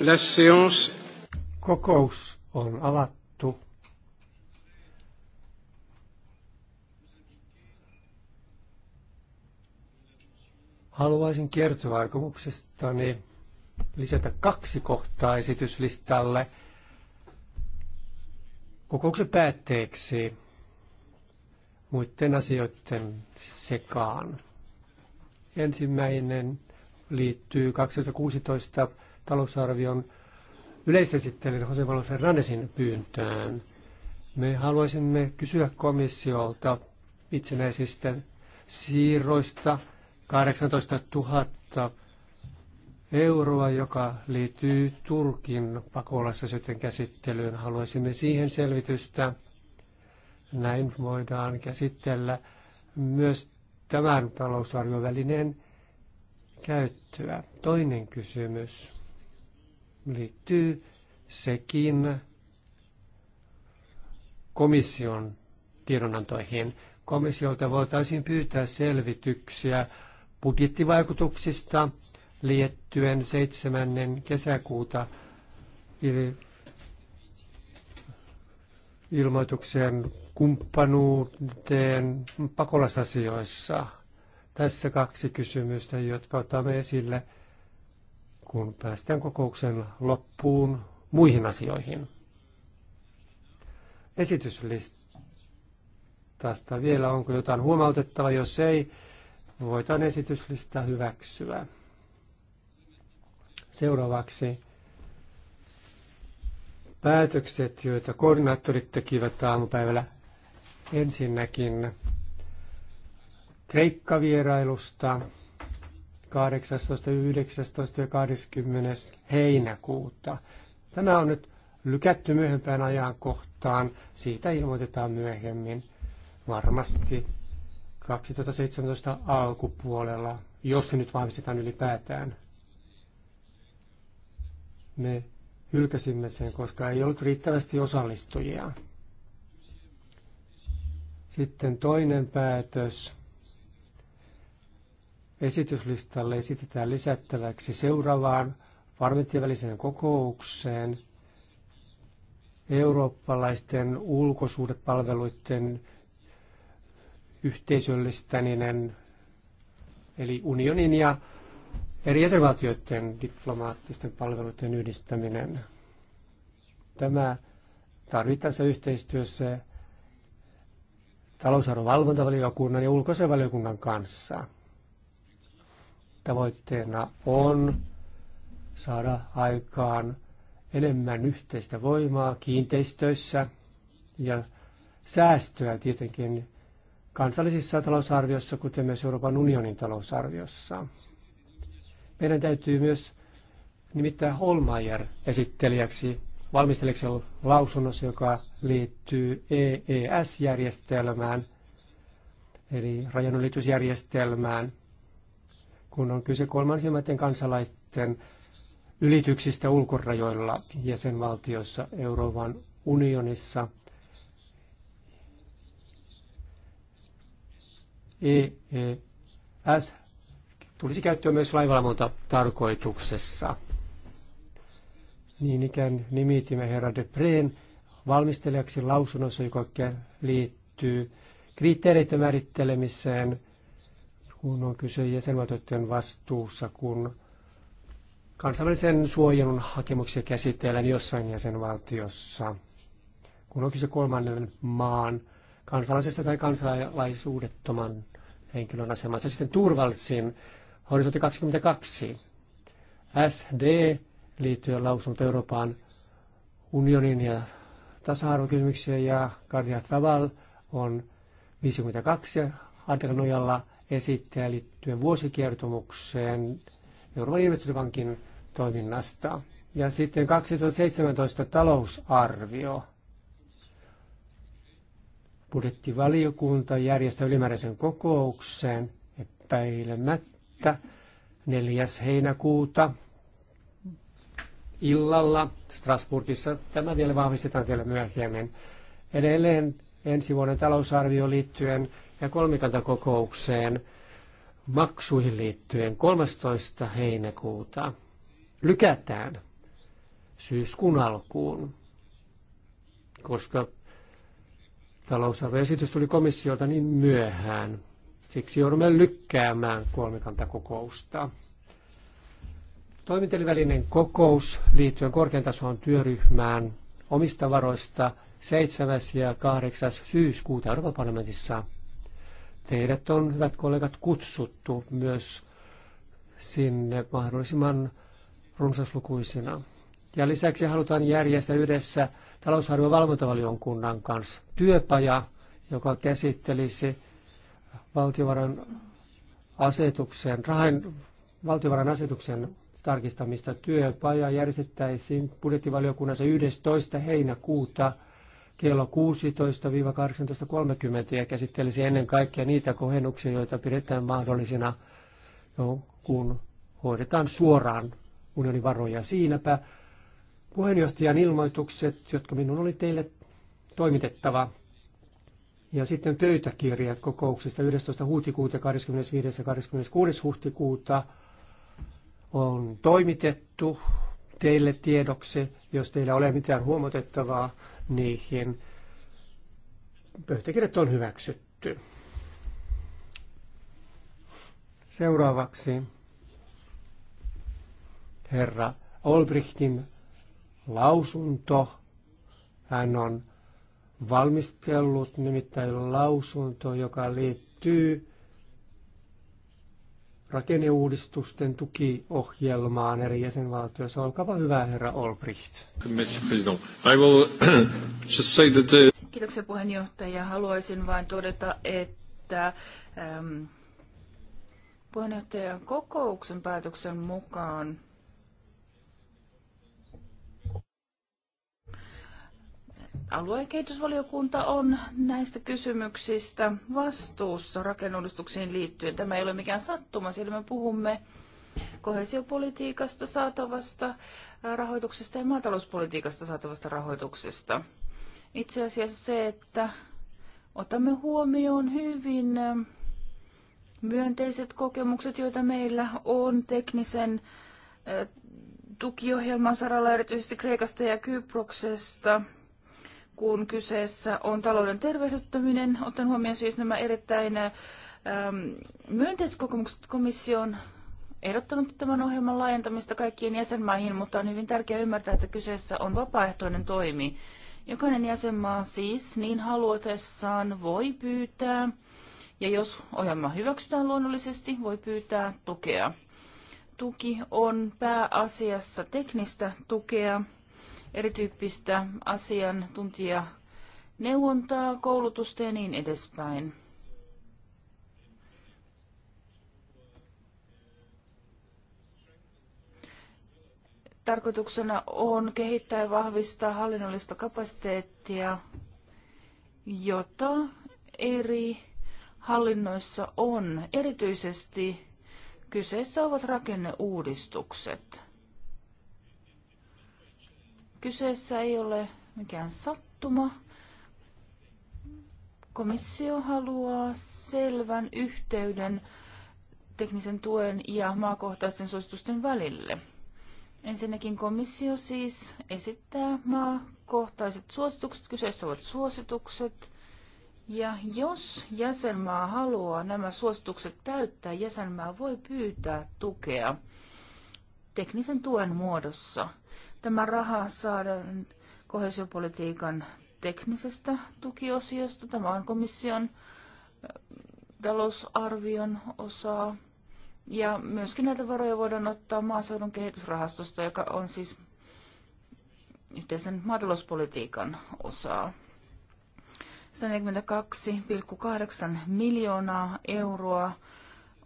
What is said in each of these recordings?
La séance. Kokous on avattu. Haluaisin kertoa lisätä kaksi kohtaa esityslistalle kokouksen päätteeksi muiden asioiden sekaan. Ensimmäinen liittyy 2016 talousarvion yleisesittelijän Jose Manuel Fernandesin pyyntöön. Me haluaisimme kysyä komissiolta itsenäisistä siirroista 18 000 euroa, joka liittyy Turkin pakolaisasioiden käsittelyyn. Haluaisimme siihen selvitystä. Näin voidaan käsitellä myös tämän talousarviovälineen käyttöä. Toinen kysymys liittyy sekin komission tiedonantoihin. Komissiolta voitaisiin pyytää selvityksiä budjettivaikutuksista liittyen 7. kesäkuuta ilmoitukseen kumppanuuteen pakolasasioissa. Tässä kaksi kysymystä, jotka otamme esille – kun päästään kokouksen loppuun muihin asioihin. Esityslistasta vielä onko jotain huomautettavaa, jos ei, voitaan esityslista hyväksyä. Seuraavaksi päätökset, joita koordinaattorit tekivät aamupäivällä. Ensinnäkin Kreikka-vierailusta. 18, 19 ja 20. heinäkuuta. Tämä on nyt lykätty myöhempään ajankohtaan. Siitä ilmoitetaan myöhemmin varmasti 2017 alkupuolella, jos se nyt vahvistetaan ylipäätään. Me hylkäsimme sen, koska ei ollut riittävästi osallistujia. Sitten toinen päätös – esityslistalle esitetään lisättäväksi seuraavaan parlamenttien kokoukseen eurooppalaisten ulkosuhdepalveluiden yhteisöllistäminen, eli unionin ja eri jäsenvaltioiden diplomaattisten palveluiden yhdistäminen. Tämä tarvittaessa yhteistyössä talousarvon valvontavaliokunnan ja ulkoisen kanssa – Tavoitteena on saada aikaan enemmän yhteistä voimaa kiinteistöissä ja säästöä tietenkin kansallisissa talousarviossa, kuten myös Euroopan unionin talousarviossa. Meidän täytyy myös nimittää Holmeier esittelijäksi valmistelijaksi lausunnossa, joka liittyy EES-järjestelmään, eli rajanylitysjärjestelmään – kun on kyse kolmansien maiden kansalaisten ylityksistä ulkorajoilla jäsenvaltioissa Euroopan unionissa. EES tulisi käyttöön myös laivallamonta tarkoituksessa. Niin ikään nimitimme herra de Preen valmistelijaksi lausunnossa, joka liittyy kriteereiden määrittelemiseen – kun on kyse jäsenvaltioiden vastuussa, kun kansainvälisen suojelun hakemuksia käsitellään jossain jäsenvaltiossa, kun on kyse kolmannen maan kansalaisesta tai kansalaisuudettoman henkilön asemasta. Sitten turvallisin horisontti 22. SD liittyen lausunto Euroopan unionin ja tasa-arvokysymyksiä ja Kardia Traval on 52 artiklan nojalla esittää liittyen vuosikertomukseen Euroopan investointipankin toiminnasta. Ja sitten 2017 talousarvio. Budjettivaliokunta järjestää ylimääräisen kokouksen epäilemättä 4. heinäkuuta illalla Strasbourgissa. Tämä vielä vahvistetaan vielä myöhemmin. Edelleen ensi vuoden talousarvio liittyen ja kolmikantakokoukseen maksuihin liittyen 13. heinäkuuta lykätään syyskuun alkuun, koska talousarvioesitys tuli komissiolta niin myöhään. Siksi joudumme lykkäämään kolmikantakokousta. Toimintelivälinen kokous liittyen korkean työryhmään omista varoista 7. ja 8. syyskuuta Euroopan parlamentissa – teidät on, hyvät kollegat, kutsuttu myös sinne mahdollisimman runsaslukuisina. Ja lisäksi halutaan järjestää yhdessä talousarvion valvontavaliokunnan kanssa työpaja, joka käsittelisi valtiovaran asetuksen, rahan, valtiovaran asetuksen tarkistamista. Työpaja järjestettäisiin budjettivaliokunnassa 11. heinäkuuta kello 16-18.30 ja käsittelisi ennen kaikkea niitä kohennuksia, joita pidetään mahdollisina, no, kun hoidetaan suoraan unionivaroja. Siinäpä puheenjohtajan ilmoitukset, jotka minun oli teille toimitettava. Ja sitten pöytäkirjat kokouksista 11. huhtikuuta, 25. ja 26. huhtikuuta on toimitettu teille tiedoksi. Jos teillä ole mitään huomotettavaa niihin. Pöytäkirjat on hyväksytty. Seuraavaksi herra Olbrichtin lausunto. Hän on valmistellut nimittäin lausunto, joka liittyy rakenneuudistusten tukiohjelmaan eri jäsenvaltioissa. Olkaa hyvä, herra Olbricht. Kiitoksia puheenjohtaja. Haluaisin vain todeta, että ähm, puheenjohtajan kokouksen päätöksen mukaan aluekehitysvaliokunta on näistä kysymyksistä vastuussa rakennuudistuksiin liittyen. Tämä ei ole mikään sattuma, sillä me puhumme kohesiopolitiikasta saatavasta rahoituksesta ja maatalouspolitiikasta saatavasta rahoituksesta. Itse asiassa se, että otamme huomioon hyvin myönteiset kokemukset, joita meillä on teknisen eh, tukiohjelman saralla erityisesti Kreikasta ja Kyproksesta – kun kyseessä on talouden tervehdyttäminen, ottaen huomioon siis nämä erittäin äm, myönteiset komission ehdottanut tämän ohjelman laajentamista kaikkiin jäsenmaihin, mutta on hyvin tärkeää ymmärtää, että kyseessä on vapaaehtoinen toimi. Jokainen jäsenmaa siis niin haluatessaan voi pyytää, ja jos ohjelma hyväksytään luonnollisesti, voi pyytää tukea. Tuki on pääasiassa teknistä tukea, erityyppistä asiantuntijaneuvontaa, koulutusta ja niin edespäin. Tarkoituksena on kehittää ja vahvistaa hallinnollista kapasiteettia, jota eri hallinnoissa on. Erityisesti kyseessä ovat rakenneuudistukset. Kyseessä ei ole mikään sattuma. Komissio haluaa selvän yhteyden teknisen tuen ja maakohtaisten suositusten välille. Ensinnäkin komissio siis esittää maakohtaiset suositukset, kyseessä ovat suositukset, ja jos jäsenmaa haluaa nämä suositukset täyttää, jäsenmaa voi pyytää tukea teknisen tuen muodossa tämä raha saadaan kohesiopolitiikan teknisestä tukiosiosta. Tämä on komission äh, talousarvion osaa. Ja myöskin näitä varoja voidaan ottaa maaseudun kehitysrahastosta, joka on siis yhteisen maatalouspolitiikan osaa. 142,8 miljoonaa euroa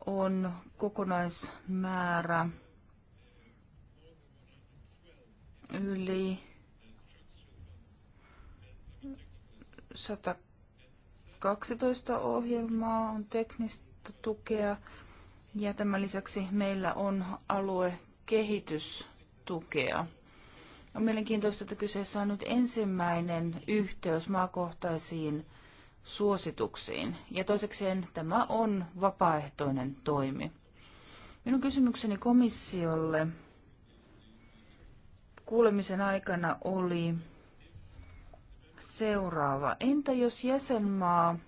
on kokonaismäärä yli 112 ohjelmaa on teknistä tukea ja tämän lisäksi meillä on aluekehitystukea. On mielenkiintoista, että kyseessä on nyt ensimmäinen yhteys maakohtaisiin suosituksiin. Ja toisekseen tämä on vapaaehtoinen toimi. Minun kysymykseni komissiolle kuulemisen aikana oli seuraava. Entä jos jäsenmaa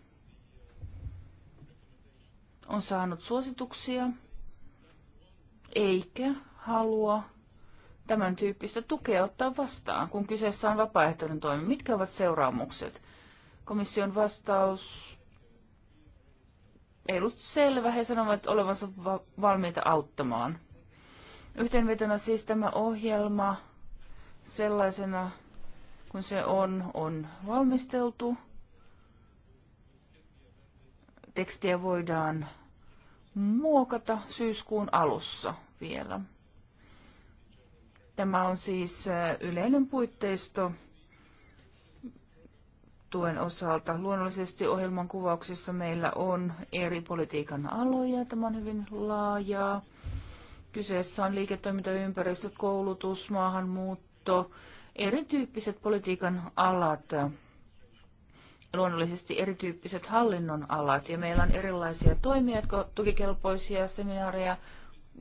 on saanut suosituksia eikä halua tämän tyyppistä tukea ottaa vastaan, kun kyseessä on vapaaehtoinen toimi? Mitkä ovat seuraamukset? Komission vastaus ei ollut selvä. He sanovat olevansa valmiita auttamaan. Yhteenvetona siis tämä ohjelma sellaisena kun se on, on valmisteltu. Tekstiä voidaan muokata syyskuun alussa vielä. Tämä on siis yleinen puitteisto tuen osalta. Luonnollisesti ohjelman kuvauksissa meillä on eri politiikan aloja. Tämä on hyvin laajaa. Kyseessä on liiketoimintaympäristö, koulutus, maahanmuutto, katto erityyppiset politiikan alat, luonnollisesti erityyppiset hallinnon alat. Ja meillä on erilaisia toimia, jotka tukikelpoisia, seminaareja,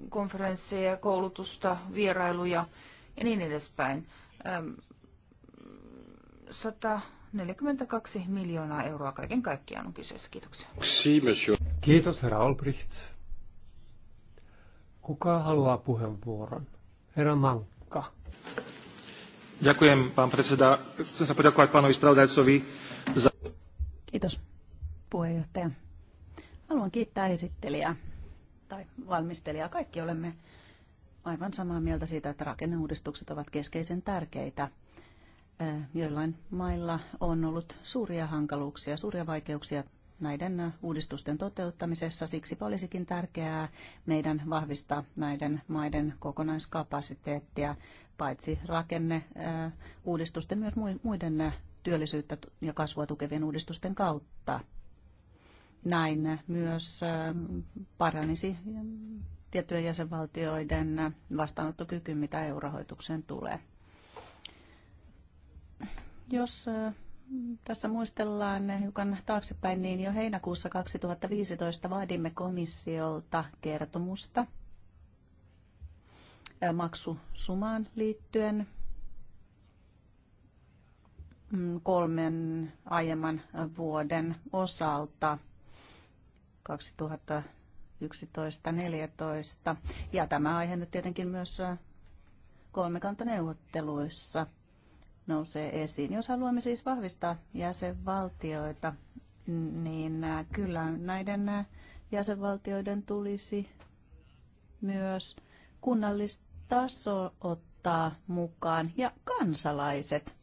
konferensseja, koulutusta, vierailuja ja niin edespäin. 142 miljoonaa euroa kaiken kaikkiaan on kyseessä. Kiitoksia. Kiitos, herra Albrecht. Kuka haluaa puheenvuoron? Herra Mankka. Ďakujem, pán predseda. Chcem sa poďakovať pánovi spravodajcovi za... Kiitos, puheenjohtaja. Haluan kiittää esittelijää tai valmistelijaa. Kaikki olemme aivan samaa mieltä siitä, että rakenneuudistukset ovat keskeisen tärkeitä. Äh, joillain mailla on ollut suuria hankaluuksia, suuria vaikeuksia näiden äh, uudistusten toteuttamisessa. Siksi olisikin tärkeää meidän vahvistaa näiden maiden kokonaiskapasiteettia paitsi rakenne äh, uudistusten, myös muiden äh, työllisyyttä ja kasvua tukevien uudistusten kautta. Näin äh, myös paranisi tiettyjen jäsenvaltioiden vastaanottokyky, mitä eurohoitukseen tulee. Jos tässä muistellaan hiukan taaksepäin, niin jo heinäkuussa 2015 vaadimme komissiolta kertomusta – maksusumaan liittyen mm, kolmen aiemman vuoden osalta 2011-2014. Ja tämä aihe nyt tietenkin myös äh, kolmikantaneuvotteluissa nousee esiin. Jos haluamme siis vahvistaa jäsenvaltioita, niin äh, kyllä näiden äh, jäsenvaltioiden tulisi myös kunnallista taso ottaa mukaan ja kansalaiset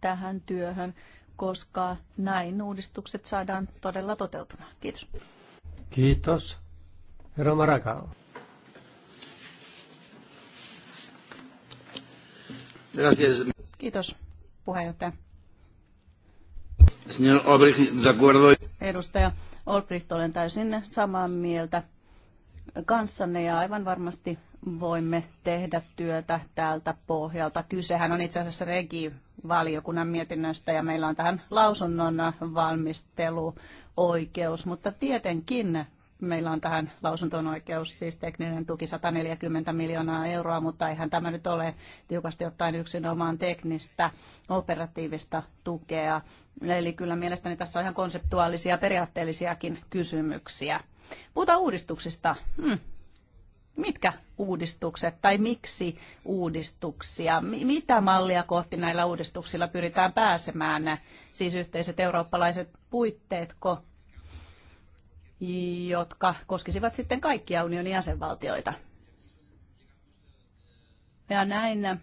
tähän työhön, koska näin uudistukset saadaan todella toteutumaan. Kiitos. Kiitos. Herra Marakao. Kiitos, puheenjohtaja. Señor Olbrich, de acuerdo. Edustaja Olbricht, olen täysin samaa mieltä kanssanne ja aivan varmasti voimme tehdä työtä täältä pohjalta. Kysehän on itse asiassa regi mietinnöstä ja meillä on tähän lausunnon valmisteluoikeus, mutta tietenkin meillä on tähän lausuntoon oikeus, siis tekninen tuki 140 miljoonaa euroa, mutta eihän tämä nyt ole tiukasti ottaen yksinomaan teknistä operatiivista tukea. Eli kyllä mielestäni tässä on ihan konseptuaalisia periaatteellisiakin kysymyksiä. Puhutaan uudistuksista. Hmm, mitkä uudistukset tai miksi uudistuksia, mitä mallia kohti näillä uudistuksilla pyritään pääsemään, siis yhteiset eurooppalaiset puitteetko, jotka koskisivat sitten kaikkia unionin jäsenvaltioita. Ja näin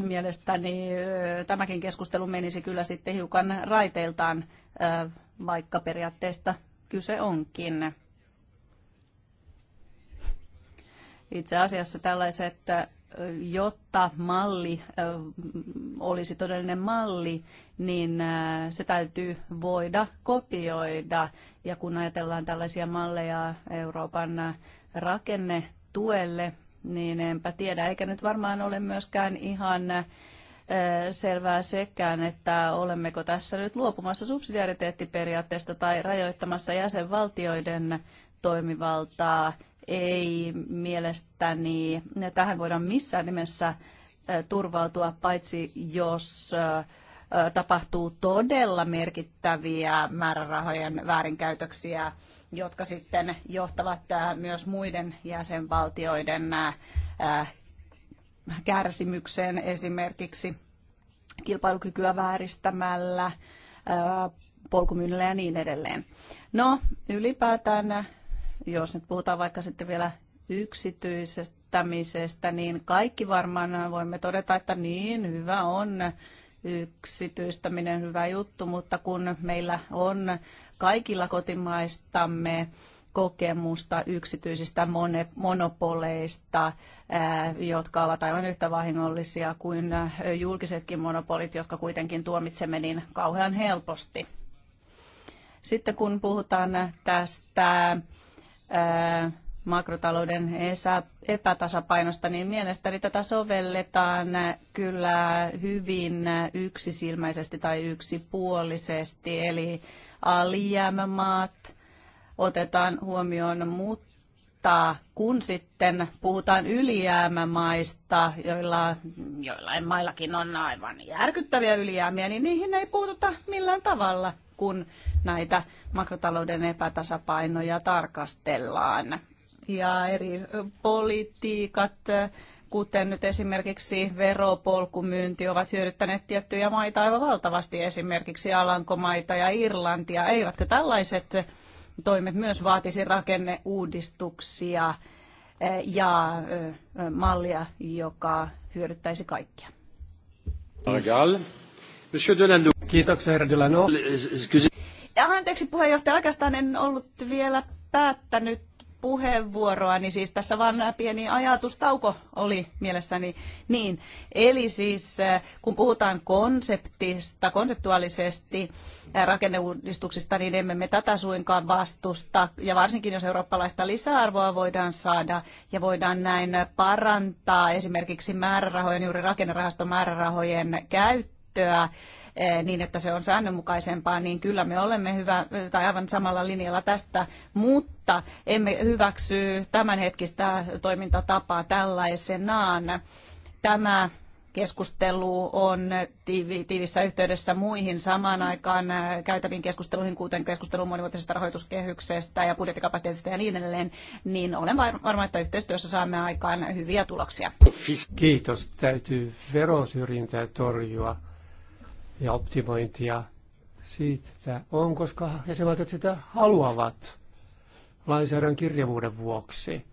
mielestäni tämäkin keskustelu menisi kyllä sitten hiukan raiteiltaan, vaikka periaatteesta kyse onkin. Itse asiassa tällaiset, jotta malli olisi todellinen malli, niin se täytyy voida kopioida. Ja kun ajatellaan tällaisia malleja Euroopan rakennetuelle, niin enpä tiedä, eikä nyt varmaan ole myöskään ihan Äh, selvää sekään, että olemmeko tässä nyt luopumassa subsidiariteettiperiaatteesta tai rajoittamassa jäsenvaltioiden toimivaltaa. Ei mielestäni tähän voidaan missään nimessä äh, turvautua, paitsi jos äh, tapahtuu todella merkittäviä määrärahojen väärinkäytöksiä, jotka sitten johtavat myös muiden jäsenvaltioiden kärsimykseen esimerkiksi kilpailukykyä vääristämällä, äh, polkumyynnillä ja niin edelleen. No, ylipäätään, jos nyt puhutaan vaikka sitten vielä yksityistämisestä, niin kaikki varmaan voimme todeta, että niin, hyvä on yksityistäminen, hyvä juttu, mutta kun meillä on kaikilla kotimaistamme kokemusta yksityisistä monopoleista, jotka ovat aivan yhtä vahingollisia kuin julkisetkin monopolit, jotka kuitenkin tuomitsemme niin kauhean helposti. Sitten kun puhutaan tästä makrotalouden epätasapainosta, niin mielestäni tätä sovelletaan kyllä hyvin yksisilmäisesti tai yksipuolisesti, eli alijäämämaat otetaan huomioon, mutta kun sitten puhutaan ylijäämämaista, joilla, joillain maillakin on aivan järkyttäviä ylijäämiä, niin niihin ei puututa millään tavalla, kun näitä makrotalouden epätasapainoja tarkastellaan. Ja eri politiikat, kuten nyt esimerkiksi veropolkumyynti, ovat hyödyttäneet tiettyjä maita aivan valtavasti, esimerkiksi Alankomaita ja Irlantia. Eivätkö tällaiset toimet myös vaatisi rakenneuudistuksia eh, ja eh, mallia, joka hyödyttäisi kaikkia. Kiitoksia, herra Delano. Ja anteeksi puheenjohtaja, oikeastaan en ollut vielä päättänyt puheenvuoroa, niin siis tässä vaan pieni ajatustauko oli mielessäni niin. Eli siis eh, kun puhutaan konseptista, konseptuaalisesti, rakenneuudistuksista, niin emme me tätä suinkaan vastusta. Ja varsinkin jos eurooppalaista lisäarvoa voidaan saada ja voidaan näin parantaa esimerkiksi määrärahojen, juuri rakennerahaston määrärahojen käyttöä, eh, niin että se on säännönmukaisempaa, niin kyllä me olemme hyvä, tai aivan samalla linjalla tästä, mutta emme hyväksy tämänhetkistä toimintatapaa tällaisenaan. Tämä keskustelu on tiivissä yhteydessä muihin samaan aikaan äh, käytäviin keskusteluihin, kuten keskusteluun monivuotisesta rahoituskehyksestä ja budjettikapasiteetista ja niin edelleen, niin olen varma, että yhteistyössä saamme aikaan hyviä tuloksia. Kiitos. Täytyy verosyrjintää torjua ja optimointia siitä on, koska jäsenvaltiot sitä haluavat lainsäädännön kirjavuuden vuoksi.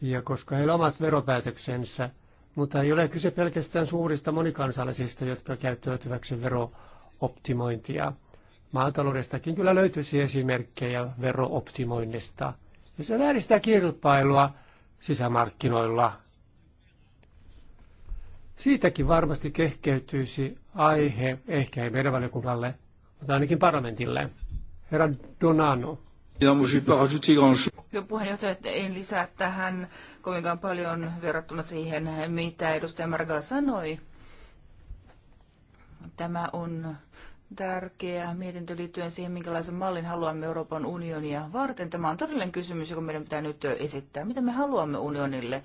Ja koska heillä omat veropäätöksensä, mutta ei ole kyse pelkästään suurista monikansallisista, jotka käyttävät hyväksi verooptimointia. Maataloudestakin kyllä löytyisi esimerkkejä verooptimoinnista. Ja se vääristää kilpailua sisämarkkinoilla. Siitäkin varmasti kehkeytyisi aihe, ehkä ei meidän valiokunnalle, mutta ainakin parlamentille. Herra Donano. Hyvä puheenjohtaja, että en lisää tähän kovinkaan paljon verrattuna siihen, mitä edustaja Margala sanoi. Tämä on tärkeä mietintö liittyen siihen, minkälaisen mallin haluamme Euroopan unionia varten. Tämä on todellinen kysymys, joka meidän pitää nyt esittää. Mitä me haluamme unionille?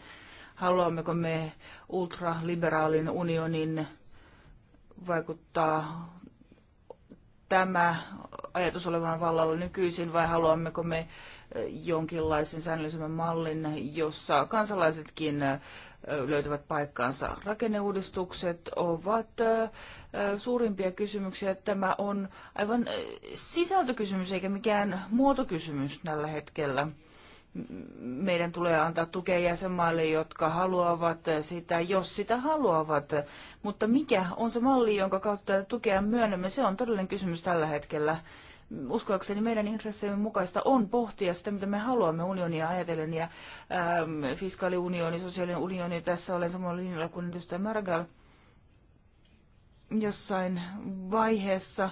Haluammeko me ultraliberaalin unionin vaikuttaa tämä ajatus olevan vallalla nykyisin vai haluammeko me eh, jonkinlaisen säännöllisemmän mallin, jossa kansalaisetkin eh, löytävät paikkaansa. Rakenneuudistukset ovat eh, suurimpia kysymyksiä. Tämä on aivan sisältökysymys eikä mikään muotokysymys tällä hetkellä meidän tulee antaa tukea jäsenmaille, jotka haluavat sitä, jos sitä haluavat. Mutta mikä on se malli, jonka kautta tukea myönnämme, se on todellinen kysymys tällä hetkellä. Uskoakseni meidän intressemme mukaista on pohtia sitä, mitä me haluamme unionia ajatellen. Ja ähm, fiskaaliunioni, sosiaalinen unioni, tässä olen samalla linjalla kuin edustaja Margal jossain vaiheessa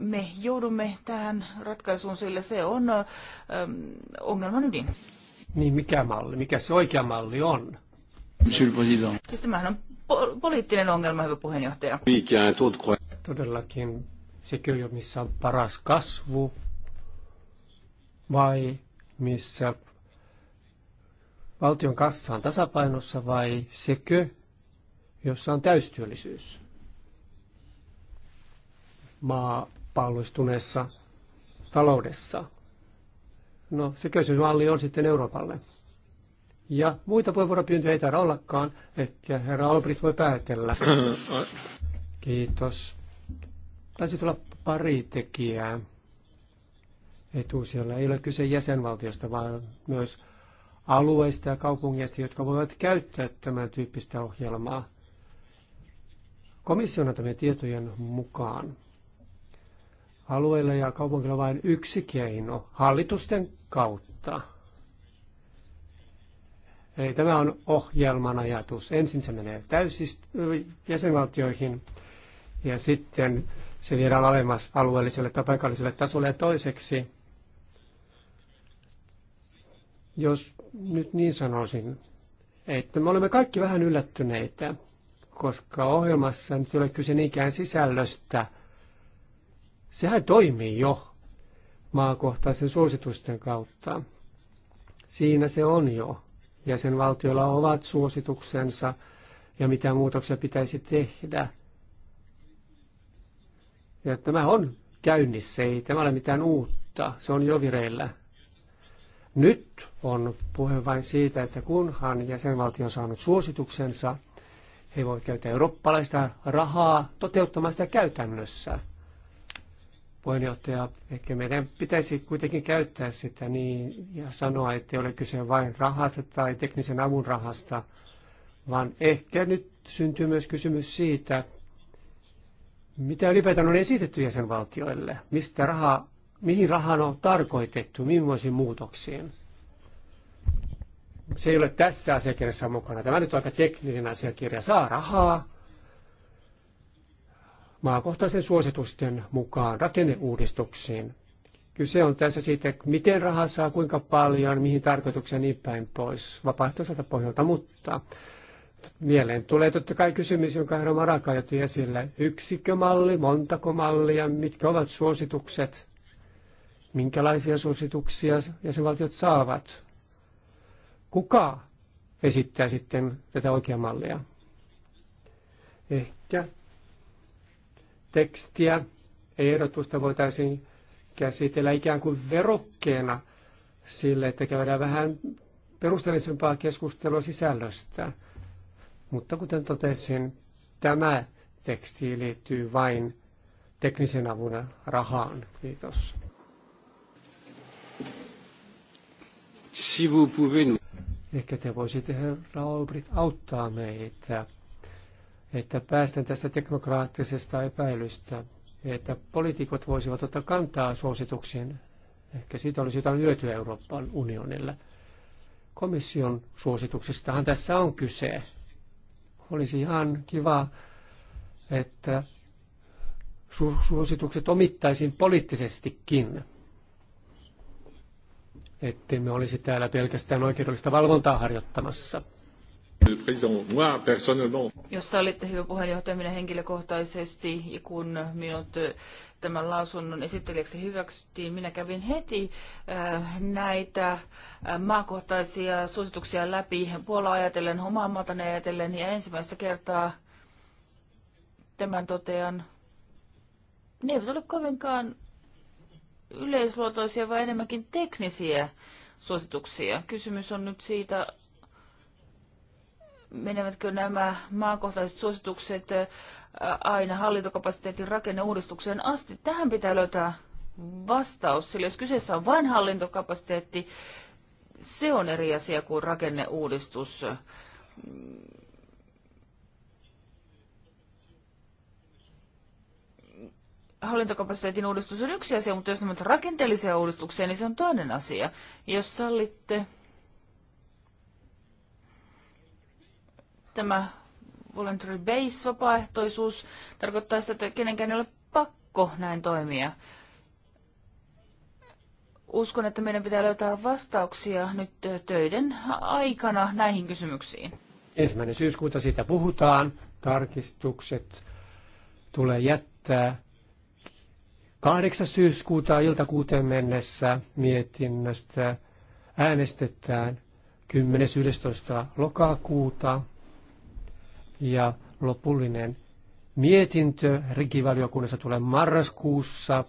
me joudumme tähän ratkaisuun, sillä se on ongelman ydin. Niin, mikä malli, mikä se oikea malli on? Monsieur le Président. Siis tämähän on po- poliittinen ongelma, hyvä puheenjohtaja. Todellakin sekö missä on paras kasvu vai missä valtion kassa on tasapainossa vai sekö, jossa on täystyöllisyys? maapalloistuneessa taloudessa. No, se kysymysmalli on sitten Euroopalle. Ja muita puheenvuoropyyntöjä ei taida ollakaan. Ehkä herra Albrecht voi päätellä. Kiitos. Taisi tulla pari tekijää. Etusijalla ei ole kyse jäsenvaltiosta, vaan myös alueista ja kaupungeista, jotka voivat käyttää tämän tyyppistä ohjelmaa. Komission antamien tietojen mukaan Alueilla ja kaupunkilla vain yksi keino, hallitusten kautta. Eli tämä on ohjelman ajatus. Ensin se menee täysist jäsenvaltioihin ja sitten se viedään alemmas alueelliselle tai paikalliselle tasolle. Ja toiseksi, jos nyt niin sanoisin, että me olemme kaikki vähän yllättyneitä, koska ohjelmassa nyt ei ole kyse niinkään sisällöstä – Sehän toimii jo maakohtaisen suositusten kautta. Siinä se on jo. Jäsenvaltioilla ovat suosituksensa ja mitä muutoksia pitäisi tehdä. Ja tämä on käynnissä, ei tämä ole mitään uutta, se on jo vireillä. Nyt on puhe vain siitä, että kunhan jäsenvaltio on saanut suosituksensa, he voivat käyttää eurooppalaista rahaa toteuttamaan sitä käytännössä – puheenjohtaja, ehkä meidän pitäisi kuitenkin käyttää sitä niin ja sanoa, että ei ole kyse vain rahasta tai teknisen avun rahasta, vaan ehkä nyt syntyy myös kysymys siitä, mitä ylipäätään on esitetty jäsenvaltioille, mistä raha, mihin rahan on tarkoitettu, millaisiin muutoksiin. Se ei ole tässä asiakirjassa mukana. Tämä nyt on aika tekninen asiakirja. Saa rahaa, maakohtaisen suositusten mukaan rakenneuudistuksiin. Kyse on tässä siitä, miten rahaa saa, kuinka paljon, mihin tarkoitukseen niin päin pois vapaaehtoiselta pohjalta, mutta mieleen tulee totta kai kysymys, jonka herra Maraka otti esille. Yksikkömalli, montako mallia, mitkä ovat suositukset, minkälaisia suosituksia jäsenvaltiot saavat. Kuka esittää sitten tätä oikea mallia? Ehkä tekstiä, ehdotusta voitaisiin käsitellä ikään kuin verokkeena sille, että käydään vähän perusteellisempaa keskustelua sisällöstä. Mutta kuten totesin, tämä teksti liittyy vain teknisen avun rahaan. Kiitos. Si vous pouvez nous... Ehkä te voisitte, herra Olbrit, auttaa meitä että päästään tästä teknokraattisesta epäilystä, että poliitikot voisivat ottaa kantaa suosituksiin. Ehkä siitä olisi jotain hyötyä Euroopan unionille. Komission suosituksistahan tässä on kyse. Olisi ihan kiva, että su- suositukset omittaisiin poliittisestikin. Ettei me olisi täällä pelkästään oikeudellista valvontaa harjoittamassa. Jos olitte hyvä puheenjohtaja, minä henkilökohtaisesti, ja kun minut äh, tämän lausunnon esittelijäksi hyväksyttiin, minä kävin heti äh, näitä äh, maakohtaisia suosituksia läpi Puola ajatellen, omaa maatani ajatellen, ja ensimmäistä kertaa tämän totean, ne eivät ole kovinkaan yleisluotoisia, vaan enemmänkin teknisiä suosituksia. Kysymys on nyt siitä, menevätkö nämä maakohtaiset suositukset aina hallintokapasiteetin rakenneuudistukseen asti. Tähän pitää löytää vastaus, sillä jos kyseessä on vain hallintokapasiteetti, se on eri asia kuin rakenneuudistus. Hallintokapasiteetin uudistus on yksi asia, mutta jos nämä rakenteellisia uudistuksia, niin se on toinen asia. Jos sallitte, Tämä voluntary base, vapaaehtoisuus, tarkoittaa sitä, että kenenkään ei ole pakko näin toimia. Uskon, että meidän pitää löytää vastauksia nyt töiden aikana näihin kysymyksiin. Ensimmäinen syyskuuta siitä puhutaan. Tarkistukset tulee jättää 8. syyskuuta iltakuuteen mennessä mietinnöstä äänestetään 10.11. lokakuuta ja lopullinen mietintö rikivaliokunnassa tulee marraskuussa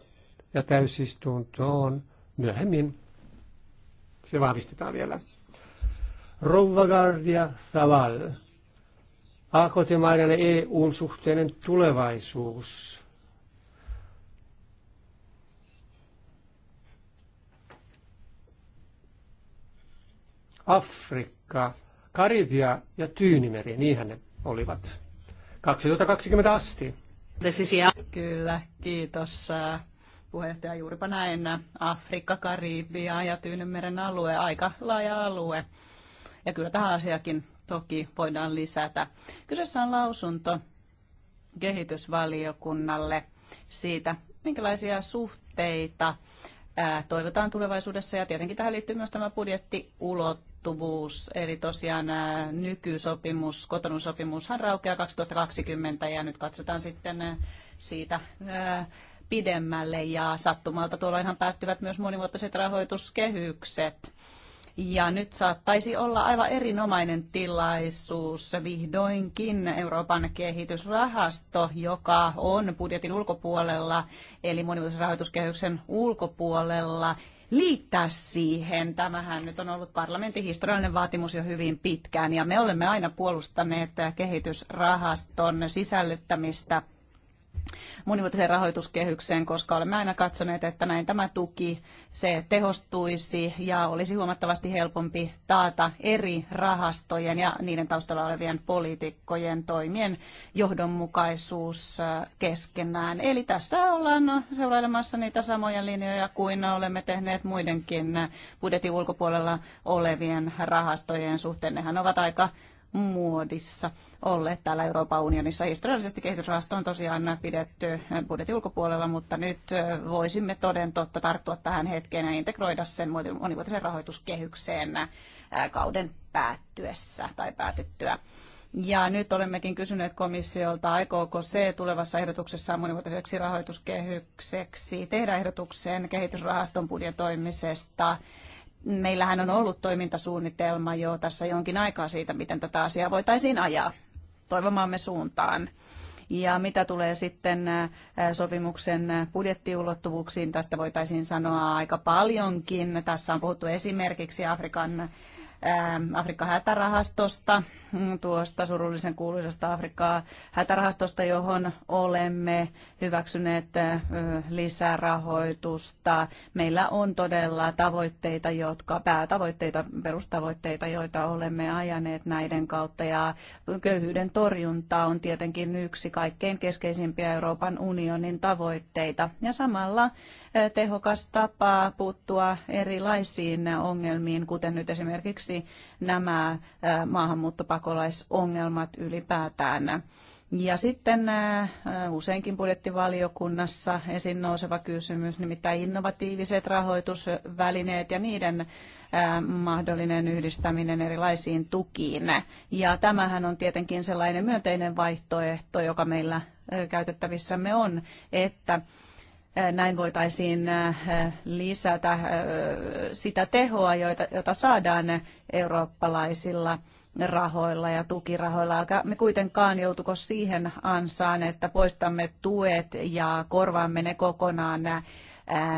ja täysistuntoon myöhemmin. Se vahvistetaan vielä. Rouva Saval. Zaval. AKT-maiden EUn suhteinen tulevaisuus. Afrikka, Karibia ja Tyynimeri, niinhän ne olivat 2020 asti. Kyllä, kiitos äh, puheenjohtaja juuripa näin. Äh, Afrikka, Karibia ja Tyynenmeren alue, aika laaja alue. Ja kyllä tähän asiakin toki voidaan lisätä. Kyseessä on lausunto kehitysvaliokunnalle siitä, minkälaisia suhteita äh, toivotaan tulevaisuudessa. Ja tietenkin tähän liittyy myös tämä budjettiulottuvuus ulottuvuus, eli tosiaan nykysopimus, kotonun sopimushan raukeaa 2020 ja nyt katsotaan sitten siitä pidemmälle ja sattumalta tuolla ihan päättyvät myös monivuotiset rahoituskehykset. Ja nyt saattaisi olla aivan erinomainen tilaisuus vihdoinkin Euroopan kehitysrahasto, joka on budjetin ulkopuolella, eli monivuotisen rahoituskehyksen ulkopuolella, liittää siihen. Tämähän nyt on ollut parlamentin historiallinen vaatimus jo hyvin pitkään ja me olemme aina puolustaneet kehitysrahaston sisällyttämistä monivuotiseen rahoituskehykseen, koska olemme aina katsoneet, että näin tämä tuki, se tehostuisi ja olisi huomattavasti helpompi taata eri rahastojen ja niiden taustalla olevien poliitikkojen toimien johdonmukaisuus äh, keskenään. Eli tässä ollaan seurailemassa niitä samoja linjoja kuin olemme tehneet muidenkin äh, budjetin ulkopuolella olevien rahastojen suhteen. Nehän ovat aika muodissa olleet täällä Euroopan unionissa. Historiallisesti kehitysrahasto on tosiaan pidetty budjetin ulkopuolella, mutta nyt voisimme toden totta tarttua tähän hetkeen ja integroida sen monivuotisen rahoituskehykseen kauden päättyessä tai päätyttyä. Ja nyt olemmekin kysyneet komissiolta, aikooko se tulevassa ehdotuksessa monivuotiseksi rahoituskehykseksi tehdä ehdotuksen kehitysrahaston budjetoimisesta meillähän on ollut toimintasuunnitelma jo tässä jonkin aikaa siitä, miten tätä asiaa voitaisiin ajaa toivomaamme suuntaan. Ja mitä tulee sitten sopimuksen budjettiulottuvuuksiin, tästä voitaisiin sanoa aika paljonkin. Tässä on puhuttu esimerkiksi Afrikan Afrikan hätärahastosta, mm, tuosta surullisen kuuluisasta Afrikan hätärahastosta, johon olemme hyväksyneet lisärahoitusta. Meillä on todella tavoitteita, jotka, päätavoitteita, perustavoitteita, joita olemme ajaneet näiden kautta. Ja köyhyyden torjunta on tietenkin yksi kaikkein keskeisimpiä Euroopan unionin tavoitteita. Ja samalla tehokas tapa puuttua erilaisiin ongelmiin, kuten nyt esimerkiksi nämä maahanmuuttopakolaisongelmat ylipäätään. Ja sitten useinkin budjettivaliokunnassa esiin nouseva kysymys, nimittäin innovatiiviset rahoitusvälineet ja niiden mahdollinen yhdistäminen erilaisiin tukiin. Ja tämähän on tietenkin sellainen myönteinen vaihtoehto, joka meillä käytettävissämme on, että näin voitaisiin lisätä sitä tehoa, jota saadaan eurooppalaisilla rahoilla ja tukirahoilla. Älkää me kuitenkaan joutuko siihen ansaan, että poistamme tuet ja korvaamme ne kokonaan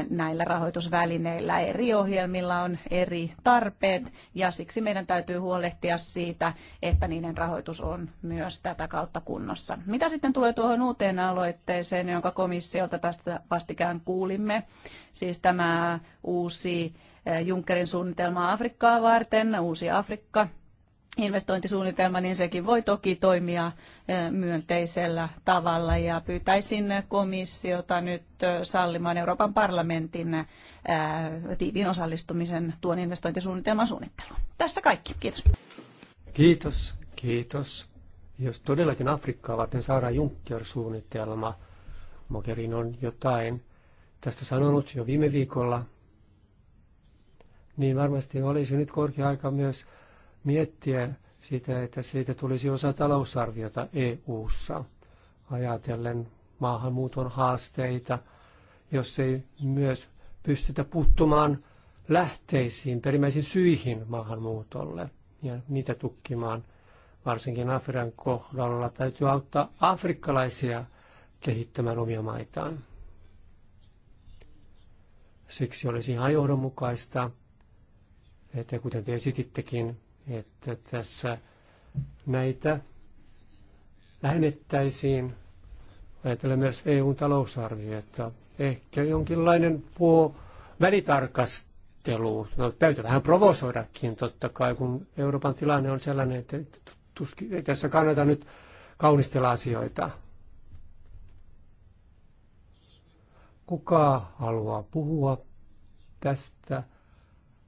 näillä rahoitusvälineillä. Eri ohjelmilla on eri tarpeet ja siksi meidän täytyy huolehtia siitä, että niiden rahoitus on myös tätä kautta kunnossa. Mitä sitten tulee tuohon uuteen aloitteeseen, jonka komissiolta tästä vastikään kuulimme, siis tämä uusi Junckerin suunnitelma Afrikkaa varten, uusi Afrikka investointisuunnitelma, niin sekin voi toki toimia eh, myönteisellä tavalla. Ja pyytäisin komissiota nyt eh, sallimaan Euroopan parlamentin eh, tiivin osallistumisen tuon investointisuunnitelman suunnitteluun. Tässä kaikki. Kiitos. Kiitos, kiitos. Jos todellakin Afrikkaa varten saadaan Juncker-suunnitelma, Mogherin on jotain tästä sanonut jo viime viikolla, niin varmasti olisi nyt korkea aika myös – miettiä sitä, että siitä tulisi osa talousarviota EU-ssa, ajatellen maahanmuuton haasteita, jos ei myös pystytä puuttumaan lähteisiin, perimmäisiin syihin maahanmuutolle ja niitä tukkimaan. Varsinkin Afrikan kohdalla täytyy auttaa afrikkalaisia kehittämään omia maitaan. Siksi olisi ihan johdonmukaista, että kuten te esitittekin, että tässä näitä lähennettäisiin. Ajatellaan myös EUn talousarviota. Ehkä jonkinlainen puo välitarkastelu. No, täytyy vähän provosoidakin totta kai, kun Euroopan tilanne on sellainen, että tuskin, ei tässä kannata nyt kaunistella asioita. Kuka haluaa puhua tästä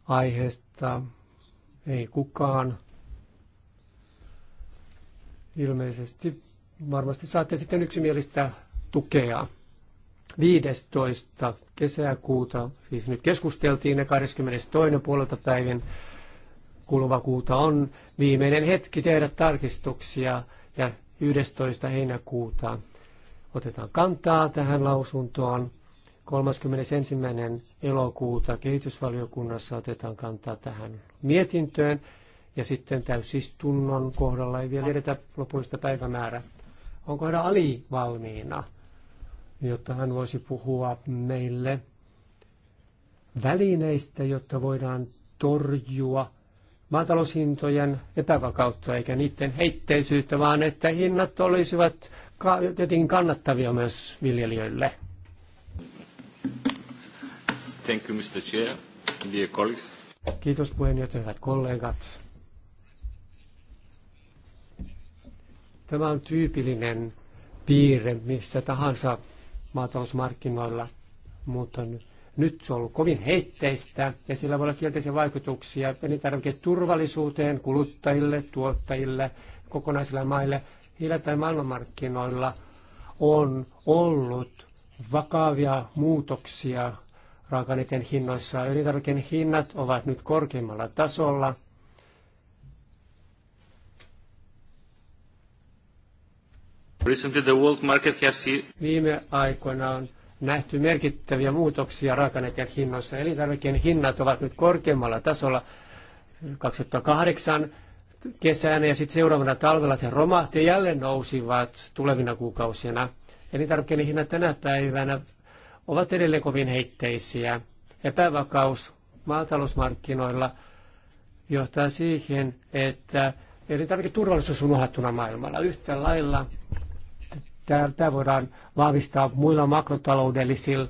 aiheesta? Ei kukaan. Ilmeisesti varmasti saatte sitten yksimielistä tukea. 15. kesäkuuta, siis nyt keskusteltiin ne 22. puolelta päivin kuluva kuuta on viimeinen hetki tehdä tarkistuksia ja 11. heinäkuuta otetaan kantaa tähän lausuntoon. 31. elokuuta kehitysvaliokunnassa otetaan kantaa tähän mietintöön ja sitten täysistunnon kohdalla ei vielä edetä lopullista päivämäärää. Onko hän Ali valmiina, jotta hän voisi puhua meille välineistä, jotta voidaan torjua maataloushintojen epävakautta eikä niiden heitteisyyttä, vaan että hinnat olisivat jotenkin kannattavia myös viljelijöille. Thank you, Mr. Chair, dear colleagues. Kiitos puheenjohtaja, hyvät kollegat. Tämä on tyypillinen piirre missä tahansa maatalousmarkkinoilla, mutta nyt se on ollut kovin heitteistä ja sillä voi olla kielteisiä vaikutuksia turvallisuuteen, kuluttajille, tuottajille, kokonaisilla maille. tai maailmanmarkkinoilla on ollut vakavia muutoksia raaka hinnoissa. Elintarvikkeiden hinnat ovat nyt korkeimmalla tasolla. Recently the world market has seen... Viime aikoina on nähty merkittäviä muutoksia raaka hinnoissa. Elintarvikkeiden hinnat ovat nyt korkeimmalla tasolla 2008 kesänä ja sitten seuraavana talvella se romahti ja jälleen nousivat tulevina kuukausina. Elintarvikkeiden hinnat tänä päivänä ovat edelleen kovin heitteisiä. Epävakaus maatalousmarkkinoilla johtaa siihen, että turvallisuus on uhattuna maailmalla. Yhtä lailla tämä voidaan vahvistaa muilla makrotaloudellisilla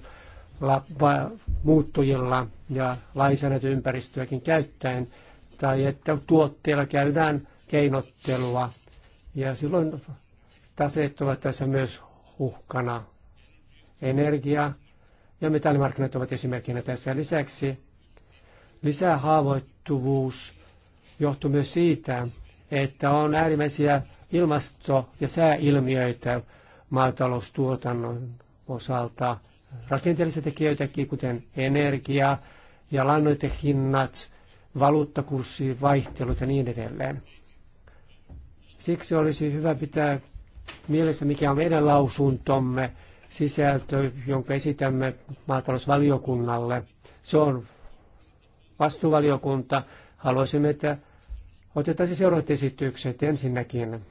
muuttujilla ja lainsäädäntöympäristöäkin käyttäen, tai että tuotteilla käydään keinottelua. Ja silloin taseet ovat tässä myös uhkana. Energia, ja metallimarkkinat ovat esimerkkinä tässä. Lisäksi lisähaavoittuvuus johtuu myös siitä, että on äärimmäisiä ilmasto- ja sääilmiöitä maataloustuotannon osalta. Rakenteellisia tekijöitäkin, kuten energia ja lannoitehinnat, valuuttakurssien vaihtelut ja niin edelleen. Siksi olisi hyvä pitää mielessä, mikä on meidän lausuntomme sisältö, jonka esitämme maatalousvaliokunnalle. Se on vastuuvaliokunta. Haluaisimme, että otetaan seuraavat esitykset ensinnäkin.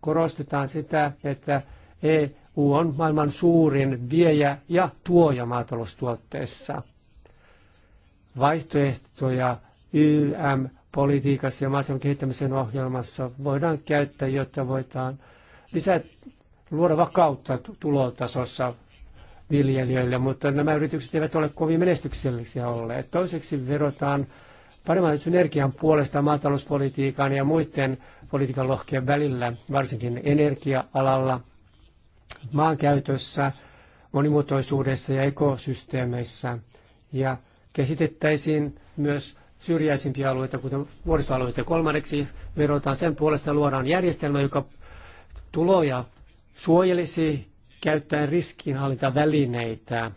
Korostetaan sitä, että EU on maailman suurin viejä ja tuoja maataloustuotteissa. Vaihtoehtoja YM-politiikassa ja maaseudun kehittämisen ohjelmassa voidaan käyttää, jotta voidaan lisätä luoda vakautta tulotasossa viljelijöille, mutta nämä yritykset eivät ole kovin menestyksellisiä olleet. Toiseksi verotaan paremman synergian puolesta maatalouspolitiikan ja muiden politiikan lohkien välillä, varsinkin energia-alalla, maankäytössä, monimuotoisuudessa ja ekosysteemeissä. Ja kehitettäisiin myös syrjäisimpiä alueita, kuten vuoristoalueita. Kolmanneksi verotaan sen puolesta luodaan järjestelmä, joka tuloja suojelisi käyttäen riskinhallintavälineitä.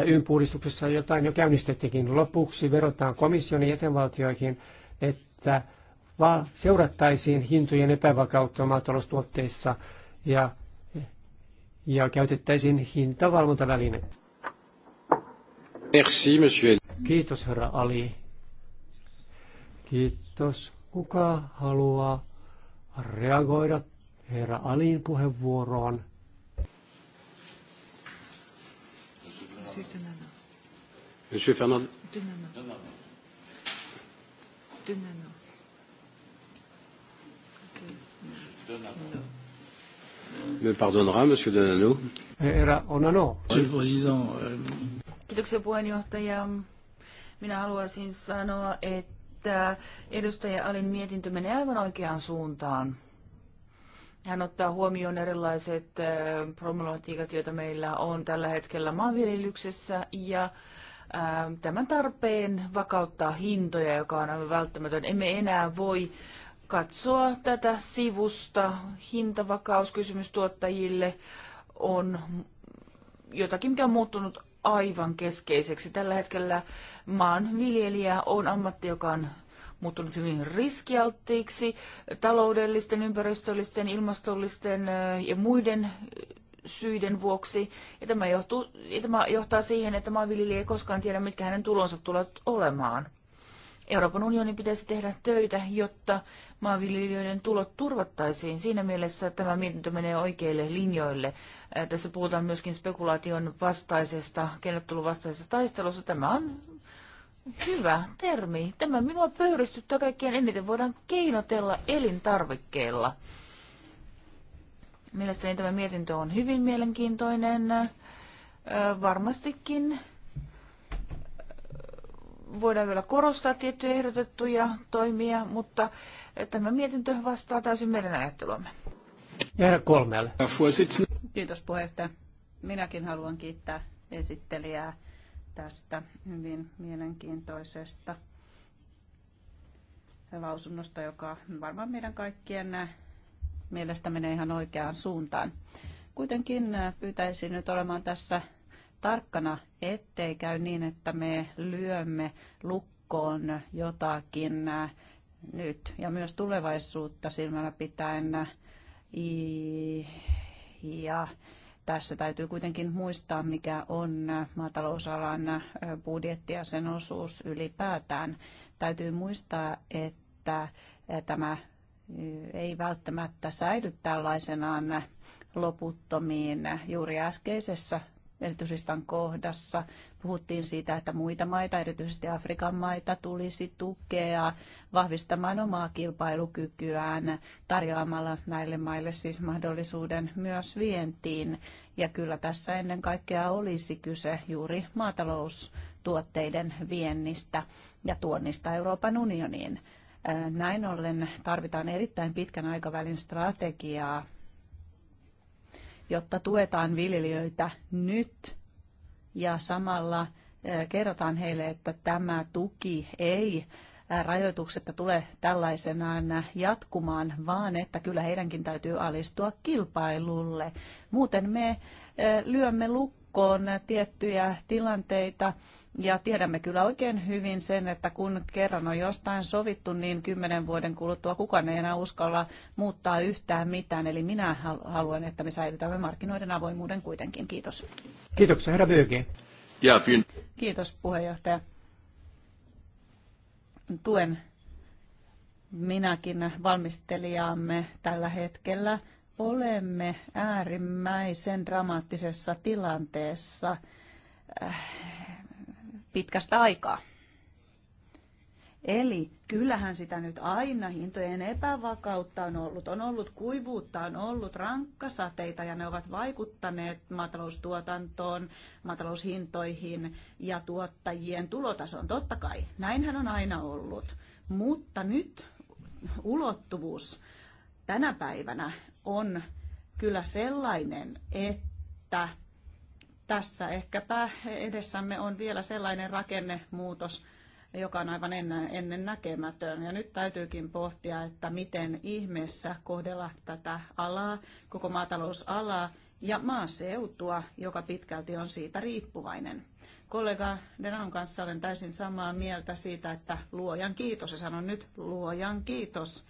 2014-2020 ympuhdistuksessa jotain jo käynnistettiin Lopuksi verotaan komission jäsenvaltioihin, että seurattaisiin hintojen epävakautta maataloustuotteissa ja, ja käytettäisiin hintavalvontavälineitä. Merci, monsieur. Kiitos, herra Ali. Kiitos. Kuka haluaa reagoida herra Alin puheenvuoroon? Monsieur Fernand. Me pardonnera, monsieur Donano. Herra Onano. Monsieur le Président. Euh, Kiitoksia puheenjohtaja. Minä haluaisin sanoa, että että edustaja Alin mietintö menee aivan oikeaan suuntaan. Hän ottaa huomioon erilaiset äh, problematiikat, joita meillä on tällä hetkellä maanviljelyksessä ja ähm, tämän tarpeen vakauttaa hintoja, joka on aivan välttämätön. Emme enää voi katsoa tätä sivusta. Hintavakauskysymys tuottajille on jotakin, mikä on muuttunut aivan keskeiseksi. Tällä hetkellä maanviljelijä on ammatti, joka on muuttunut hyvin riskialttiiksi taloudellisten, ympäristöllisten, ilmastollisten ja muiden syiden vuoksi. Ja tämä, johtuu, ja tämä johtaa siihen, että maanviljelijä ei koskaan tiedä, mitkä hänen tulonsa tulevat olemaan. Euroopan unionin pitäisi tehdä töitä, jotta maanviljelijöiden tulot turvattaisiin. Siinä mielessä tämä mietintö menee oikeille linjoille. Tässä puhutaan myöskin spekulaation vastaisesta, keinottelun vastaisesta taistelusta. Tämä on Hyvä termi. Tämä minua pöyristyttää kaikkein eniten. Voidaan keinotella elintarvikkeilla. Mielestäni tämä mietintö on hyvin mielenkiintoinen. Varmastikin voidaan vielä korostaa tiettyjä ehdotettuja toimia, mutta tämä mietintö vastaa täysin meidän ajatteluamme. Herra Kolmelle. Kiitos puheenjohtaja. Minäkin haluan kiittää esittelijää tästä hyvin mielenkiintoisesta lausunnosta, joka varmaan meidän kaikkien mielestä menee ihan oikeaan suuntaan. Kuitenkin pyytäisin nyt olemaan tässä tarkkana, ettei käy niin, että me lyömme lukkoon jotakin nyt ja myös tulevaisuutta silmällä pitäen. Ja tässä täytyy kuitenkin muistaa, mikä on maatalousalan budjetti ja sen osuus ylipäätään. Täytyy muistaa, että tämä ei välttämättä säily tällaisenaan loputtomiin. Juuri äskeisessä esityslistan kohdassa puhuttiin siitä, että muita maita, erityisesti Afrikan maita, tulisi tukea vahvistamaan omaa kilpailukykyään tarjoamalla näille maille siis mahdollisuuden myös vientiin. Ja kyllä tässä ennen kaikkea olisi kyse juuri maataloustuotteiden viennistä ja tuonnista Euroopan unioniin. Näin ollen tarvitaan erittäin pitkän aikavälin strategiaa jotta tuetaan viljelijöitä nyt ja samalla kerrotaan heille, että tämä tuki ei rajoituksetta tule tällaisenaan jatkumaan, vaan että kyllä heidänkin täytyy alistua kilpailulle. Muuten me lyömme lukkoon tiettyjä tilanteita, ja tiedämme kyllä oikein hyvin sen, että kun kerran on jostain sovittu, niin kymmenen vuoden kuluttua kukaan ei enää uskalla muuttaa yhtään mitään. Eli minä haluan, että me säilytämme markkinoiden avoimuuden kuitenkin. Kiitos. Kiitoksia, herra Böge. Kiitos, puheenjohtaja. Tuen minäkin valmistelijaamme tällä hetkellä. Olemme äärimmäisen dramaattisessa tilanteessa äh, pitkästä aikaa. Eli kyllähän sitä nyt aina hintojen epävakautta on ollut, on ollut kuivuutta, on ollut rankkasateita ja ne ovat vaikuttaneet maataloustuotantoon, maataloushintoihin ja tuottajien tulotasoon. Totta kai, näinhän on aina ollut. Mutta nyt ulottuvuus tänä päivänä on kyllä sellainen, että tässä ehkäpä edessämme on vielä sellainen rakennemuutos, joka on aivan ennen näkemätön. Ja nyt täytyykin pohtia, että miten ihmeessä kohdella tätä alaa, koko maatalousalaa ja maaseutua, joka pitkälti on siitä riippuvainen. Kollega Denan kanssa olen täysin samaa mieltä siitä, että luojan kiitos, ja sanon nyt luojan kiitos,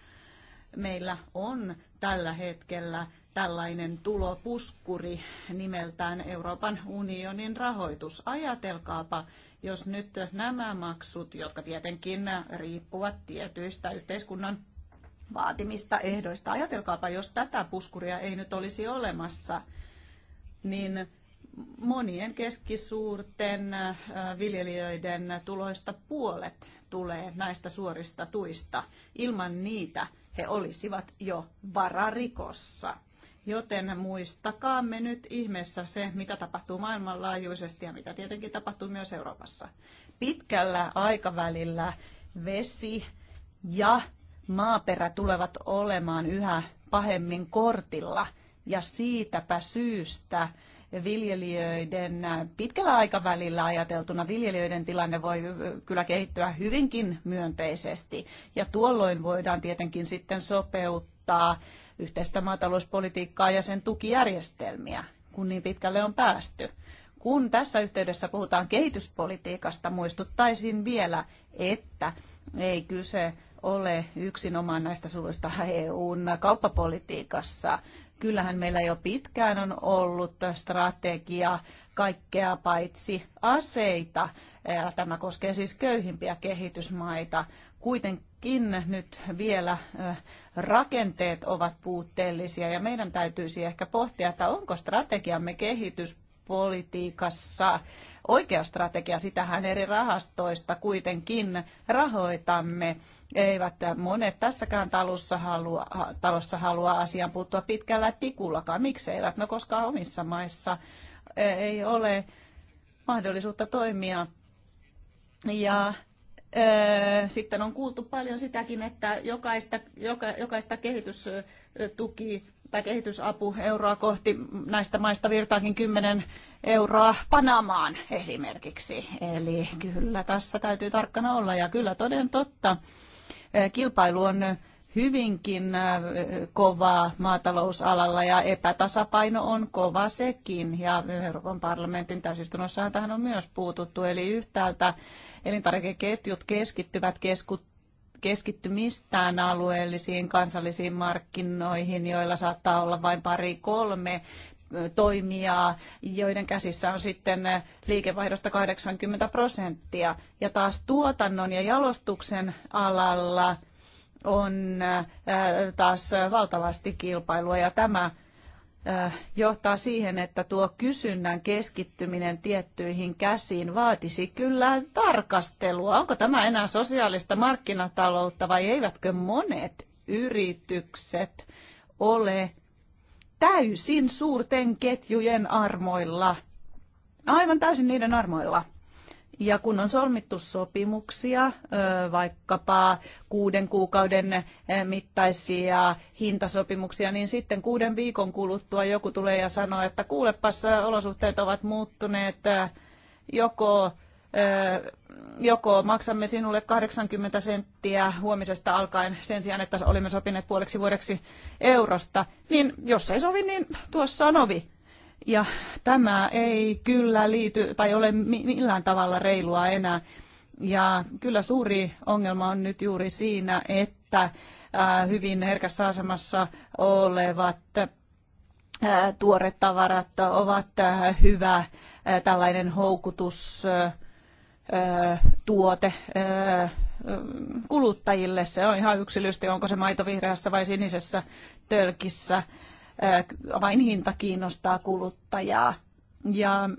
meillä on tällä hetkellä tällainen tulopuskuri nimeltään Euroopan unionin rahoitus. Ajatelkaapa, jos nyt nämä maksut, jotka tietenkin riippuvat tietyistä yhteiskunnan vaatimista ehdoista, ajatelkaapa, jos tätä puskuria ei nyt olisi olemassa, niin monien keskisuurten äh, viljelijöiden tuloista puolet tulee näistä suorista tuista. Ilman niitä he olisivat jo vararikossa. Joten muistakaamme nyt ihmeessä se, mitä tapahtuu maailmanlaajuisesti ja mitä tietenkin tapahtuu myös Euroopassa. Pitkällä aikavälillä vesi ja maaperä tulevat olemaan yhä pahemmin kortilla ja siitäpä syystä viljelijöiden pitkällä aikavälillä ajateltuna viljelijöiden tilanne voi kyllä kehittyä hyvinkin myönteisesti ja tuolloin voidaan tietenkin sitten sopeuttaa yhteistä maatalouspolitiikkaa ja sen tukijärjestelmiä, kun niin pitkälle on päästy. Kun tässä yhteydessä puhutaan kehityspolitiikasta, muistuttaisin vielä, että ei kyse ole yksinomaan näistä suluista EUn kauppapolitiikassa. Kyllähän meillä jo pitkään on ollut strategia kaikkea paitsi aseita. Tämä koskee siis köyhimpiä kehitysmaita, kuitenkin nyt vielä rakenteet ovat puutteellisia ja meidän täytyisi ehkä pohtia, että onko strategiamme kehityspolitiikassa oikea strategia, sitähän eri rahastoista kuitenkin rahoitamme. Eivät monet tässäkään talossa halua, talossa halua asian puuttua pitkällä tikullakaan. eivät? No koska omissa maissa ei ole mahdollisuutta toimia. Ja Öö, sitten on kuultu paljon sitäkin, että jokaista, joka, jokaista kehitystuki tai kehitysapu euroa kohti näistä maista virtaakin 10 euroa Panamaan esimerkiksi. Eli kyllä tässä täytyy tarkkana olla ja kyllä toden totta kilpailu on hyvinkin äh, kovaa maatalousalalla ja epätasapaino on kova sekin. Ja Euroopan parlamentin täysistunnossahan tähän on myös puututtu. Eli yhtäältä elintarvikeketjut keskittyvät kesku, keskittymistään alueellisiin kansallisiin markkinoihin, joilla saattaa olla vain pari kolme toimijaa, joiden käsissä on sitten liikevaihdosta 80 prosenttia. Ja taas tuotannon ja jalostuksen alalla – on äh, taas valtavasti kilpailua ja tämä äh, johtaa siihen, että tuo kysynnän keskittyminen tiettyihin käsiin vaatisi kyllä tarkastelua. Onko tämä enää sosiaalista markkinataloutta vai eivätkö monet yritykset ole täysin suurten ketjujen armoilla? Aivan täysin niiden armoilla. Ja kun on solmittu sopimuksia, vaikkapa kuuden kuukauden mittaisia hintasopimuksia, niin sitten kuuden viikon kuluttua joku tulee ja sanoo, että kuulepas olosuhteet ovat muuttuneet, joko joko maksamme sinulle 80 senttiä huomisesta alkaen sen sijaan, että olimme sopineet puoleksi vuodeksi eurosta, niin jos ei sovi, niin tuossa on ovi. Ja tämä ei kyllä liity tai ole millään tavalla reilua enää. Ja kyllä suuri ongelma on nyt juuri siinä, että hyvin herkässä asemassa olevat tuoret tavarat ovat hyvä tällainen houkutus tuote kuluttajille. Se on ihan yksilösti, onko se maito vihreässä vai sinisessä tölkissä vain hinta kiinnostaa kuluttajaa. Ja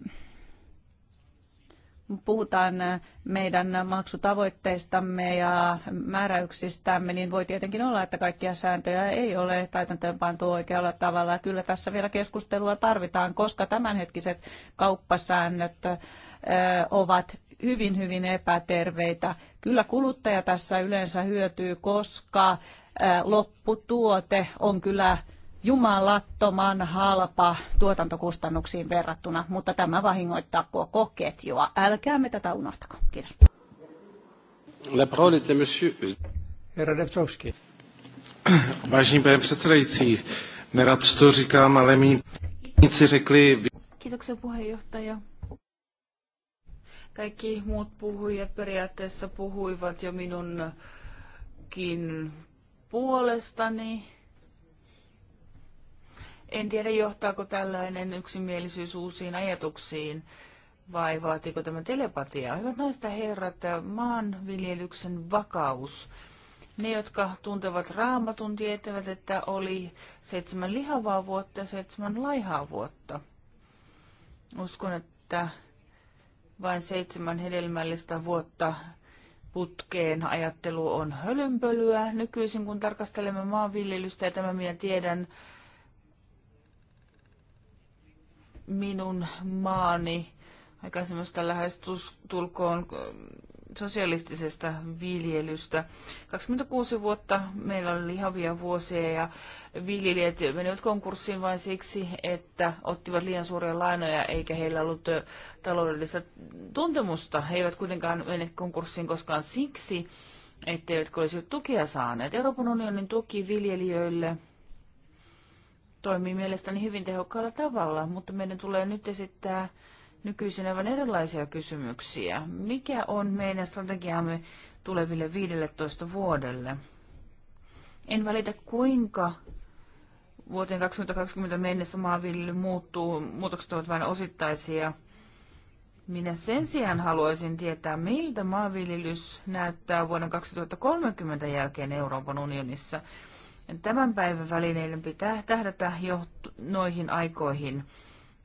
puhutaan meidän maksutavoitteistamme ja määräyksistämme, niin voi tietenkin olla, että kaikkia sääntöjä ei ole täytäntöönpantu oikealla tavalla. Kyllä tässä vielä keskustelua tarvitaan, koska tämänhetkiset kauppasäännöt ovat hyvin, hyvin epäterveitä. Kyllä kuluttaja tässä yleensä hyötyy, koska lopputuote on kyllä jumalattoman halpa tuotantokustannuksiin verrattuna, mutta tämä vahingoittaa koko ketjua. Älkäämme tätä unohtako. Kiitos. La parole Herra Devchovski. Vážený pane předsedající, nerad to říkám, ale řekli... Kiitoksia puheenjohtaja. Kaikki muut puhujat periaatteessa puhuivat jo minunkin puolestani en tiedä, johtaako tällainen yksimielisyys uusiin ajatuksiin vai vaatiiko tämä telepatia? Hyvät naiset ja herrat, maanviljelyksen vakaus. Ne, jotka tuntevat raamatun, tietävät, että oli seitsemän lihavaa vuotta ja seitsemän laihaa vuotta. Uskon, että vain seitsemän hedelmällistä vuotta putkeen ajattelu on hölynpölyä. Nykyisin kun tarkastelemme maanviljelystä, ja tämä minä tiedän minun maani aika semmoista tulkoon ähm, sosialistisesta viljelystä. 26 vuotta meillä oli lihavia vuosia ja viljelijät menivät konkurssiin vain siksi, että ottivat liian suuria lainoja eikä heillä ollut äh, taloudellista tuntemusta. He eivät kuitenkaan menneet konkurssiin koskaan siksi, etteivätkö olisi tukea saaneet. Euroopan unionin tuki viljelijöille – toimii mielestäni hyvin tehokkaalla tavalla, mutta meidän tulee nyt esittää nykyisin aivan erilaisia kysymyksiä. Mikä on meidän strategiamme tuleville 15 vuodelle? En välitä kuinka vuoteen 2020 mennessä maanviljely muuttuu, muutokset ovat vain osittaisia. Minä sen sijaan haluaisin tietää, miltä maanviljelys näyttää vuoden 2030 jälkeen Euroopan unionissa – Tämän päivän välineiden pitää tähdätä jo noihin aikoihin.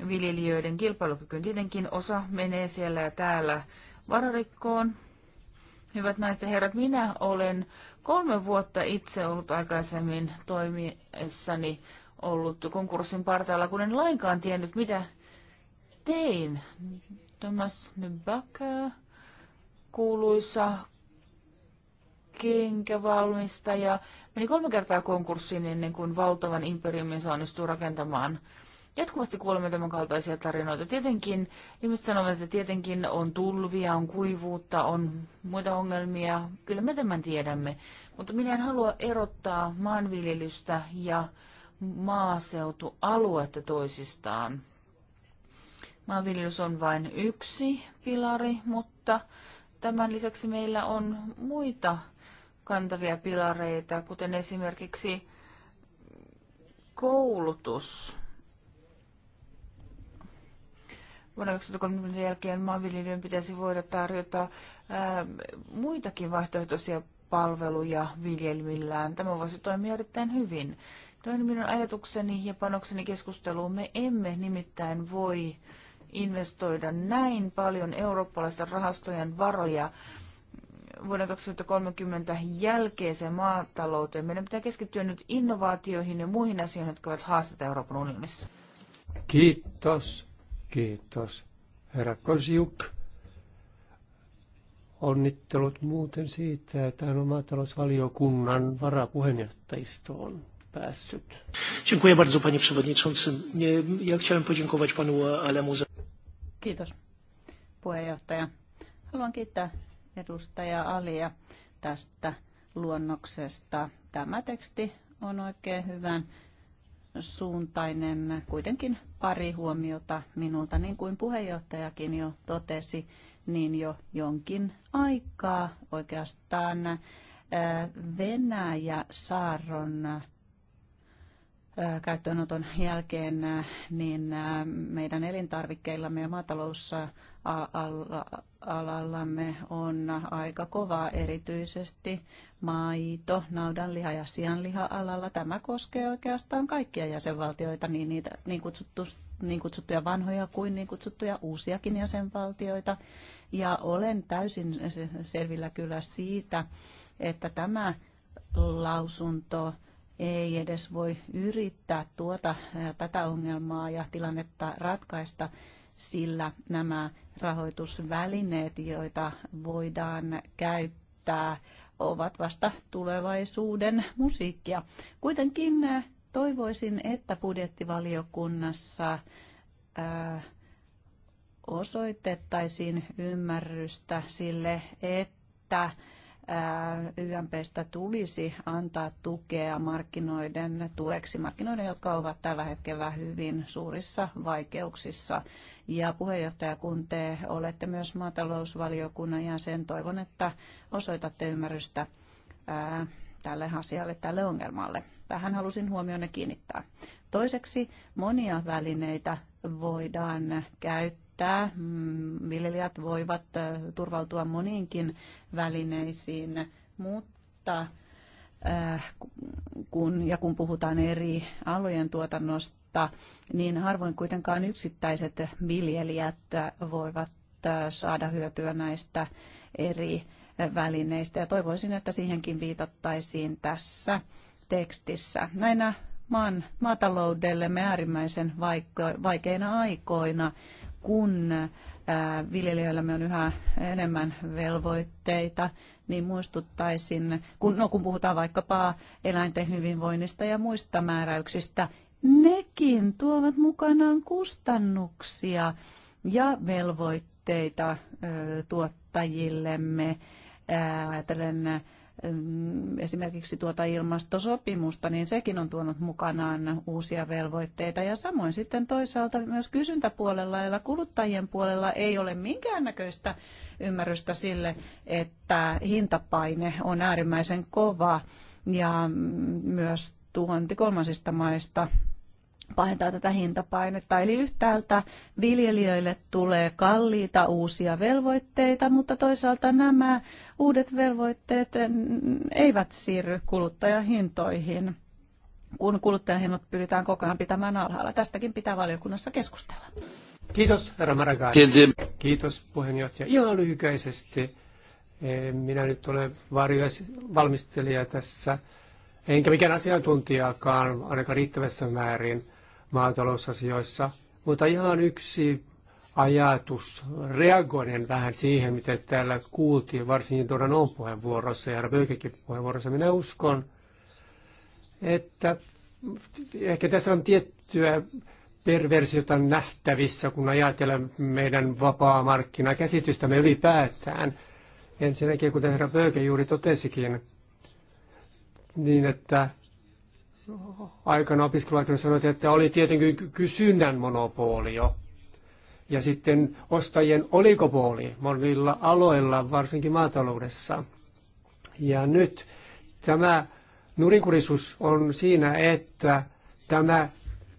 Viljelijöiden kilpailukyky tietenkin osa menee siellä ja täällä vararikkoon. Hyvät naiset ja herrat, minä olen kolme vuotta itse ollut aikaisemmin toimiessani ollut konkurssin partaalla, kun en lainkaan tiennyt, mitä tein. Thomas Nebaka, kuuluisa kenkävalmistaja, meni kolme kertaa konkurssiin ennen kuin valtavan imperiumin onnistuu rakentamaan. Jatkuvasti kuulemme tämän kaltaisia tarinoita. Tietenkin ihmiset sanovat, että tietenkin on tulvia, on kuivuutta, on muita ongelmia. Kyllä me tämän tiedämme. Mutta minä en halua erottaa maanviljelystä ja maaseutualuetta toisistaan. Maanviljelys on vain yksi pilari, mutta tämän lisäksi meillä on muita kantavia pilareita, kuten esimerkiksi koulutus. Vuonna 2030 jälkeen maanviljelijöiden pitäisi voida tarjota ää, ähm, muitakin vaihtoehtoisia palveluja viljelmillään. Tämä voisi toimia erittäin hyvin. Toinen minun ajatukseni ja panokseni keskusteluun me emme nimittäin voi investoida näin paljon eurooppalaisten rahastojen varoja Vuoden 2030 jälkeiseen maatalouteen. Meidän pitää keskittyä nyt innovaatioihin ja muihin asioihin, jotka ovat haasteita Euroopan unionissa. Kiitos, kiitos. Herra Kosiuk, onnittelut muuten siitä, että hän on maatalousvaliokunnan varapuheenjohtajistoon päässyt. Dziękuję bardzo, panie przewodniczący. Ja chciałem podziękować panu e, Alemu za... Kiitos, puheenjohtaja. Haluan kiittää edustaja Alia tästä luonnoksesta. Tämä teksti on oikein hyvän suuntainen. Kuitenkin pari huomiota minulta, niin kuin puheenjohtajakin jo totesi, niin jo jonkin aikaa oikeastaan äh, venäjä Saaron äh, käyttöönoton jälkeen äh, niin meidän elintarvikkeillamme ja maatalous alallamme on aika kovaa, erityisesti maito, naudanliha ja sianliha-alalla. Tämä koskee oikeastaan kaikkia jäsenvaltioita, niin niitä niin, kutsuttu, niin kutsuttuja vanhoja kuin niin kutsuttuja uusiakin jäsenvaltioita. Ja olen täysin selvillä kyllä siitä, että tämä lausunto ei edes voi yrittää tuota tätä ongelmaa ja tilannetta ratkaista, sillä nämä rahoitusvälineet, joita voidaan käyttää, ovat vasta tulevaisuuden musiikkia. Kuitenkin toivoisin, että budjettivaliokunnassa osoitettaisiin ymmärrystä sille, että YMPstä tulisi antaa tukea markkinoiden tueksi, markkinoiden, jotka ovat tällä hetkellä hyvin suurissa vaikeuksissa. Ja puheenjohtaja, kun te olette myös maatalousvaliokunnan jäsen, toivon, että osoitatte ymmärrystä tälle asialle, tälle ongelmalle. Tähän halusin huomioon kiinnittää. Toiseksi monia välineitä voidaan käyttää riittää. Mm, viljelijät voivat äh, turvautua moniinkin välineisiin, mutta äh, kun, ja kun puhutaan eri alojen tuotannosta, niin harvoin kuitenkaan yksittäiset viljelijät voivat äh, saada hyötyä näistä eri välineistä. Ja toivoisin, että siihenkin viitattaisiin tässä tekstissä. Näinä maan, maataloudellemme äärimmäisen vaikeina aikoina kun äh, viljelijöillämme on yhä enemmän velvoitteita, niin muistuttaisin, kun, no, kun puhutaan vaikkapa eläinten hyvinvoinnista ja muista määräyksistä, nekin tuovat mukanaan kustannuksia ja velvoitteita ö, tuottajillemme. Ää, ajatellen esimerkiksi tuota ilmastosopimusta, niin sekin on tuonut mukanaan uusia velvoitteita. Ja samoin sitten toisaalta myös kysyntäpuolella ja kuluttajien puolella ei ole minkäännäköistä ymmärrystä sille, että hintapaine on äärimmäisen kova ja mm, myös tuonti kolmansista maista pahentaa tätä hintapainetta. Eli yhtäältä viljelijöille tulee kalliita uusia velvoitteita, mutta toisaalta nämä uudet velvoitteet mm, eivät siirry kuluttajahintoihin kun kuluttajahinnat pyritään koko ajan pitämään alhaalla. Tästäkin pitää valiokunnassa keskustella. Kiitos, herra Maragani. Kiitos, puheenjohtaja. Ihan lyhykäisesti. Eh, minä nyt olen valmistelija tässä, enkä mikään asiantuntijakaan, ainakaan riittävässä määrin maatalousasioissa, mutta ihan yksi ajatus reagoiden vähän siihen, mitä täällä kuultiin, varsinkin tuodan on puheenvuorossa ja Röykekin puheenvuorossa. Minä uskon, että ehkä tässä on tiettyä perversiota nähtävissä, kun ajatellaan meidän vapaa markkinakäsitystä me ylipäätään. Ensinnäkin, kuten herra Böke juuri totesikin, niin että aikana opiskeluaikana sanoit, että oli tietenkin kysynnän jo. ja sitten ostajien oligopooli monilla aloilla, varsinkin maataloudessa. Ja nyt tämä nurinkurisuus on siinä, että tämä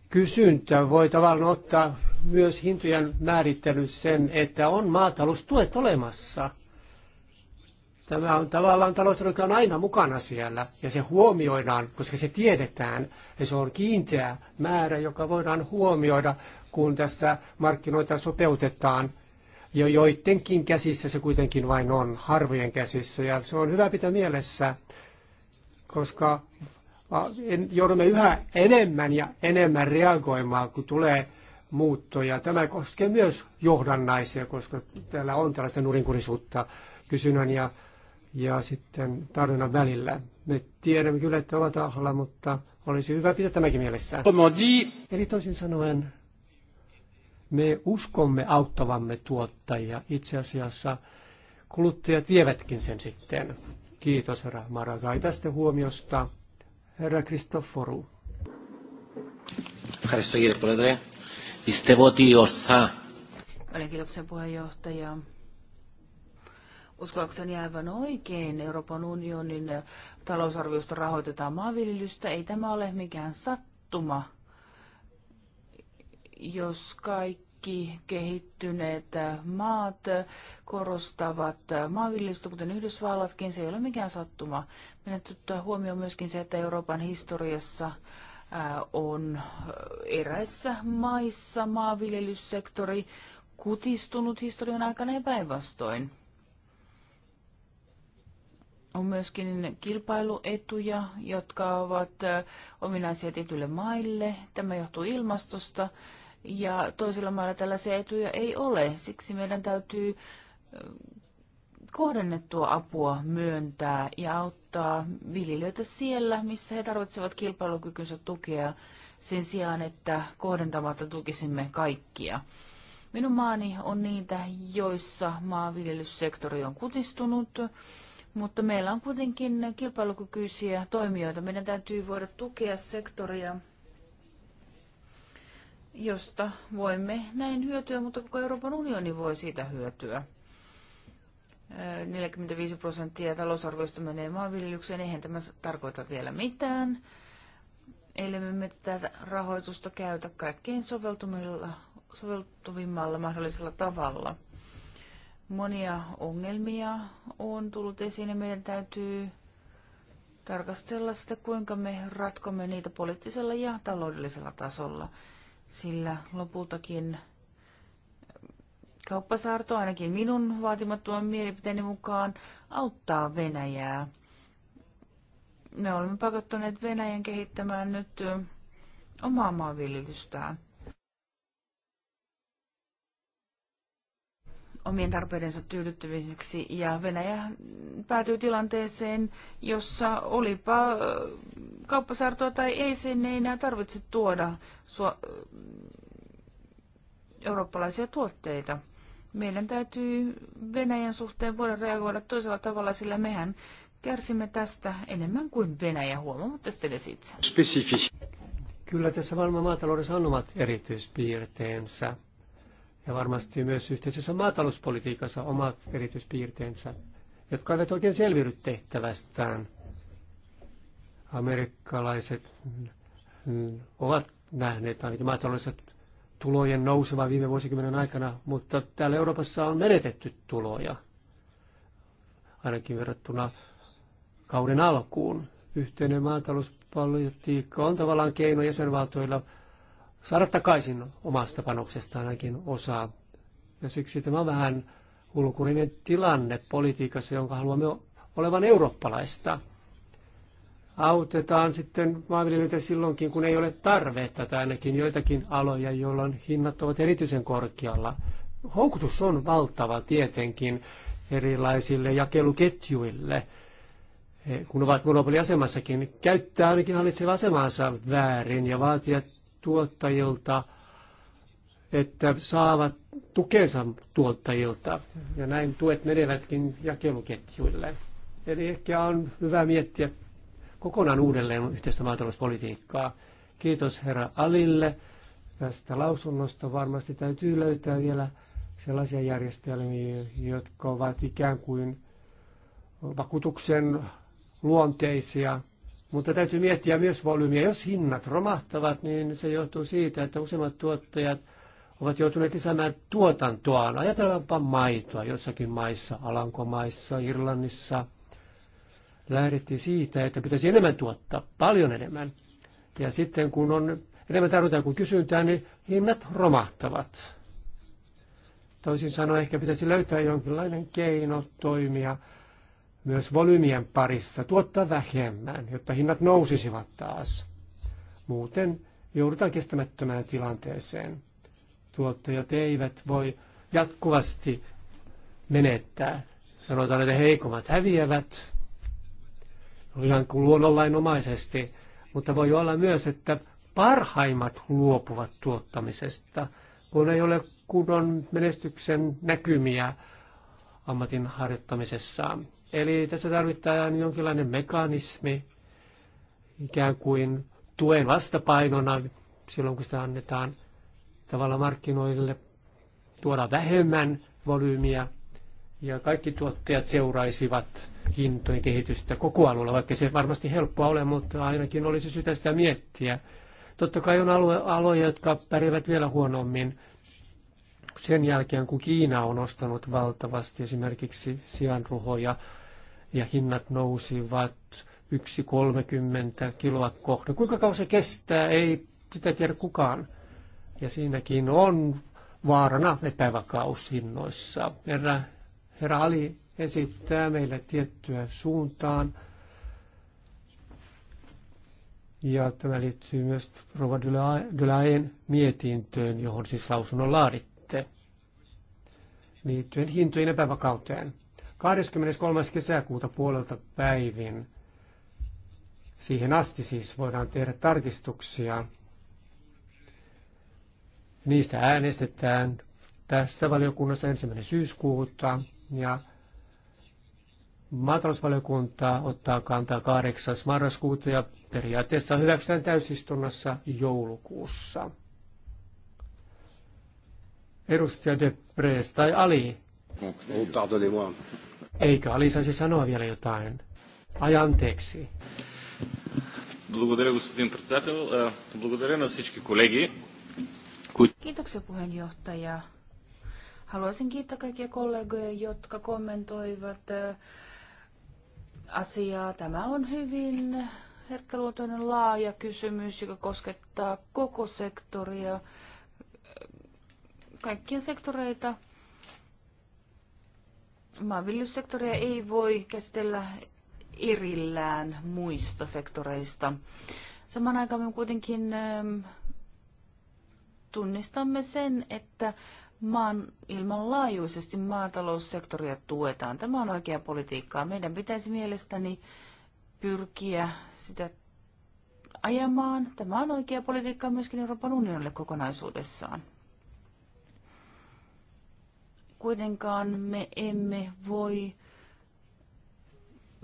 kysyntä voi tavallaan ottaa myös hintojen määrittely sen, että on maataloustuet olemassa. Tämä on tavallaan talousarvio on aina mukana siellä ja se huomioidaan, koska se tiedetään ja se on kiinteä määrä, joka voidaan huomioida, kun tässä markkinoita sopeutetaan. Ja joidenkin käsissä se kuitenkin vain on, harvojen käsissä ja se on hyvä pitää mielessä, koska joudumme yhä enemmän ja enemmän reagoimaan, kun tulee muuttoja. Tämä koskee myös johdannaisia, koska täällä on tällaista nurinkurisuutta kysynnän ja ja sitten tarinan välillä. Me tiedämme kyllä, että ovat ahla, mutta olisi hyvä pitää tämäkin mielessä. Eli toisin sanoen, me uskomme auttavamme tuottajia. Itse asiassa kuluttajat vievätkin sen sitten. Kiitos herra Maragai tästä huomiosta. Herra Kristoforu. Paljon kiitoksia puheenjohtaja uskoakseni aivan oikein Euroopan unionin talousarviosta rahoitetaan maanviljelystä. Ei tämä ole mikään sattuma, jos kaikki kehittyneet maat korostavat maanviljelystä, kuten Yhdysvallatkin. Se ei ole mikään sattuma. Meidän ottaa huomioon myöskin se, että Euroopan historiassa on eräissä maissa maanviljelyssektori kutistunut historian aikana ja päinvastoin. On myöskin kilpailuetuja, jotka ovat ominaisia tietyille maille. Tämä johtuu ilmastosta ja toisilla mailla tällaisia etuja ei ole. Siksi meidän täytyy kohdennettua apua myöntää ja auttaa viljelijöitä siellä, missä he tarvitsevat kilpailukykynsä tukea sen sijaan, että kohdentamatta tukisimme kaikkia. Minun maani on niitä, joissa maanviljelyssektori on kutistunut mutta meillä on kuitenkin kilpailukykyisiä toimijoita. Meidän täytyy voida tukea sektoria, josta voimme näin hyötyä, mutta koko Euroopan unioni voi siitä hyötyä. 45 prosenttia talousarvoista menee maanviljelykseen, eihän tämä tarkoita vielä mitään. Eli me tätä rahoitusta käytä kaikkein soveltuvimmalla mahdollisella tavalla monia ongelmia on tullut esiin ja meidän täytyy tarkastella sitä, kuinka me ratkomme niitä poliittisella ja taloudellisella tasolla, sillä lopultakin kauppasaarto ainakin minun vaatimattoman mielipiteeni mukaan auttaa Venäjää. Me olemme pakottaneet Venäjän kehittämään nyt omaa maanviljelystään. omien tarpeidensa tyydyttämiseksi. Ja Venäjä päätyy tilanteeseen, jossa olipa kauppasaartoa tai ei, sen ei enää tarvitse tuoda su- eurooppalaisia tuotteita. Meidän täytyy Venäjän suhteen voida reagoida toisella tavalla, sillä mehän kärsimme tästä enemmän kuin Venäjä huomaamatta sitten edes itse. Kyllä tässä maailman maataloudessa on omat erityispiirteensä. Ja varmasti myös yhteisessä maatalouspolitiikassa omat erityispiirteensä, jotka eivät oikein selviydy tehtävästään. Amerikkalaiset mm, ovat nähneet ainakin maataloudessa tulojen nouseva viime vuosikymmenen aikana, mutta täällä Euroopassa on menetetty tuloja, ainakin verrattuna kauden alkuun. Yhteinen maatalouspolitiikka on tavallaan keino jäsenvaltoilla saada takaisin omasta panoksestaan ainakin osaa. Ja siksi tämä on vähän ulkurinen tilanne politiikassa, jonka haluamme olevan eurooppalaista. Autetaan sitten maanviljelijöitä silloinkin, kun ei ole tarvetta, tai ainakin joitakin aloja, jolloin hinnat ovat erityisen korkealla. Houkutus on valtava tietenkin erilaisille jakeluketjuille, eh, kun ovat monopoliasemassakin, käyttää ainakin hallitseva asemansa väärin ja vaatia tuottajilta, että saavat tukensa tuottajilta. Ja näin tuet menevätkin jakeluketjuille. Eli ehkä on hyvä miettiä kokonaan uudelleen yhteistä maatalouspolitiikkaa. Kiitos herra Alille tästä lausunnosta. Varmasti täytyy löytää vielä sellaisia järjestelmiä, jotka ovat ikään kuin vakuutuksen luonteisia, mutta täytyy miettiä myös volyymiä. Jos hinnat romahtavat, niin se johtuu siitä, että useimmat tuottajat ovat joutuneet lisäämään tuotantoaan. Ajatellaanpa maitoa jossakin maissa, Alankomaissa, Irlannissa. Lähdettiin siitä, että pitäisi enemmän tuottaa, paljon enemmän. Ja sitten kun on enemmän tarvitaan kuin kysyntää, niin hinnat romahtavat. Toisin sanoen ehkä pitäisi löytää jonkinlainen keino toimia myös volyymien parissa tuottaa vähemmän, jotta hinnat nousisivat taas. Muuten joudutaan kestämättömään tilanteeseen. Tuottajat eivät voi jatkuvasti menettää. Sanotaan, että heikommat häviävät ihan kuin luonnonlainomaisesti, mutta voi olla myös, että parhaimmat luopuvat tuottamisesta, kun ei ole kunnon menestyksen näkymiä ammatin harjoittamisessaan. Eli tässä tarvitaan jonkinlainen mekanismi ikään kuin tuen vastapainona silloin, kun sitä annetaan tavallaan markkinoille tuoda vähemmän volyymiä ja kaikki tuottajat seuraisivat hintojen kehitystä koko alueella, vaikka se varmasti helppoa ole, mutta ainakin olisi syytä sitä miettiä. Totta kai on alue, aloja, jotka pärjäävät vielä huonommin sen jälkeen, kun Kiina on ostanut valtavasti esimerkiksi sianruhoja ja hinnat nousivat 1,30 kiloa kohden. Kuinka kauan se kestää, ei sitä tiedä kukaan. Ja siinäkin on vaarana epävakaus hinnoissa. Herra, herra Ali esittää meille tiettyä suuntaan. Ja tämä liittyy myös Rova Dylain mietintöön, johon siis lausunnon laaditte, liittyen hintojen epävakauteen. 23. kesäkuuta puolelta päivin. Siihen asti siis voidaan tehdä tarkistuksia. Niistä äänestetään tässä valiokunnassa ensimmäinen syyskuuta ja maatalousvaliokunta ottaa kantaa 8. marraskuuta ja periaatteessa hyväksytään täysistunnossa joulukuussa. Edustaja Depres tai Ali. Oh, pardonnez eikä Ali saisi sanoa vielä jotain. Ai anteeksi. Kiitoksia puheenjohtaja. Haluaisin kiittää kaikkia kollegoja, jotka kommentoivat e, asiaa. Tämä on hyvin herkkäluontoinen laaja kysymys, joka koskettaa koko sektoria, e, kaikkia sektoreita maanviljelysektoria ei voi käsitellä erillään muista sektoreista. Samaan aikaan me kuitenkin ähm, tunnistamme sen, että maan ilmanlaajuisesti maataloussektoria tuetaan. Tämä on oikea politiikkaa. Meidän pitäisi mielestäni pyrkiä sitä ajamaan. Tämä on oikea politiikka myöskin Euroopan unionille kokonaisuudessaan. Kuitenkaan me emme voi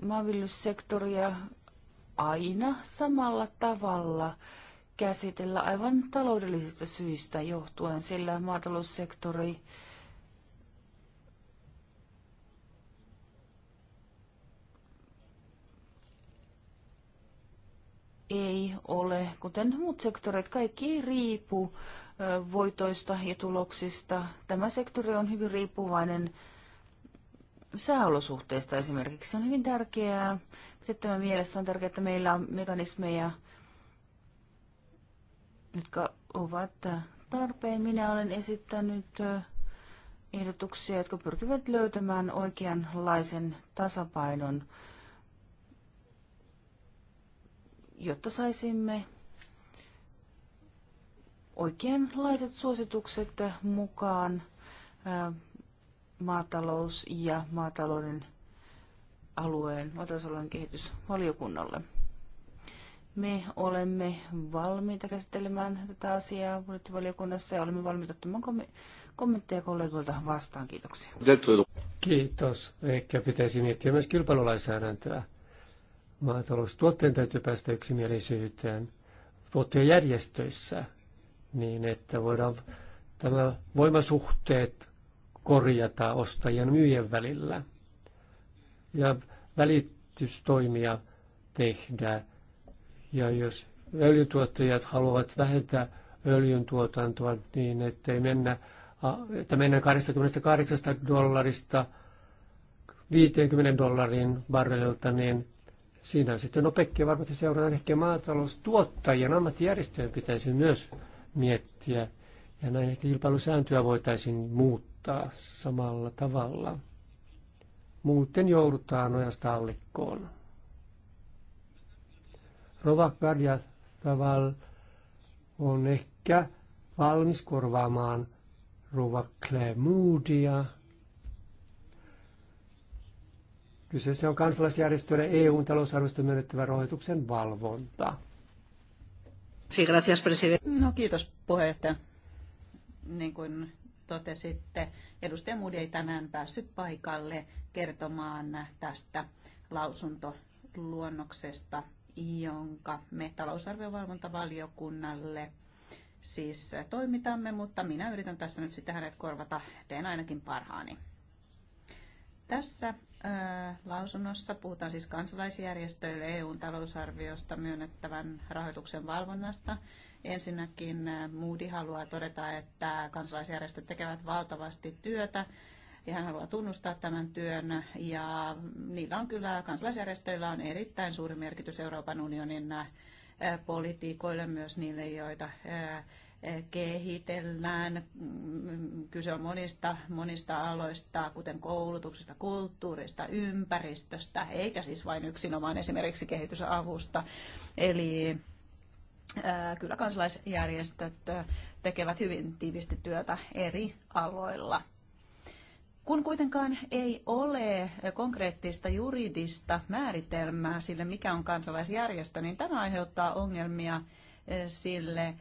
maanviljelyssektoria aina samalla tavalla käsitellä aivan taloudellisista syistä johtuen, sillä maataloussektori ei ole, kuten muut sektorit, kaikki riipu voitoista ja tuloksista. Tämä sektori on hyvin riippuvainen sääolosuhteista esimerkiksi. Se on hyvin tärkeää. Pidettävä mielessä on tärkeää, että meillä on mekanismeja, jotka ovat tarpeen. Minä olen esittänyt ehdotuksia, jotka pyrkivät löytämään oikeanlaisen tasapainon, jotta saisimme oikeanlaiset suositukset mukaan maatalous- ja maatalouden alueen, maatalousalueen kehitysvaliokunnalle. Me olemme valmiita käsittelemään tätä asiaa budjettivaliokunnassa ja olemme valmiita ottamaan kommentteja kollegoilta vastaan. Kiitoksia. Kiitos. Ehkä pitäisi miettiä myös kilpailulainsäädäntöä. Maataloustuotteen täytyy päästä yksimielisyyteen tuottajajärjestöissä niin että voidaan tämä voimasuhteet korjata ostajien myyjien välillä ja välitystoimia tehdä. Ja jos öljytuottajat haluavat vähentää öljyn tuotantoa niin, ettei mennä, että mennään 28 dollarista 50 dollarin barrelilta, niin siinä sitten OPEC varmasti seurataan ehkä maataloustuottajien ammattijärjestöjen pitäisi myös miettiä. Ja näin ehkä kilpailusääntöä voitaisiin muuttaa samalla tavalla. Muuten joudutaan ojasta allikkoon. Rova Gardia on ehkä valmis korvaamaan Rova Clemoodia. Kyseessä on kansalaisjärjestöiden eu talousarvosta myönnettävä rahoituksen valvonta. Gracias, presidente. No kiitos puheenjohtaja. Niin kuin totesitte, edustaja Moody ei tänään päässyt paikalle kertomaan tästä lausuntoluonnoksesta, jonka me talousarviovalvontavaliokunnalle siis toimitamme, mutta minä yritän tässä nyt sitten hänet korvata, teen ainakin parhaani. Tässä lausunnossa puhutaan siis kansalaisjärjestöille EUn talousarviosta myönnettävän rahoituksen valvonnasta. Ensinnäkin Moody haluaa todeta, että kansalaisjärjestöt tekevät valtavasti työtä ja hän haluaa tunnustaa tämän työn. Ja niillä on kyllä, kansalaisjärjestöillä on erittäin suuri merkitys Euroopan unionin politiikoille, myös niille, joita kehitellään. Kyse on monista, monista aloista, kuten koulutuksesta, kulttuurista, ympäristöstä, eikä siis vain yksinomaan esimerkiksi kehitysavusta. Eli kyllä kansalaisjärjestöt tekevät hyvin tiivisti työtä eri aloilla. Kun kuitenkaan ei ole konkreettista juridista määritelmää sille, mikä on kansalaisjärjestö, niin tämä aiheuttaa ongelmia sille,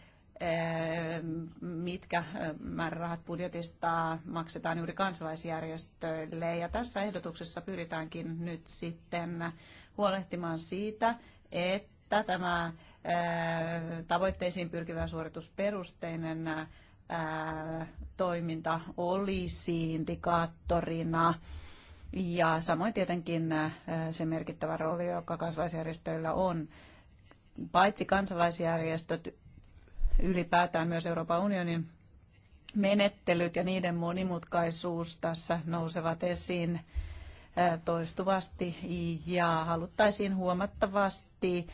mitkä määrärahat budjetista maksetaan juuri kansalaisjärjestöille. Ja tässä ehdotuksessa pyritäänkin nyt sitten huolehtimaan siitä, että tämä tavoitteisiin pyrkivä suoritusperusteinen toiminta olisi indikaattorina ja samoin tietenkin se merkittävä rooli, joka kansalaisjärjestöillä on. Paitsi kansalaisjärjestöt ylipäätään myös Euroopan unionin menettelyt ja niiden monimutkaisuus tässä nousevat esiin toistuvasti ja haluttaisiin huomattavasti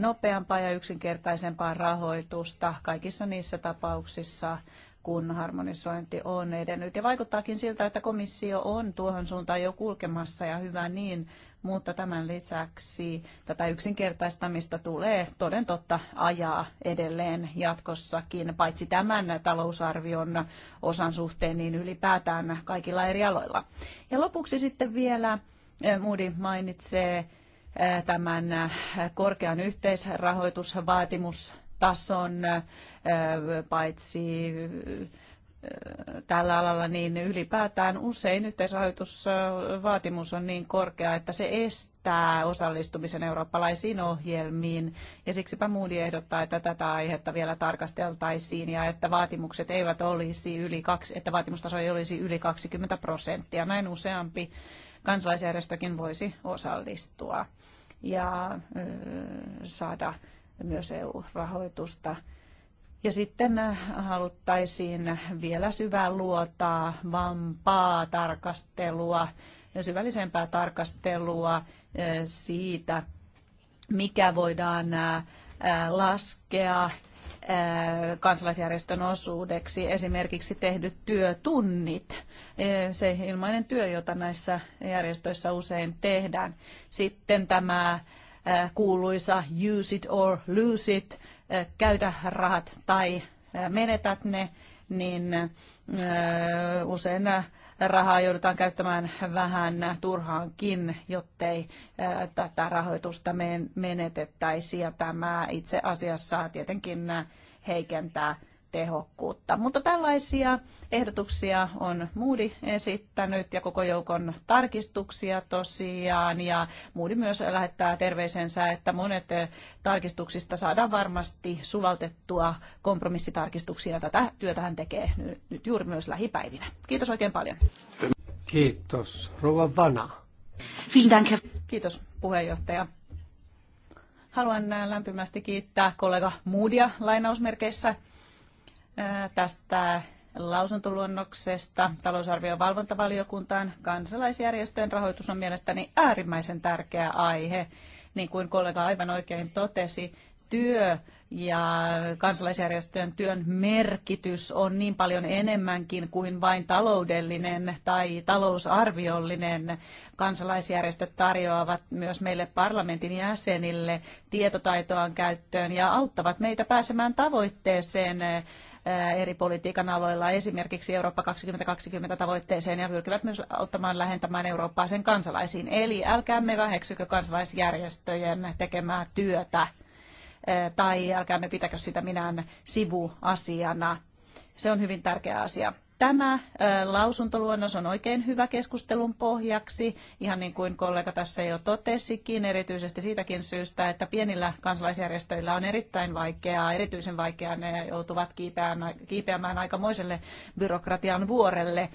nopeampaa ja yksinkertaisempaa rahoitusta kaikissa niissä tapauksissa, kun harmonisointi on edennyt. Ja vaikuttaakin siltä, että komissio on tuohon suuntaan jo kulkemassa ja hyvä niin, mutta tämän lisäksi tätä yksinkertaistamista tulee toden totta ajaa edelleen jatkossakin, paitsi tämän talousarvion osan suhteen, niin ylipäätään kaikilla eri aloilla. Ja lopuksi sitten vielä eh, Moody mainitsee eh, tämän eh, korkean yhteisrahoitusvaatimustason, paitsi tällä alalla, niin ylipäätään usein yhteisrahoitusvaatimus on niin korkea, että se estää osallistumisen eurooppalaisiin ohjelmiin. Ja siksipä Moody ehdottaa, että tätä aihetta vielä tarkasteltaisiin ja että vaatimukset eivät olisi yli kaksi, että vaatimustaso ei olisi yli 20 prosenttia. Näin useampi kansalaisjärjestökin voisi osallistua ja saada myös EU-rahoitusta ja sitten äh, haluttaisiin vielä syvää luotaa, vampaa tarkastelua, syvällisempää tarkastelua äh, siitä, mikä voidaan äh, laskea kansalaisjärjestön osuudeksi esimerkiksi tehdyt työtunnit, se ilmainen työ, jota näissä järjestöissä usein tehdään. Sitten tämä kuuluisa use it or lose it käytä rahat tai menetät ne, niin usein rahaa joudutaan käyttämään vähän turhaankin, jottei tätä rahoitusta menetettäisi. Ja tämä itse asiassa tietenkin heikentää tehokkuutta. Mutta tällaisia ehdotuksia on Moody esittänyt ja koko joukon tarkistuksia tosiaan. Ja Moody myös lähettää terveisensä, että monet tarkistuksista saadaan varmasti sulautettua kompromissitarkistuksia. Tätä työtä hän tekee nyt juuri myös lähipäivinä. Kiitos oikein paljon. Kiitos. Rova Vana. Kiitos puheenjohtaja haluan lämpimästi kiittää kollega Moodia lainausmerkeissä tästä lausuntoluonnoksesta talousarvion valvontavaliokuntaan. Kansalaisjärjestöjen rahoitus on mielestäni äärimmäisen tärkeä aihe. Niin kuin kollega aivan oikein totesi, työ ja kansalaisjärjestöjen työn merkitys on niin paljon enemmänkin kuin vain taloudellinen tai talousarviollinen. Kansalaisjärjestöt tarjoavat myös meille parlamentin jäsenille tietotaitoaan käyttöön ja auttavat meitä pääsemään tavoitteeseen eri politiikan aloilla, esimerkiksi Eurooppa 2020 tavoitteeseen ja pyrkivät myös auttamaan lähentämään Eurooppaa sen kansalaisiin. Eli älkäämme väheksykö kansalaisjärjestöjen tekemää työtä tai älkäämme pitäkö sitä minään sivuasiana. Se on hyvin tärkeä asia. Tämä lausuntoluonnos on oikein hyvä keskustelun pohjaksi, ihan niin kuin kollega tässä jo totesikin, erityisesti siitäkin syystä, että pienillä kansalaisjärjestöillä on erittäin vaikeaa, erityisen vaikeaa, ne joutuvat kiipeämään, kiipeämään aikamoiselle byrokratian vuorelle,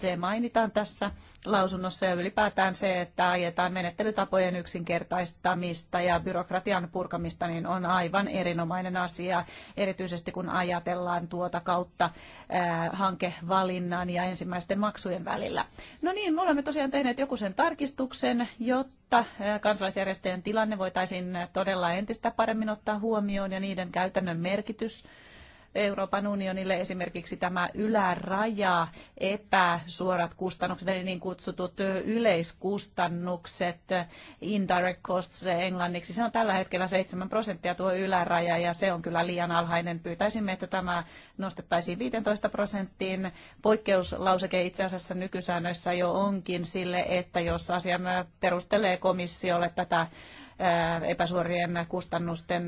se mainitaan tässä lausunnossa ja ylipäätään se, että ajetaan menettelytapojen yksinkertaistamista ja byrokratian purkamista, niin on aivan erinomainen asia, erityisesti kun ajatellaan tuota kautta ää, hankevalinnan ja ensimmäisten maksujen välillä. No niin, me olemme tosiaan tehneet joku sen tarkistuksen, jotta kansalaisjärjestöjen tilanne voitaisiin todella entistä paremmin ottaa huomioon ja niiden käytännön merkitys Euroopan unionille esimerkiksi tämä yläraja, epäsuorat kustannukset, eli niin kutsutut yleiskustannukset, indirect costs englanniksi, se on tällä hetkellä 7 prosenttia tuo yläraja ja se on kyllä liian alhainen. Pyytäisimme, että tämä nostettaisiin 15 prosenttiin. Poikkeuslauseke itse asiassa nykysäännöissä jo onkin sille, että jos asian perustelee komissiolle tätä epäsuorien kustannusten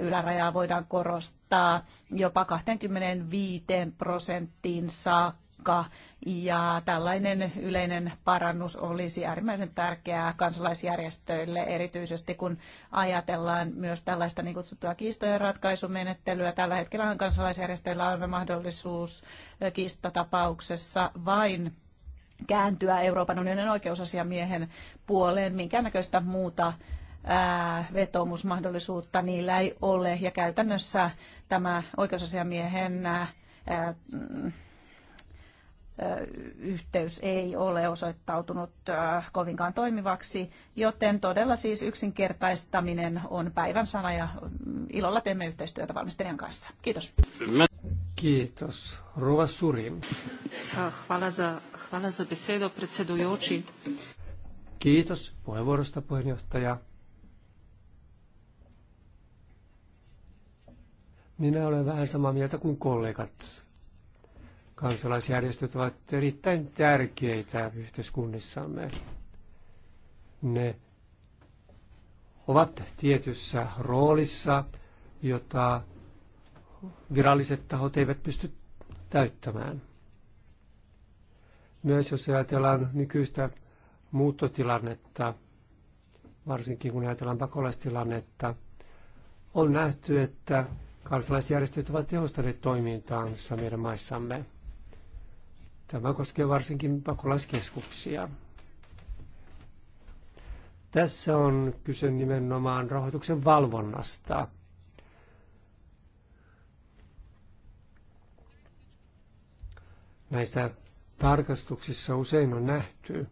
ylärajaa voidaan korostaa jopa 25 prosenttiin saakka. Ja tällainen yleinen parannus olisi äärimmäisen tärkeää kansalaisjärjestöille, erityisesti kun ajatellaan myös tällaista niin kutsuttua kiistojen ratkaisumenettelyä. Tällä hetkellä kansalaisjärjestöillä on mahdollisuus kiistatapauksessa vain kääntyä Euroopan unionin oikeusasiamiehen puoleen. Minkäännäköistä muuta vetoomusmahdollisuutta niillä ei ole. Ja käytännössä tämä oikeusasiamiehen yhteys ei ole osoittautunut kovinkaan toimivaksi, joten todella siis yksinkertaistaminen on päivän sana ja mm, ilolla teemme yhteistyötä valmistelijan kanssa. Kiitos. Kiitos. Ruva Surin. Ah, hvala hvala Kiitos puheenvuorosta puheenjohtaja. Minä olen vähän samaa mieltä kuin kollegat. Kansalaisjärjestöt ovat erittäin tärkeitä yhteiskunnissamme. Ne ovat tietyssä roolissa, jota viralliset tahot eivät pysty täyttämään. Myös jos ajatellaan nykyistä muuttotilannetta, varsinkin kun ajatellaan pakolaistilannetta, on nähty, että Kansalaisjärjestöt ovat tehostaneet toimintaansa meidän maissamme. Tämä koskee varsinkin pakolaiskeskuksia. Tässä on kyse nimenomaan rahoituksen valvonnasta. Näissä tarkastuksissa usein on nähty,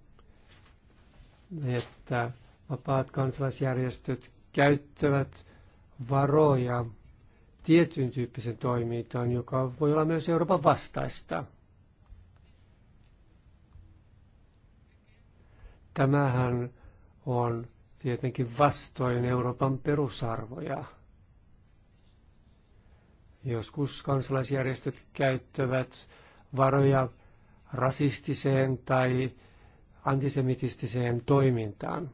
että vapaat kansalaisjärjestöt käyttävät varoja tietyn tyyppisen toimintaan, joka voi olla myös Euroopan vastaista. Tämähän on tietenkin vastoin Euroopan perusarvoja. Joskus kansalaisjärjestöt käyttävät varoja rasistiseen tai antisemitistiseen toimintaan.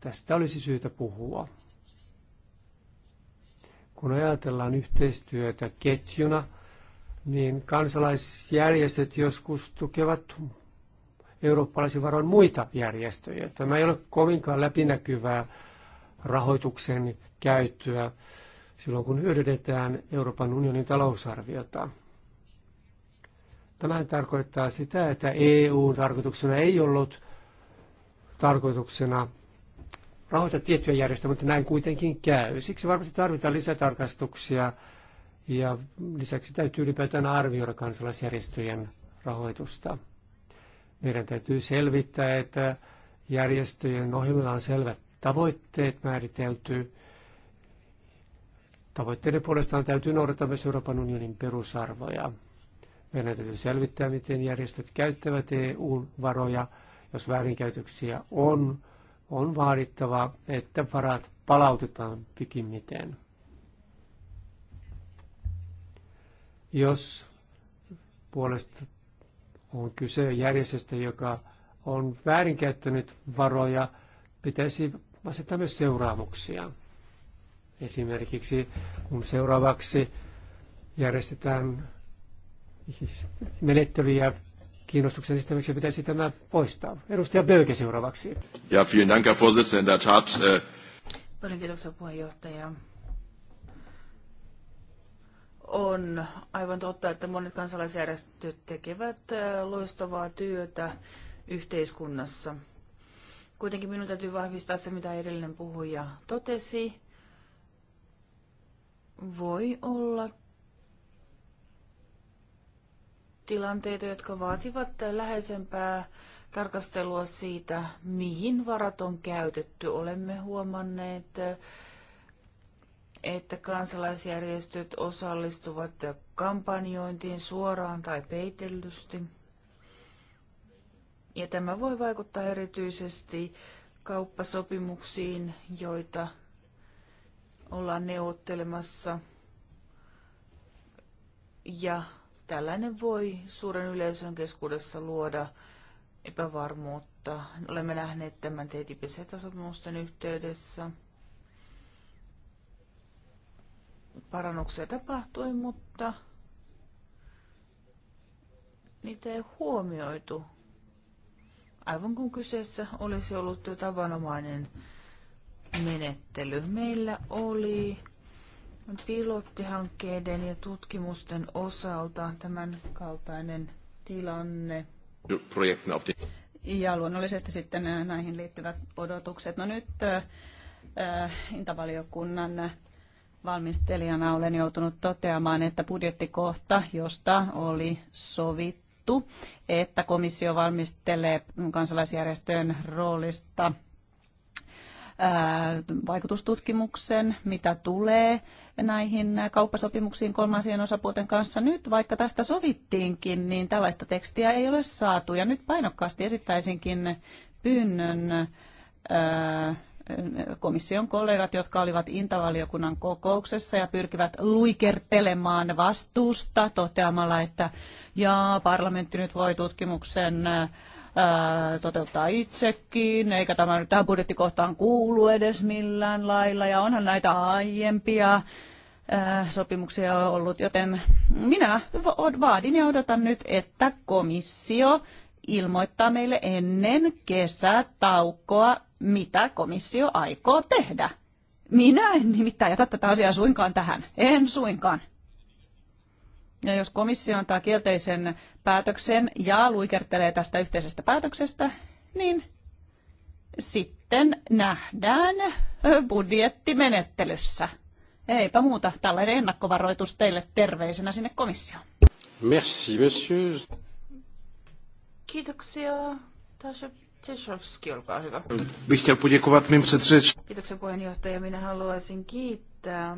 Tästä olisi syytä puhua. Kun ajatellaan yhteistyötä ketjuna, niin kansalaisjärjestöt joskus tukevat eurooppalaisin varoin muita järjestöjä. Tämä ei ole kovinkaan läpinäkyvää rahoituksen käyttöä silloin, kun hyödynnetään Euroopan unionin talousarviota. Tämähän tarkoittaa sitä, että EU-tarkoituksena ei ollut tarkoituksena rahoita tiettyjä järjestöjä, mutta näin kuitenkin käy. Siksi varmasti tarvitaan lisätarkastuksia ja lisäksi täytyy ylipäätään arvioida kansalaisjärjestöjen rahoitusta. Meidän täytyy selvittää, että järjestöjen ohjelmilla on selvät tavoitteet määritelty. Tavoitteiden puolestaan täytyy noudattaa myös Euroopan unionin perusarvoja. Meidän täytyy selvittää, miten järjestöt käyttävät EU-varoja, jos väärinkäytöksiä on, on vaadittava, että varat palautetaan pikimmiten. Jos puolesta on kyse järjestöstä, joka on väärinkäyttänyt varoja, pitäisi asettaa myös seuraamuksia. Esimerkiksi kun seuraavaksi järjestetään menettelyjä kiinnostuksen esittämiseksi pitäisi tämä poistaa. Edustaja Böke seuraavaksi. Ja vielen dank, Herr Vorsitzender. Tat, äh... Paljon kiitoksia puheenjohtaja. On aivan totta, että monet kansalaisjärjestöt tekevät äh, loistavaa työtä yhteiskunnassa. Kuitenkin minun täytyy vahvistaa se, mitä edellinen puhuja totesi. Voi olla tilanteita, jotka vaativat läheisempää tarkastelua siitä, mihin varat on käytetty. Olemme huomanneet, että kansalaisjärjestöt osallistuvat kampanjointiin suoraan tai peitellysti. Ja tämä voi vaikuttaa erityisesti kauppasopimuksiin, joita ollaan neuvottelemassa ja tällainen voi suuren yleisön keskuudessa luoda epävarmuutta. Olemme nähneet tämän TTIP sopimusten yhteydessä. Parannuksia tapahtui, mutta niitä ei huomioitu. Aivan kun kyseessä olisi ollut jo tavanomainen menettely. Meillä oli pilottihankkeiden ja tutkimusten osalta tämän kaltainen tilanne. Ja luonnollisesti sitten äh, näihin liittyvät odotukset. No nyt äh, äh, intavaliokunnan valmistelijana olen joutunut toteamaan, että budjettikohta, josta oli sovittu, että komissio valmistelee kansalaisjärjestöjen roolista – vaikutustutkimuksen, mitä tulee näihin kauppasopimuksiin kolmansien osapuolten kanssa. Nyt vaikka tästä sovittiinkin, niin tällaista tekstiä ei ole saatu. Ja nyt painokkaasti esittäisinkin pyynnön komission kollegat, jotka olivat intavaliokunnan kokouksessa ja pyrkivät luikertelemaan vastuusta toteamalla, että ja parlamentti nyt voi tutkimuksen toteuttaa itsekin, eikä tämä nyt tähän budjettikohtaan kuulu edes millään lailla. Ja onhan näitä aiempia sopimuksia ollut, joten minä vaadin ja odotan nyt, että komissio ilmoittaa meille ennen kesätaukoa, mitä komissio aikoo tehdä. Minä en nimittäin jätä tätä asiaa suinkaan tähän. En suinkaan. Ja jos komissio antaa kielteisen päätöksen ja luikertelee tästä yhteisestä päätöksestä, niin sitten nähdään budjettimenettelyssä. Eipä muuta. Tällainen ennakkovaroitus teille terveisenä sinne komissioon. Merci, monsieur. Kiitoksia. Tässä Tcheshovski, olkaa hyvä. Kiitoksia puheenjohtaja. Minä haluaisin kiittää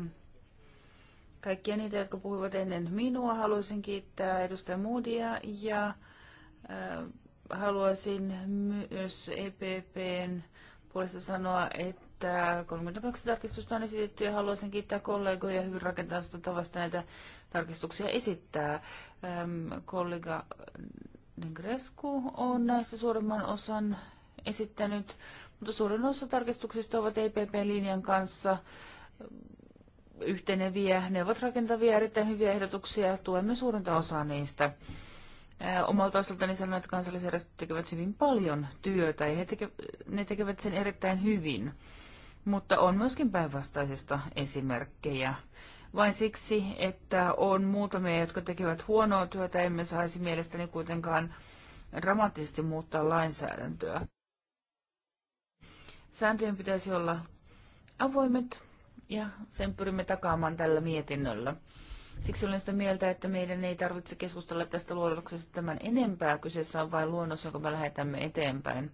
kaikkia niitä, jotka puhuivat ennen minua. Haluaisin kiittää edustaja Moodia ja äh, haluaisin myös EPPn puolesta sanoa, että 32 tarkistusta on esitetty ja haluaisin kiittää kollegoja hyvin rakentavasta tavasta näitä tarkistuksia esittää. Ähm, kollega Negrescu on näistä suurimman osan esittänyt, mutta suurin osa tarkistuksista ovat EPP-linjan kanssa yhteneviä. Ne ovat rakentavia, erittäin hyviä ehdotuksia. Tuemme suurinta osaa niistä. Omalta osaltani sanon, että kansallisjärjestöt tekevät hyvin paljon työtä ja he teke, ne tekevät sen erittäin hyvin. Mutta on myöskin päinvastaisista esimerkkejä. Vain siksi, että on muutamia, jotka tekevät huonoa työtä, emme saisi mielestäni kuitenkaan dramaattisesti muuttaa lainsäädäntöä. Sääntöjen pitäisi olla avoimet, ja sen pyrimme takaamaan tällä mietinnöllä. Siksi olen sitä mieltä, että meidän ei tarvitse keskustella tästä luonnoksesta tämän enempää. Kyseessä on vain luonnos, jonka me lähetämme eteenpäin.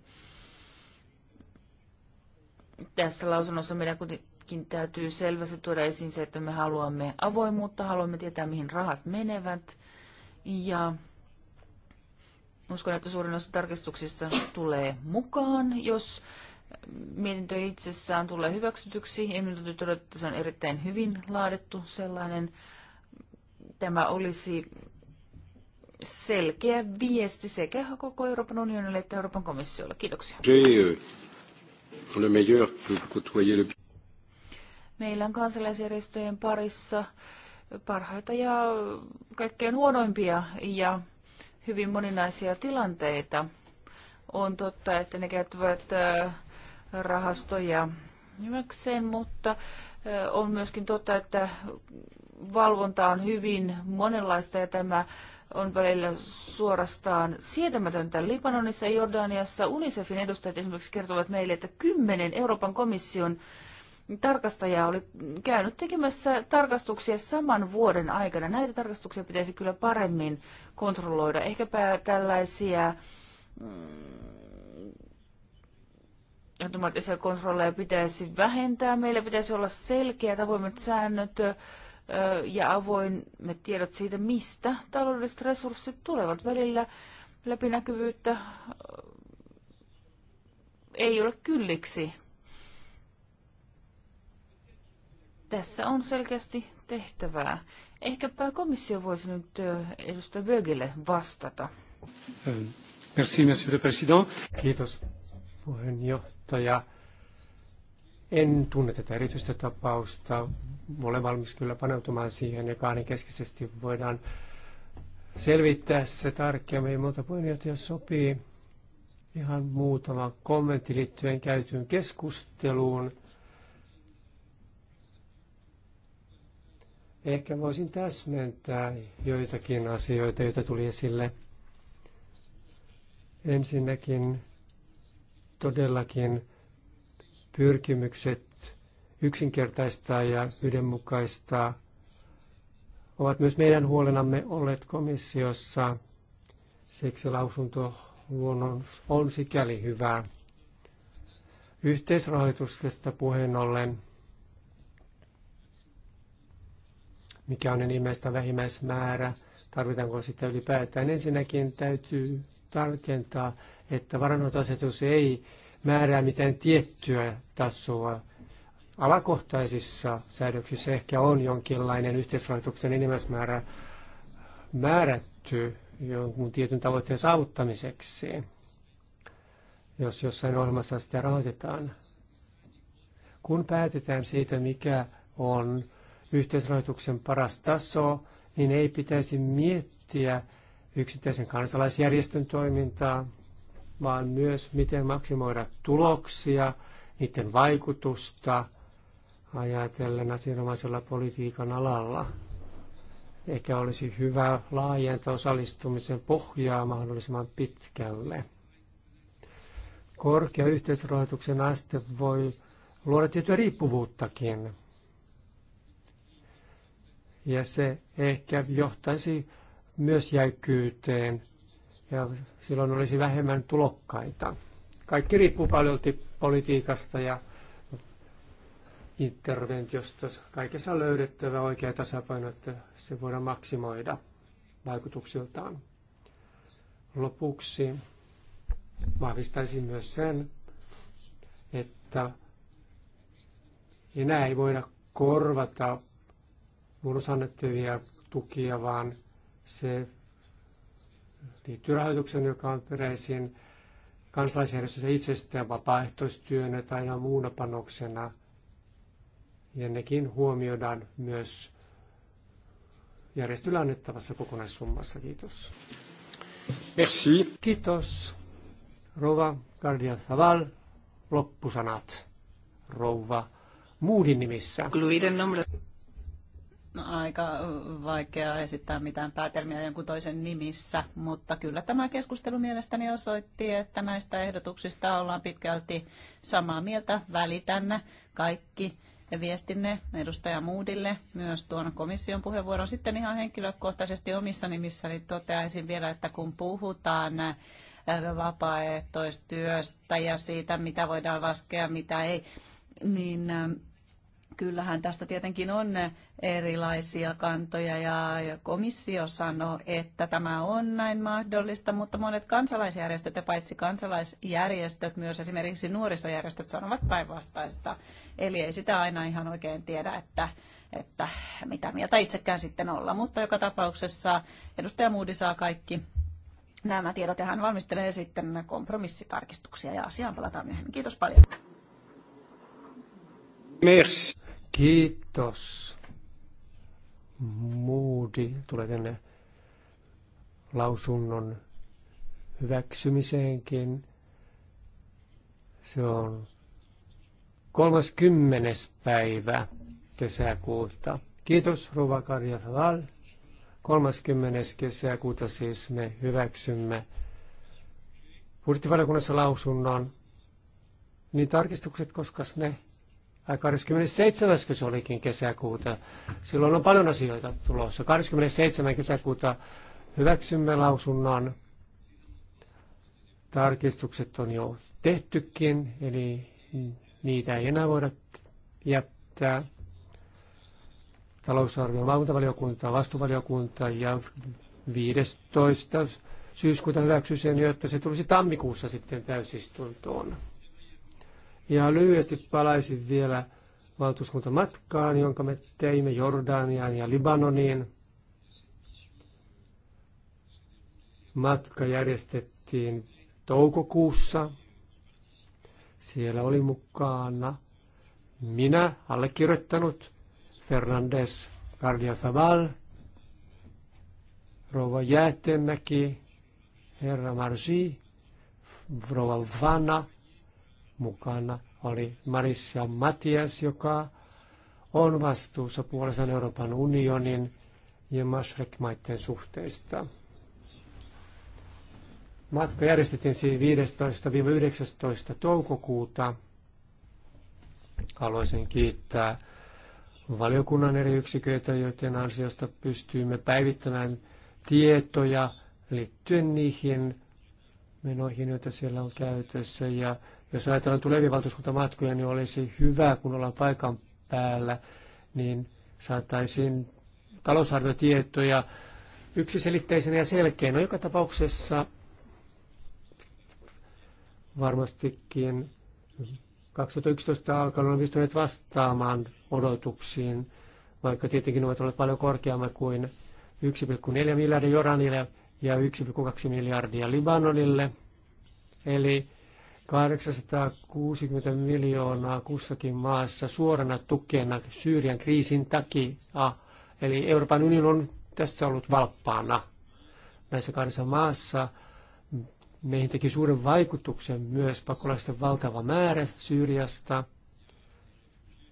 Tässä lausunnossa meidän kuitenkin täytyy selvästi tuoda esiin se, että me haluamme avoimuutta, haluamme tietää, mihin rahat menevät. Ja uskon, että suurin osa tarkistuksista tulee mukaan, jos mietintö itsessään tulee hyväksytyksi ja minun täytyy todeta, että se on erittäin hyvin laadittu sellainen. Tämä olisi selkeä viesti sekä koko Euroopan unionille että Euroopan komissiolle. Kiitoksia. Euh, Meillä on kansalaisjärjestöjen parissa parhaita ja kaikkein huonoimpia ja hyvin moninaisia tilanteita. On totta, että ne käyttävät äh, rahastoja nimekseen, mutta on myöskin totta, että valvonta on hyvin monenlaista ja tämä on välillä suorastaan sietämätöntä. Libanonissa ja Jordaniassa UNICEFin edustajat esimerkiksi kertovat meille, että kymmenen Euroopan komission tarkastajaa oli käynyt tekemässä tarkastuksia saman vuoden aikana. Näitä tarkastuksia pitäisi kyllä paremmin kontrolloida. Ehkäpä tällaisia mm, automaattisia kontrolleja pitäisi vähentää. Meillä pitäisi olla selkeät avoimet säännöt ja avoimet tiedot siitä, mistä taloudelliset resurssit tulevat. Välillä läpinäkyvyyttä ei ole kylliksi. Tässä on selkeästi tehtävää. Ehkäpä komissio voisi nyt edustaja Bögille vastata. Merci, monsieur le président. Kiitos puheenjohtaja. En tunne tätä erityistä tapausta. Olen valmis kyllä paneutumaan siihen ja kahdenkeskisesti voidaan selvittää se tarkemmin, mutta puheenjohtaja sopii ihan muutama kommentti liittyen käytyyn keskusteluun. Ehkä voisin täsmentää joitakin asioita, joita tuli esille. Ensinnäkin todellakin pyrkimykset yksinkertaistaa ja yhdenmukaistaa ovat myös meidän huolenamme olleet komissiossa. Siksi lausunto luonnos on sikäli hyvää Yhteisrahoituksesta puheen ollen, mikä on enimmäistä niin vähimmäismäärä, tarvitaanko sitä ylipäätään. Ensinnäkin täytyy tarkentaa, että varannoitasetus ei määrää mitään tiettyä tasoa. Alakohtaisissa säädöksissä ehkä on jonkinlainen yhteisrahoituksen enimmäismäärä määrätty jonkun tietyn tavoitteen saavuttamiseksi, jos jossain ohjelmassa sitä rahoitetaan. Kun päätetään siitä, mikä on yhteisrahoituksen paras taso, niin ei pitäisi miettiä yksittäisen kansalaisjärjestön toimintaa, vaan myös miten maksimoida tuloksia, niiden vaikutusta ajatellen asianomaisella politiikan alalla. Ehkä olisi hyvä laajentaa osallistumisen pohjaa mahdollisimman pitkälle. Korkea yhteisrahoituksen aste voi luoda tiettyä riippuvuuttakin. Ja se ehkä johtaisi myös jäykkyyteen ja silloin olisi vähemmän tulokkaita. Kaikki riippuu paljon politiikasta ja interventiosta. Kaikessa on löydettävä oikea tasapaino, että se voidaan maksimoida vaikutuksiltaan. Lopuksi vahvistaisin myös sen, että enää ei voida korvata muunnosannettavia tukia, vaan se liittyy rahoitukseen, joka on peräisin kansalaisjärjestöstä itsestään vapaaehtoistyönä tai aina muuna panoksena. Ja nekin huomioidaan myös järjestöllä annettavassa kokonaissummassa. Kiitos. Merci. Kiitos. Rova Gardia Zaval, loppusanat. Rova. Moodin nimissä aika vaikea esittää mitään päätelmiä jonkun toisen nimissä, mutta kyllä tämä keskustelu mielestäni osoitti, että näistä ehdotuksista ollaan pitkälti samaa mieltä. Välitän kaikki viestinne edustaja Muudille myös tuon komission puheenvuoron. Sitten ihan henkilökohtaisesti omissa nimissäni toteaisin vielä, että kun puhutaan äh, vapaaehtoistyöstä ja siitä, mitä voidaan laskea, mitä ei, niin ähm, kyllähän tästä tietenkin on erilaisia kantoja ja komissio sanoi, että tämä on näin mahdollista, mutta monet kansalaisjärjestöt ja paitsi kansalaisjärjestöt, myös esimerkiksi nuorisojärjestöt sanovat päinvastaista. Eli ei sitä aina ihan oikein tiedä, että, että mitä mieltä itsekään sitten olla. Mutta joka tapauksessa edustaja Moody saa kaikki nämä tiedot ja hän valmistelee sitten kompromissitarkistuksia ja asiaan palataan myöhemmin. Kiitos paljon. Merci. Kiitos. Moodi tulee tänne lausunnon hyväksymiseenkin. Se on 30. päivä kesäkuuta. Kiitos Ruva Karja Val. 30. kesäkuuta siis me hyväksymme budjettivaliokunnassa lausunnon. Niin tarkistukset, koska ne 27. se olikin kesäkuuta. Silloin on paljon asioita tulossa. 27. kesäkuuta hyväksymme lausunnan. Tarkistukset on jo tehtykin, eli niitä ei enää voida jättää. Talousarvion valvontavaliokunta, vastuvaliokunta ja 15. syyskuuta hyväksyi sen että se tulisi tammikuussa sitten täysistuntoon. Ja lyhyesti palaisin vielä valtuuskuntamatkaan, jonka me teimme Jordaniaan ja Libanoniin. Matka järjestettiin toukokuussa. Siellä oli mukana minä, allekirjoittanut, Fernandes Guardia Faval, Rova Jäätemäki, herra Margi, Rova Vanna, Mukana oli Marissa Matias, joka on vastuussa puolestaan Euroopan unionin ja Mashrek-maiden suhteista. Matka järjestettiin siis 15-19 toukokuuta. Haluaisin kiittää valiokunnan eri yksiköitä, joiden ansiosta pystyimme päivittämään tietoja liittyen niihin menoihin, joita siellä on käytössä ja jos ajatellaan tulevia valtuuskuntamatkoja, niin olisi hyvä, kun ollaan paikan päällä, niin saataisiin talousarviotietoja yksiselitteisenä ja selkeänä. No, joka tapauksessa varmastikin 2011 alkaen on pystynyt vastaamaan odotuksiin, vaikka tietenkin ovat olleet paljon korkeammat kuin 1,4 miljardia Jordanille ja 1,2 miljardia Libanonille. Eli 860 miljoonaa kussakin maassa suorana tukena Syyrian kriisin takia. Eli Euroopan unioni on tässä ollut valppaana näissä kahdessa maassa. Meihin teki suuren vaikutuksen myös pakolaisten valtava määrä Syyriasta.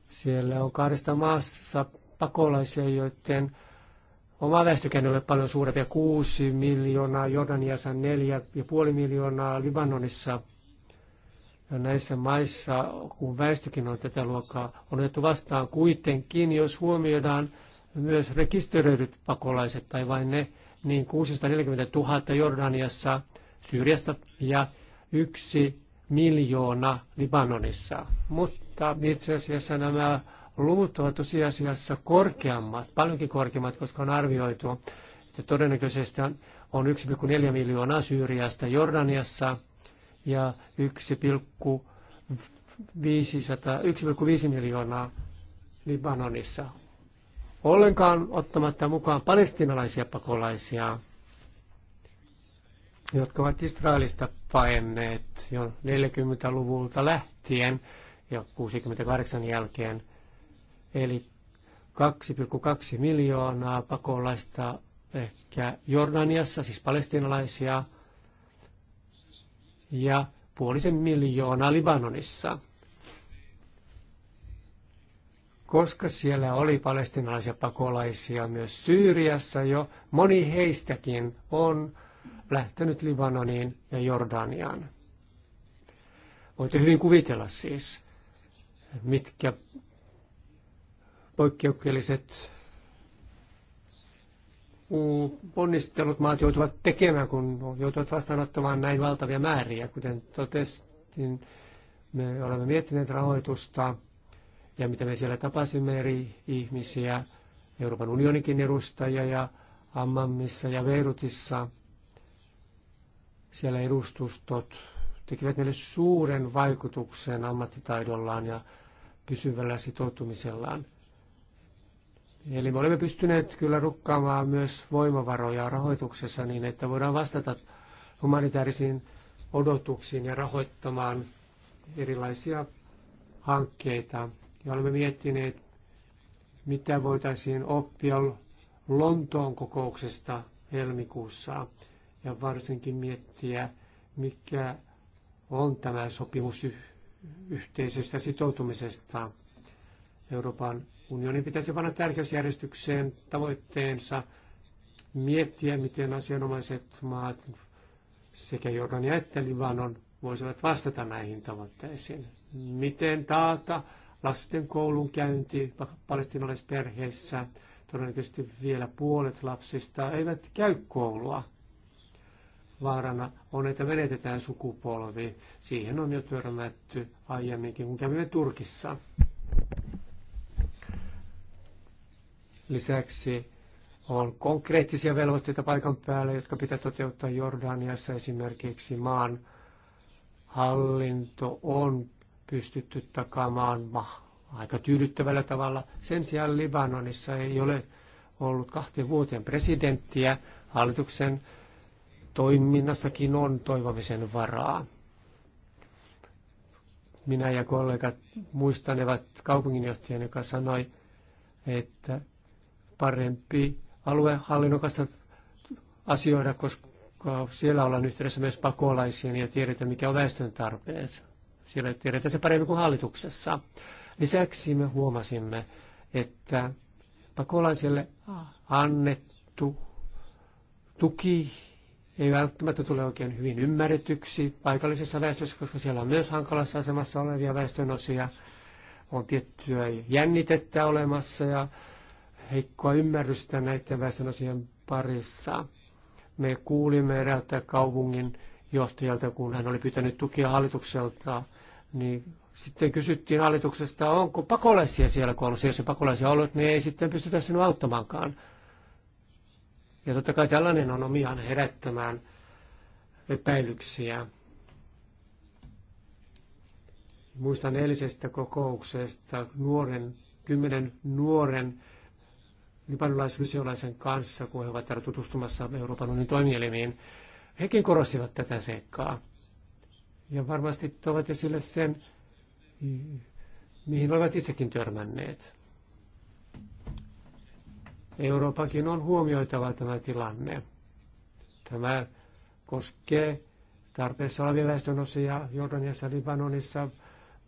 Siellä on kahdesta maassa pakolaisia, joiden oma väestökään ole paljon suurempia, 6 miljoonaa, Jordaniassa 4,5 miljoonaa, Libanonissa näissä maissa, kun väestökin on tätä luokkaa, on otettu vastaan kuitenkin, jos huomioidaan myös rekisteröidyt pakolaiset tai vain ne, niin 640 000 Jordaniassa, Syyriasta ja yksi miljoona Libanonissa. Mutta itse asiassa nämä luvut ovat tosiasiassa korkeammat, paljonkin korkeammat, koska on arvioitu, että todennäköisesti on 1,4 miljoonaa Syyriasta Jordaniassa – ja 1,5 miljoonaa Libanonissa. Ollenkaan ottamatta mukaan palestinalaisia pakolaisia, jotka ovat Israelista paenneet jo 40-luvulta lähtien ja 68 jälkeen. Eli 2,2 miljoonaa pakolaista ehkä Jordaniassa, siis palestinalaisia – ja puolisen miljoonaa Libanonissa, koska siellä oli palestinaisia pakolaisia myös Syyriassa jo. Moni heistäkin on lähtenyt Libanoniin ja Jordaniaan. Voitte hyvin kuvitella siis, mitkä poikkeukselliset ponnistelut maat joutuvat tekemään, kun joutuvat vastaanottamaan näin valtavia määriä. Kuten totesin, me olemme miettineet rahoitusta ja mitä me siellä tapasimme eri ihmisiä, Euroopan unionikin edustajia ja Ammammissa ja Beirutissa. Siellä edustustot tekivät meille suuren vaikutuksen ammattitaidollaan ja pysyvällä sitoutumisellaan – Eli me olemme pystyneet kyllä rukkaamaan myös voimavaroja rahoituksessa niin, että voidaan vastata humanitaarisiin odotuksiin ja rahoittamaan erilaisia hankkeita. Ja olemme miettineet, mitä voitaisiin oppia Lontoon kokouksesta helmikuussa ja varsinkin miettiä, mikä on tämä sopimus yhteisestä sitoutumisesta Euroopan Unionin pitäisi panna tärkeysjärjestykseen tavoitteensa miettiä, miten asianomaiset maat sekä Jordania että Libanon voisivat vastata näihin tavoitteisiin. Miten taata lasten koulunkäynti palestinalaisperheissä, todennäköisesti vielä puolet lapsista eivät käy koulua. Vaarana on, että menetetään sukupolvi. Siihen on jo törmätty aiemminkin, kun kävimme Turkissa. Lisäksi on konkreettisia velvoitteita paikan päällä, jotka pitää toteuttaa Jordaniassa esimerkiksi maan hallinto on pystytty takaamaan aika tyydyttävällä tavalla. Sen sijaan Libanonissa ei ole ollut kahteen vuoteen presidenttiä. Hallituksen toiminnassakin on toivomisen varaa. Minä ja kollegat muistanevat kaupunginjohtajan, joka sanoi, että parempi aluehallinnon kanssa asioida, koska siellä ollaan yhteydessä myös pakolaisiin ja tiedetään, mikä on väestön tarpeet. Siellä tiedetään se paremmin kuin hallituksessa. Lisäksi me huomasimme, että pakolaisille annettu tuki ei välttämättä tule oikein hyvin ymmärretyksi paikallisessa väestössä, koska siellä on myös hankalassa asemassa olevia väestönosia. On tiettyä jännitettä olemassa ja heikkoa ymmärrystä näiden väestön asian parissa. Me kuulimme eräältä kaupungin johtajalta, kun hän oli pyytänyt tukia hallitukselta, niin sitten kysyttiin hallituksesta, onko pakolaisia siellä koulussa. Jos ei pakolaisia ollut, niin ei sitten pystytä sinua auttamaankaan. Ja totta kai tällainen on omiaan herättämään epäilyksiä. Muistan eilisestä kokouksesta nuoren, kymmenen nuoren libanolaislyseolaisen kanssa, kun he ovat täällä tutustumassa Euroopan unionin toimielimiin. Hekin korostivat tätä seikkaa. Ja varmasti tuovat esille sen, mihin ovat itsekin törmänneet. Euroopankin on huomioitava tämä tilanne. Tämä koskee tarpeessa olevia väestönosia Jordaniassa, Libanonissa,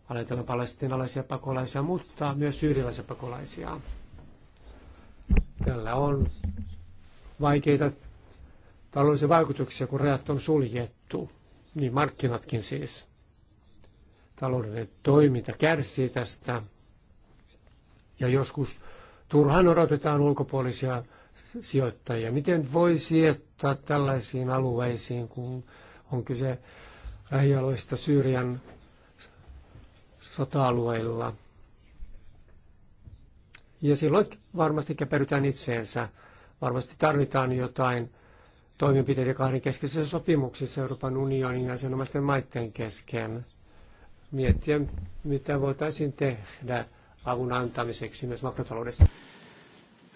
ajatellaan palestinalaisia pakolaisia, mutta myös syyrialaisia pakolaisia. Tällä on vaikeita taloudellisia vaikutuksia, kun rajat on suljettu, niin markkinatkin siis. Taloudellinen toiminta kärsii tästä ja joskus turhan odotetaan ulkopuolisia sijoittajia. Miten voi sijoittaa tällaisiin alueisiin, kun on kyse lähialoista Syyrian sota-alueilla – ja silloin varmasti käperytään itseensä. Varmasti tarvitaan jotain toimenpiteitä kahdenkeskisissä sopimuksissa Euroopan unionin ja sen omaisten maiden kesken. Miettiä, mitä voitaisiin tehdä avun antamiseksi myös makrotaloudessa.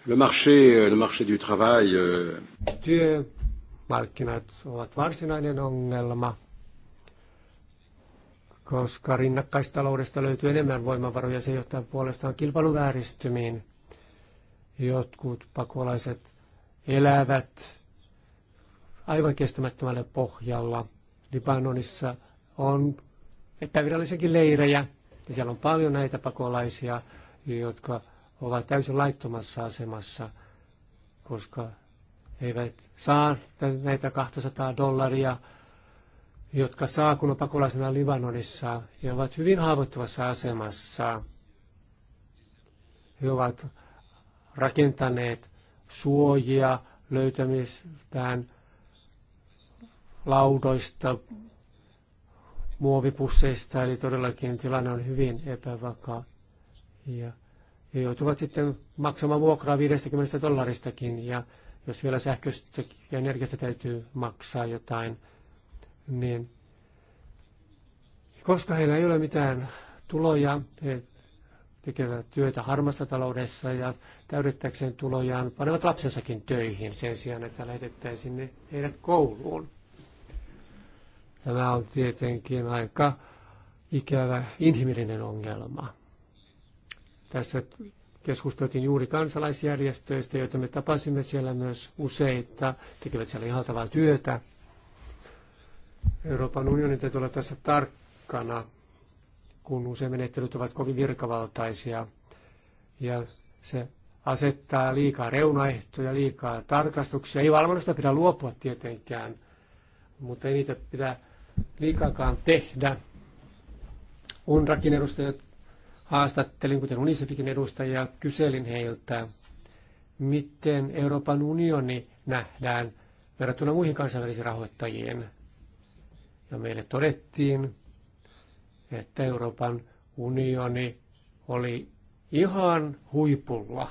Le marché, euh, le marché du travail. Euh. Työmarkkinat ovat varsinainen ongelma koska rinnakkaistaloudesta löytyy enemmän voimavaroja, se johtaa puolestaan kilpailuvääristymiin. Jotkut pakolaiset elävät aivan kestämättömälle pohjalla. Libanonissa on epävirallisiakin leirejä, ja siellä on paljon näitä pakolaisia, jotka ovat täysin laittomassa asemassa, koska eivät saa näitä 200 dollaria jotka saa pakolaisena Libanonissa ja ovat hyvin haavoittuvassa asemassa. He ovat rakentaneet suojia löytämistään laudoista, muovipusseista, eli todellakin tilanne on hyvin epävakaa. Ja he joutuvat sitten maksamaan vuokraa 50 dollaristakin, ja jos vielä sähköstä ja energiasta täytyy maksaa jotain, niin koska heillä ei ole mitään tuloja, he tekevät työtä harmassa taloudessa ja täydettäkseen tulojaan panevat lapsensakin töihin sen sijaan, että lähetettäisiin ne heidät kouluun. Tämä on tietenkin aika ikävä inhimillinen ongelma. Tässä keskusteltiin juuri kansalaisjärjestöistä, joita me tapasimme siellä myös useita, tekevät siellä ihaltavaa työtä. Euroopan unionin täytyy olla tässä tarkkana, kun usein menettelyt ovat kovin virkavaltaisia ja se asettaa liikaa reunaehtoja, liikaa tarkastuksia. Ei valvonnasta pidä luopua tietenkään, mutta ei niitä pidä liikaakaan tehdä. UNRAKin edustajat haastattelin, kuten UNICEFin edustajia, kyselin heiltä, miten Euroopan unioni nähdään verrattuna muihin kansainvälisiin rahoittajiin. Ja meille todettiin, että Euroopan unioni oli ihan huipulla.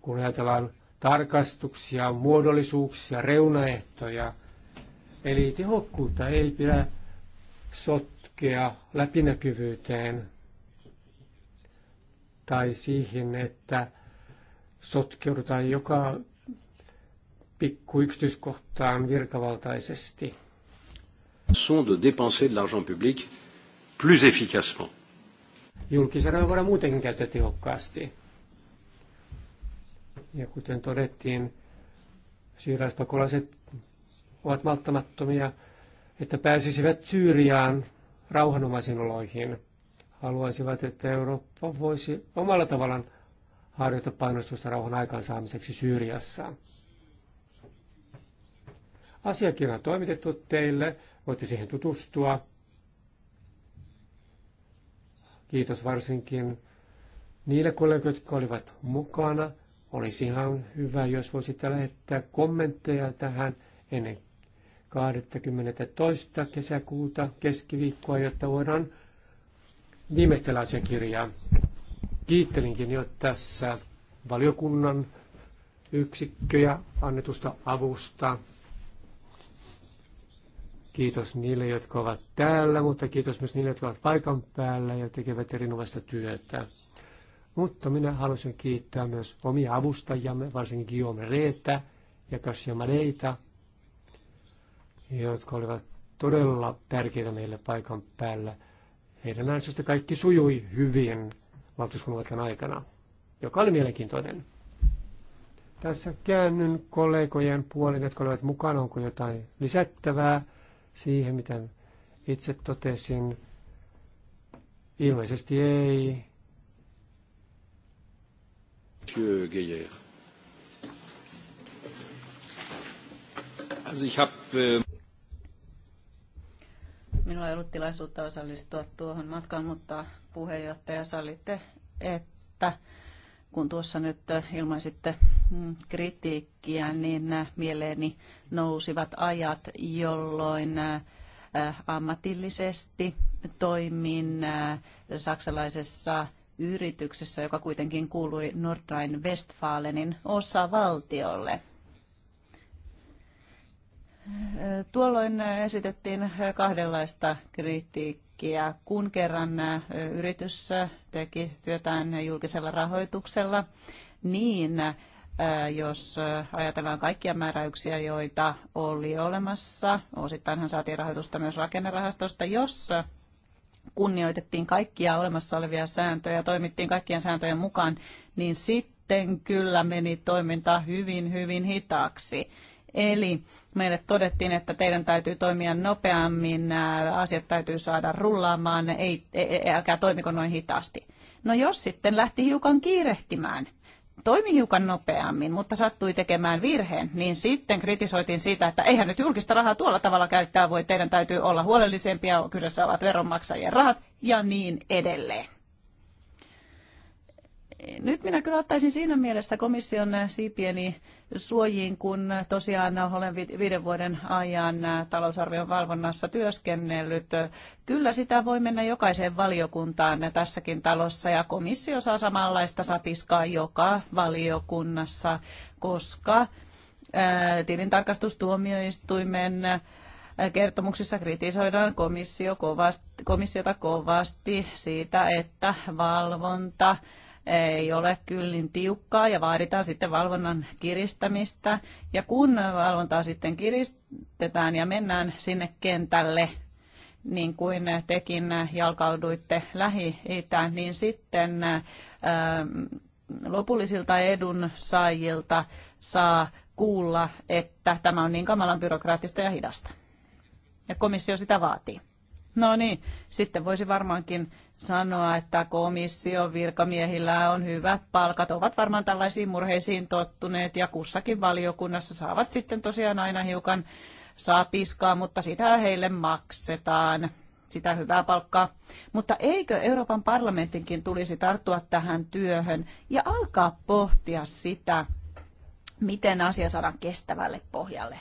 Kun ajatellaan tarkastuksia, muodollisuuksia, reunaehtoja, eli tehokkuutta ei pidä sotkea läpinäkyvyyteen tai siihen, että sotkeudutaan joka pikku yksityiskohtaan virkavaltaisesti. Sont de dépenser de l'argent public plus efficacement. Julkisarvoja voidaan muutenkin käyttää tehokkaasti. Ja kuten todettiin, syyräispakolaiset ovat malttamattomia, että pääsisivät Syyriaan rauhanomaisiin oloihin. Haluaisivat, että Eurooppa voisi omalla tavallaan harjoittaa painostusta rauhan aikaansaamiseksi Syyriassa. Asiakirja on toimitettu teille, voitte siihen tutustua. Kiitos varsinkin niille kollegoille, jotka olivat mukana. Olisi ihan hyvä, jos voisitte lähettää kommentteja tähän ennen 22. kesäkuuta keskiviikkoa, jotta voidaan viimeistellä asiakirjaa. Kiittelinkin jo tässä valiokunnan yksikköjä annetusta avusta. Kiitos niille, jotka ovat täällä, mutta kiitos myös niille, jotka ovat paikan päällä ja tekevät erinomaista työtä. Mutta minä haluaisin kiittää myös omia avustajamme, varsinkin Guillaume Reetä ja Kasia Madeita, jotka olivat todella tärkeitä meille paikan päällä. Heidän ansiosta kaikki sujui hyvin valtuuskunnan aikana, joka oli mielenkiintoinen. Tässä käännyn kollegojen puolin, jotka olivat mukana, onko jotain lisättävää siihen, mitä itse totesin. Ilmeisesti ei. Monsieur Geyer. Also ich hab, äh, Minulla ei ollut tilaisuutta osallistua tuohon matkaan, mutta puheenjohtaja sallitte, että kun tuossa nyt ilmaisitte Mm, kritiikkiä, niin äh, mieleeni nousivat ajat, jolloin äh, äh, ammatillisesti toimin saksalaisessa yrityksessä, joka kuitenkin kuului Nordrhein-Westfalenin osavaltiolle. Tuolloin esitettiin kahdenlaista kritiikkiä. Kun kerran yritys teki työtään julkisella rahoituksella, niin jos ajatellaan kaikkia määräyksiä, joita oli olemassa, osittainhan saatiin rahoitusta myös rakennerahastosta, jossa kunnioitettiin kaikkia olemassa olevia sääntöjä, toimittiin kaikkien sääntöjen mukaan, niin sitten kyllä meni toiminta hyvin, hyvin hitaaksi. Eli meille todettiin, että teidän täytyy toimia nopeammin, asiat täytyy saada rullaamaan, ei, e, e, älkää toimiko noin hitaasti. No jos sitten lähti hiukan kiirehtimään, toimi hiukan nopeammin, mutta sattui tekemään virheen, niin sitten kritisoitiin sitä, että eihän nyt julkista rahaa tuolla tavalla käyttää voi, teidän täytyy olla huolellisempia, kyseessä ovat veronmaksajien rahat ja niin edelleen. Nyt minä kyllä ottaisin siinä mielessä komission siipieni suojiin, kun tosiaan olen viiden vuoden ajan talousarvion valvonnassa työskennellyt. Kyllä sitä voi mennä jokaiseen valiokuntaan tässäkin talossa ja komissio saa samanlaista sapiskaa joka valiokunnassa, koska tilintarkastustuomioistuimen kertomuksissa kritisoidaan komissio kovasti, komissiota kovasti siitä, että valvonta ei ole kyllin tiukkaa ja vaaditaan sitten valvonnan kiristämistä. Ja kun valvontaa sitten kiristetään ja mennään sinne kentälle, niin kuin tekin jalkauduitte lähi-itään, niin sitten ähm, lopullisilta edunsaajilta saa kuulla, että tämä on niin kamalan byrokraattista ja hidasta. Ja komissio sitä vaatii. No niin, sitten voisi varmaankin sanoa, että komission virkamiehillä on hyvät palkat, ovat varmaan tällaisiin murheisiin tottuneet ja kussakin valiokunnassa saavat sitten tosiaan aina hiukan saa piskaa, mutta sitä heille maksetaan, sitä hyvää palkkaa. Mutta eikö Euroopan parlamentinkin tulisi tarttua tähän työhön ja alkaa pohtia sitä, miten asia saadaan kestävälle pohjalle?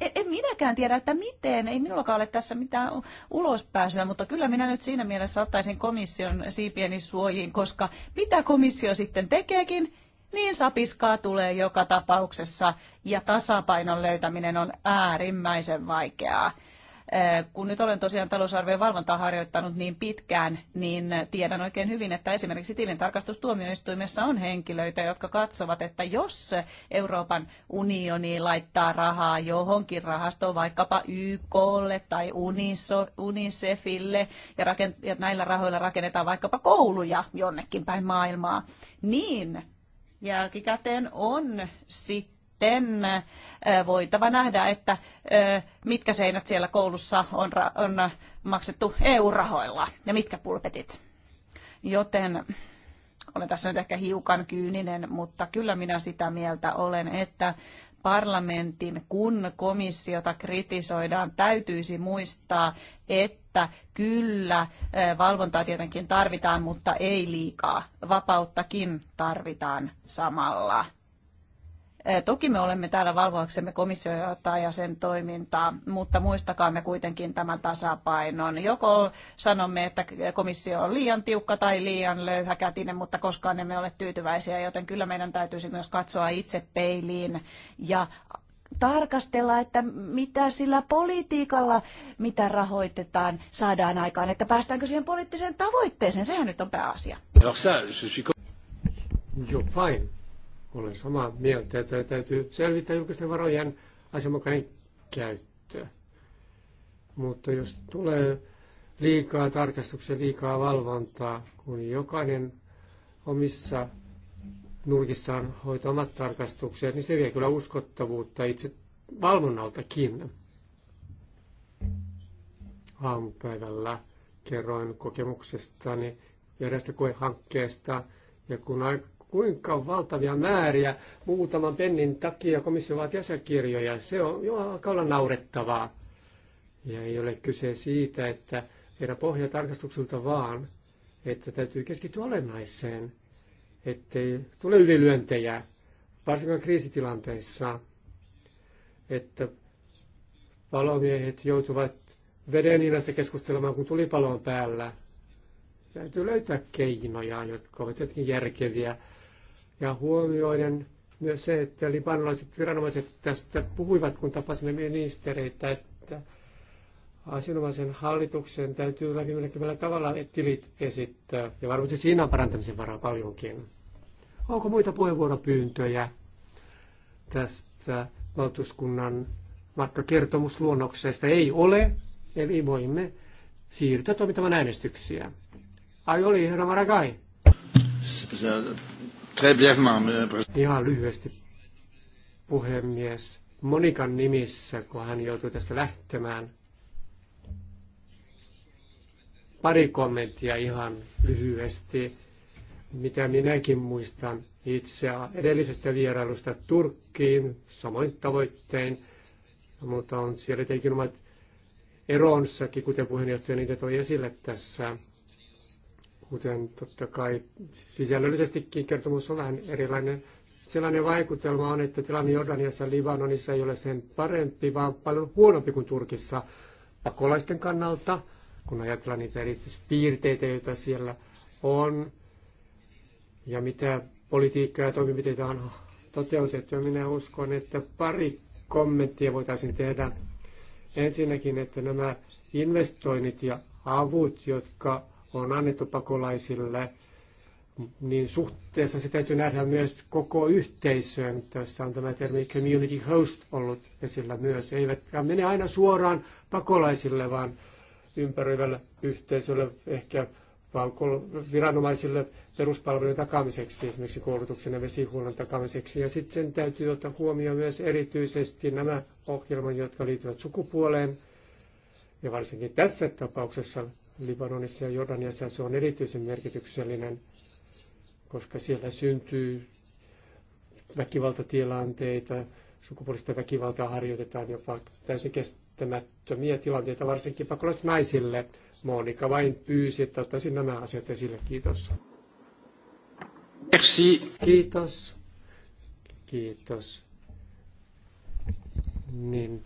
E-, en minäkään tiedä, että miten. Ei minullakaan ole tässä mitään ulospääsyä, mutta kyllä minä nyt siinä mielessä ottaisin komission siipieni suojiin, koska mitä komissio sitten tekeekin, niin sapiskaa tulee joka tapauksessa ja tasapainon löytäminen on äärimmäisen vaikeaa. Eh, kun nyt olen tosiaan talousarvojen valvontaa harjoittanut niin pitkään, niin tiedän oikein hyvin, että esimerkiksi tilintarkastustuomioistuimessa on henkilöitä, jotka katsovat, että jos Euroopan unioni laittaa rahaa johonkin rahastoon, vaikkapa YKlle tai UNICEFille, ja, rakent- ja näillä rahoilla rakennetaan vaikkapa kouluja jonnekin päin maailmaa, niin jälkikäteen on sitten sitten voitava nähdä, että mitkä seinät siellä koulussa on, on maksettu EU-rahoilla ja mitkä pulpetit. Joten olen tässä nyt ehkä hiukan kyyninen, mutta kyllä minä sitä mieltä olen, että parlamentin, kun komissiota kritisoidaan, täytyisi muistaa, että kyllä valvontaa tietenkin tarvitaan, mutta ei liikaa. Vapauttakin tarvitaan samalla. Toki me olemme täällä valvoaksemme komissiota ja sen toimintaa, mutta muistakaamme kuitenkin tämän tasapainon. Joko sanomme, että komissio on liian tiukka tai liian löyhäkätinen, mutta koskaan emme ole tyytyväisiä, joten kyllä meidän täytyisi myös katsoa itse peiliin ja tarkastella, että mitä sillä politiikalla, mitä rahoitetaan, saadaan aikaan, että päästäänkö siihen poliittiseen tavoitteeseen, sehän nyt on pääasia. Joo, fine. Olen samaa mieltä, että täytyy selvittää julkisten varojen asianmukainen käyttö. Mutta jos tulee liikaa tarkastuksia, liikaa valvontaa, kun jokainen omissa nurkissaan hoitaa omat tarkastukset, niin se vie kyllä uskottavuutta itse valvonnaltakin. Aamupäivällä kerroin kokemuksestani järjestökoehankkeesta, koehankkeesta, ja kun aika kuinka valtavia määriä muutaman pennin takia komissio vaati asiakirjoja. Se on jo alkaa olla naurettavaa. Ja ei ole kyse siitä, että herra pohja tarkastukselta vaan, että täytyy keskittyä olennaiseen, ettei tule ylilyöntejä, varsinkaan kriisitilanteissa, että palomiehet joutuvat veden hinnassa keskustelemaan, kun tuli palon päällä. Täytyy löytää keinoja, jotka ovat jotenkin järkeviä ja huomioiden myös se, että libanolaiset viranomaiset tästä puhuivat, kun tapasimme ministereitä, että asianomaisen hallituksen täytyy läpinäkyvällä tavalla tilit esittää. Ja varmasti siinä on parantamisen varaa paljonkin. Onko muita puheenvuoropyyntöjä tästä valtuuskunnan matkakertomusluonnoksesta? Ei ole, eli voimme siirtyä toimittamaan äänestyksiä. Ai oli, herra Maragai. Ihan lyhyesti, puhemies. Monikan nimissä, kun hän joutui tästä lähtemään. Pari kommenttia ihan lyhyesti, mitä minäkin muistan itse edellisestä vierailusta Turkkiin, samoin tavoittein, mutta on siellä tietenkin omat eronsakin, kuten puheenjohtaja niitä toi esille tässä kuten totta kai sisällöllisestikin kertomus on vähän erilainen. Sellainen vaikutelma on, että tilanne Jordaniassa ja Libanonissa ei ole sen parempi, vaan paljon huonompi kuin Turkissa pakolaisten kannalta, kun ajatellaan niitä erityispiirteitä, joita siellä on, ja mitä politiikkaa ja toimenpiteitä on toteutettu. Niin minä uskon, että pari kommenttia voitaisiin tehdä. Ensinnäkin, että nämä investoinnit ja avut, jotka on annettu pakolaisille, niin suhteessa se täytyy nähdä myös koko yhteisöön. Tässä on tämä termi community host ollut esillä myös. Eivät mene aina suoraan pakolaisille, vaan ympäröivälle yhteisölle, ehkä viranomaisille peruspalvelujen takaamiseksi, esimerkiksi koulutuksen ja vesihuollon takaamiseksi. Ja sitten täytyy ottaa huomioon myös erityisesti nämä ohjelmat, jotka liittyvät sukupuoleen. Ja varsinkin tässä tapauksessa Libanonissa ja Jordaniassa se on erityisen merkityksellinen, koska siellä syntyy väkivaltatilanteita, sukupuolista väkivaltaa harjoitetaan jopa täysin kestämättömiä tilanteita, varsinkin pakolaisnaisille. Monika vain pyysi, että ottaisin nämä asiat esille. Kiitos. Merci. Kiitos. Kiitos. Niin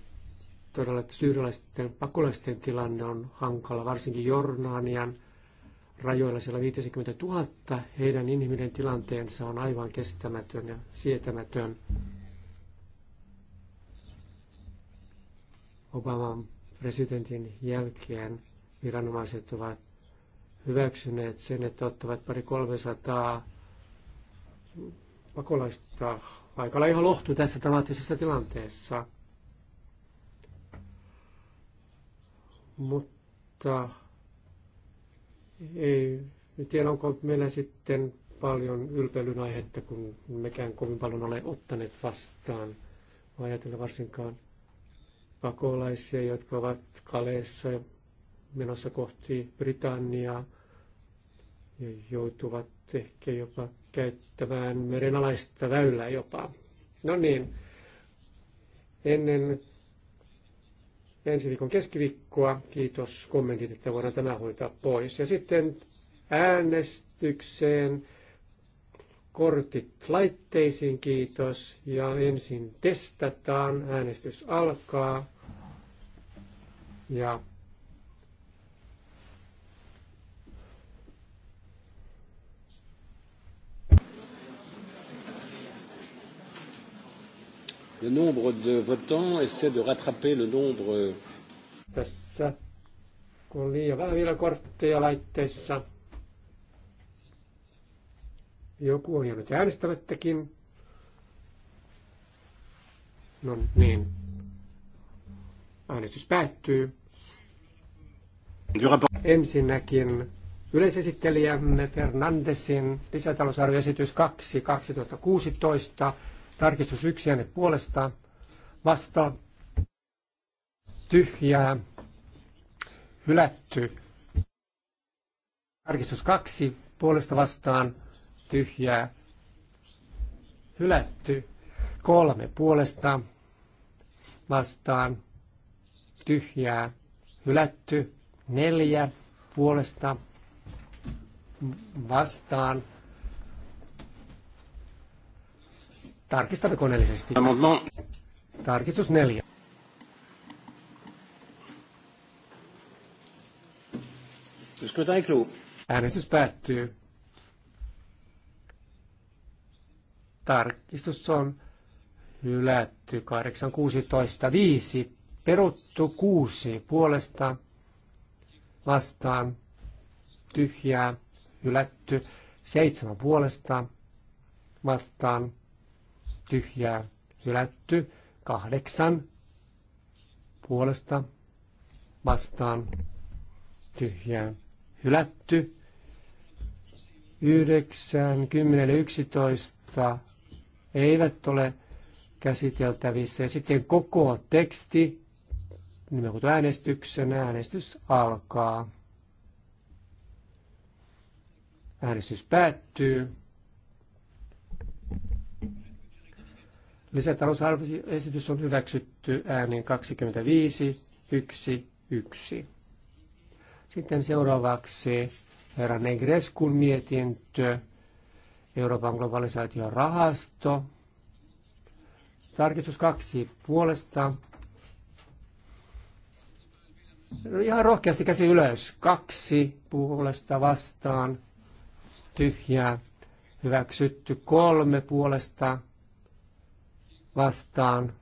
Todella syyrialaisten pakolaisten tilanne on hankala, varsinkin Jornanian rajoilla siellä 50 000. Heidän inhimillinen tilanteensa on aivan kestämätön ja sietämätön. Obaman presidentin jälkeen viranomaiset ovat hyväksyneet sen, että ottavat pari 300 pakolaista. Aikalla ihan lohtu tässä dramaattisessa tilanteessa. mutta ei tiedä, onko meillä sitten paljon ylpeilyn aihetta, kun mekään kovin paljon ole ottaneet vastaan. Mä ajatellen varsinkaan pakolaisia, jotka ovat Kaleessa menossa kohti Britanniaa ja joutuvat ehkä jopa käyttämään merenalaista väylää jopa. No niin, ennen ensi viikon keskiviikkoa. Kiitos kommentit, että voidaan tämä hoitaa pois. Ja sitten äänestykseen kortit laitteisiin, kiitos. Ja ensin testataan, äänestys alkaa. Ja le nombre de votants essaie de rattraper le nombre. Euh, Tässä kun liian vähän vielä kortteja laitteissa. Joku on jäänyt äänestämättäkin. No niin. Äänestys päättyy. Ensinnäkin yleisesittelijämme Fernandesin lisätalousarvioesitys 2 2016 Tarkistus yksi puolesta vastaa tyhjää hylätty. Tarkistus kaksi puolesta vastaan tyhjää hylätty. Kolme puolesta vastaan tyhjää hylätty. Neljä puolesta vastaan Tarkistamme koneellisesti. Tarkistus neljä. Äänestys päättyy. Tarkistus on hylätty 8.16.5. peruttu 6 puolesta vastaan tyhjää, hylätty 7 puolesta vastaan tyhjää hylätty. Kahdeksan puolesta vastaan tyhjää hylätty. yhdeksän, kymmenen, ja 11 eivät ole käsiteltävissä. Ja sitten koko teksti nimenhuuto äänestyksen äänestys alkaa. Äänestys päättyy. Lisätalousarvioesitys on hyväksytty äänin 25, 1, 1. Sitten seuraavaksi herra Negreskun mietintö, Euroopan globalisaation rahasto. Tarkistus kaksi puolesta. Ihan rohkeasti käsi ylös. Kaksi puolesta vastaan. Tyhjää. Hyväksytty kolme puolesta vastaan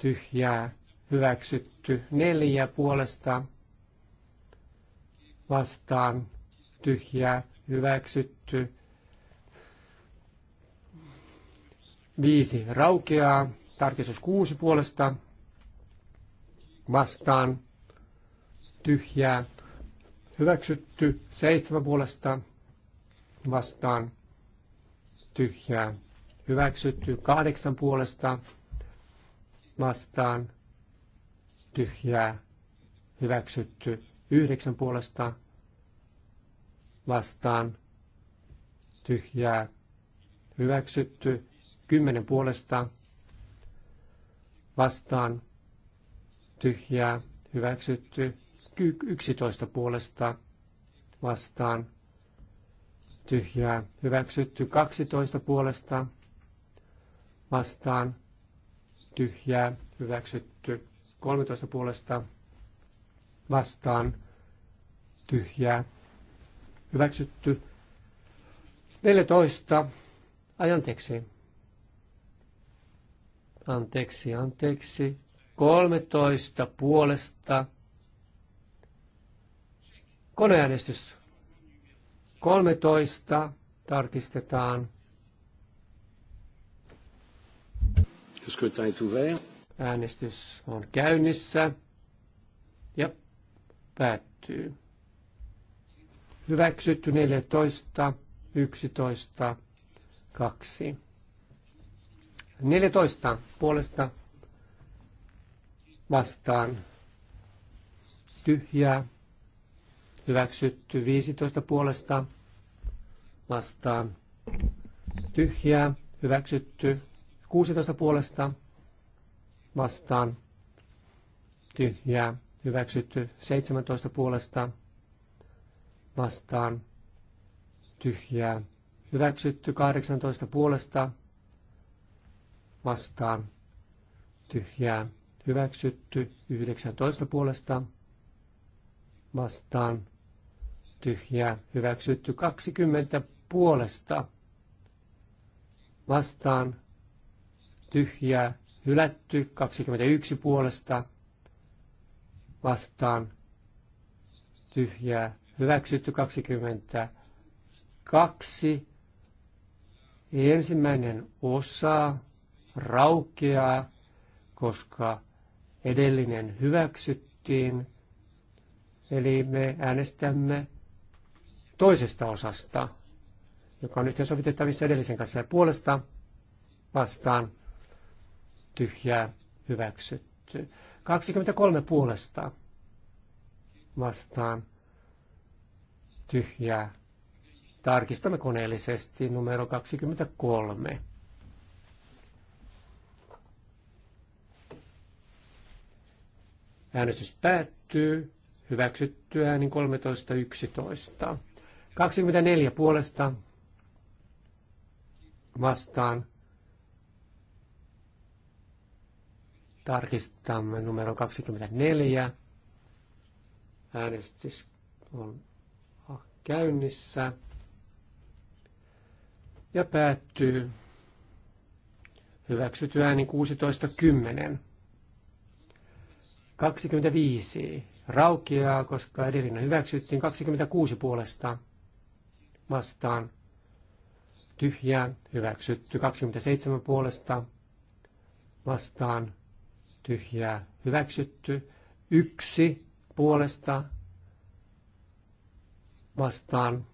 tyhjää hyväksytty. Neljä puolesta vastaan tyhjää hyväksytty. Viisi raukeaa. Tarkistus kuusi puolesta vastaan tyhjää hyväksytty. Seitsemän puolesta vastaan tyhjää hyväksytty kahdeksan puolesta vastaan tyhjää hyväksytty yhdeksän puolesta vastaan tyhjää hyväksytty kymmenen puolesta vastaan tyhjää hyväksytty yksitoista puolesta vastaan tyhjää hyväksytty 12 puolesta vastaan tyhjää hyväksytty. 13 puolesta vastaan tyhjää hyväksytty. 14 ajanteeksi. Anteeksi, anteeksi. 13 puolesta. Koneäänestys. 13 tarkistetaan. Le scrutin est ouvert. Äänestys on käynnissä ja päättyy. Hyväksytty 14, 11, 2. 14 puolesta vastaan tyhjää. Hyväksytty 15 puolesta vastaan tyhjää. Hyväksytty 16 puolesta vastaan tyhjää hyväksytty 17 puolesta vastaan tyhjää hyväksytty 18 puolesta vastaan tyhjää hyväksytty 19 puolesta vastaan tyhjää hyväksytty 20 puolesta vastaan tyhjää, hylätty 21 puolesta vastaan tyhjää, hyväksytty 22. Ensimmäinen osa raukeaa, koska edellinen hyväksyttiin. Eli me äänestämme toisesta osasta, joka on yhteensovitettavissa edellisen kanssa ja puolesta vastaan tyhjää hyväksytty. 23 puolesta vastaan tyhjää. Tarkistamme koneellisesti numero 23. Äänestys päättyy. Hyväksytty äänin 13.11. 24 puolesta vastaan Tarkistamme numero 24. Äänestys on käynnissä ja päättyy hyväksytty ääni 16.10. 25 raukeaa, koska edellinen hyväksyttiin 26 puolesta vastaan. Tyhjää hyväksytty 27 puolesta vastaan tyhjää hyväksytty. Yksi puolesta vastaan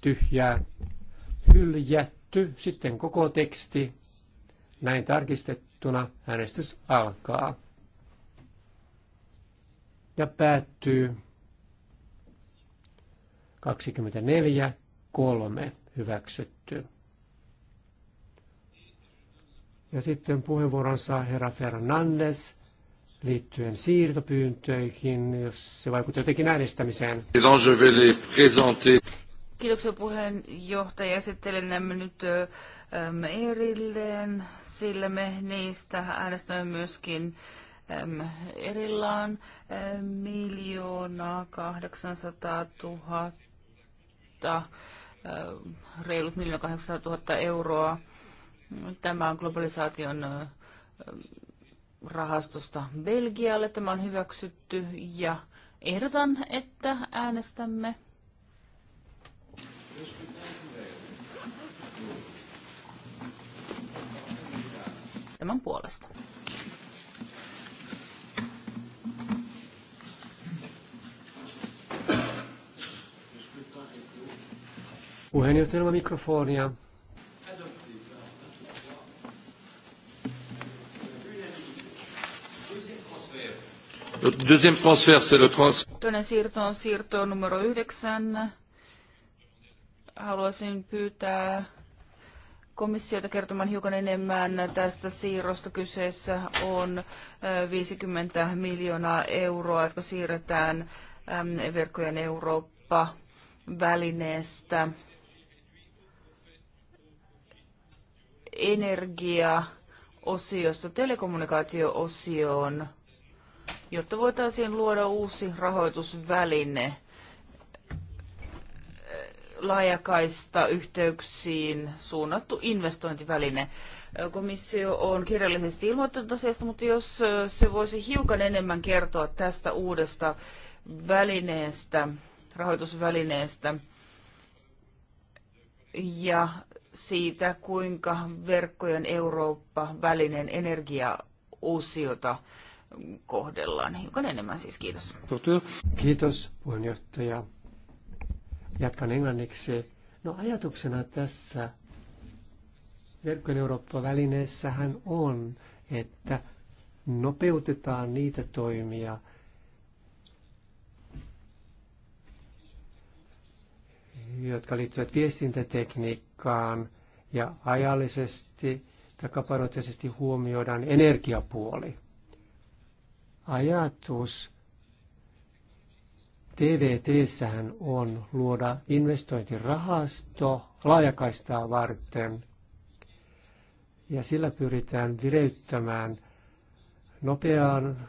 tyhjää hyljätty. Sitten koko teksti näin tarkistettuna äänestys alkaa ja päättyy 24.3. hyväksytty. Ja sitten puheenvuoronsa herra Fernandes liittyen siirtopyyntöihin, jos se vaikuttaa jotenkin äänestämiseen. Kiitoksia puheenjohtaja. Esittelen nämä nyt äm, erilleen, sillä me niistä äänestämme myöskin äm, erillään miljoonaa 800 000, reilut miljoonaa 800 000 euroa Tämä on globalisaation rahastosta Belgialle. Tämä on hyväksytty ja ehdotan, että äänestämme. Tämän puolesta. Puheenjohtajan mikrofonia. Deuxième transfert, c'est le transfert. Toinen siirto on siirto numero yhdeksän. Haluaisin pyytää komissiota kertomaan hiukan enemmän tästä siirrosta. Kyseessä on 50 miljoonaa euroa, jotka siirretään verkkojen Eurooppa-välineestä energia-osiosta telekommunikaatio-osioon jotta voitaisiin luoda uusi rahoitusväline eh, laajakaista yhteyksiin suunnattu investointiväline. Eh, komissio on kirjallisesti ilmoittanut asiasta, mutta jos eh, se voisi hiukan enemmän kertoa tästä uudesta välineestä, rahoitusvälineestä ja siitä, kuinka verkkojen Eurooppa-välinen energiaosiota kohdellaan hiukan enemmän siis. Kiitos. Kiitos puheenjohtaja. Jatkan englanniksi. No ajatuksena tässä Verkkojen Eurooppa-välineessähän on, että nopeutetaan niitä toimia, jotka liittyvät viestintätekniikkaan ja ajallisesti takapainotteisesti huomioidaan energiapuoli. Ajatus tvt on luoda investointirahasto laajakaistaa varten, ja sillä pyritään vireyttämään nopeaan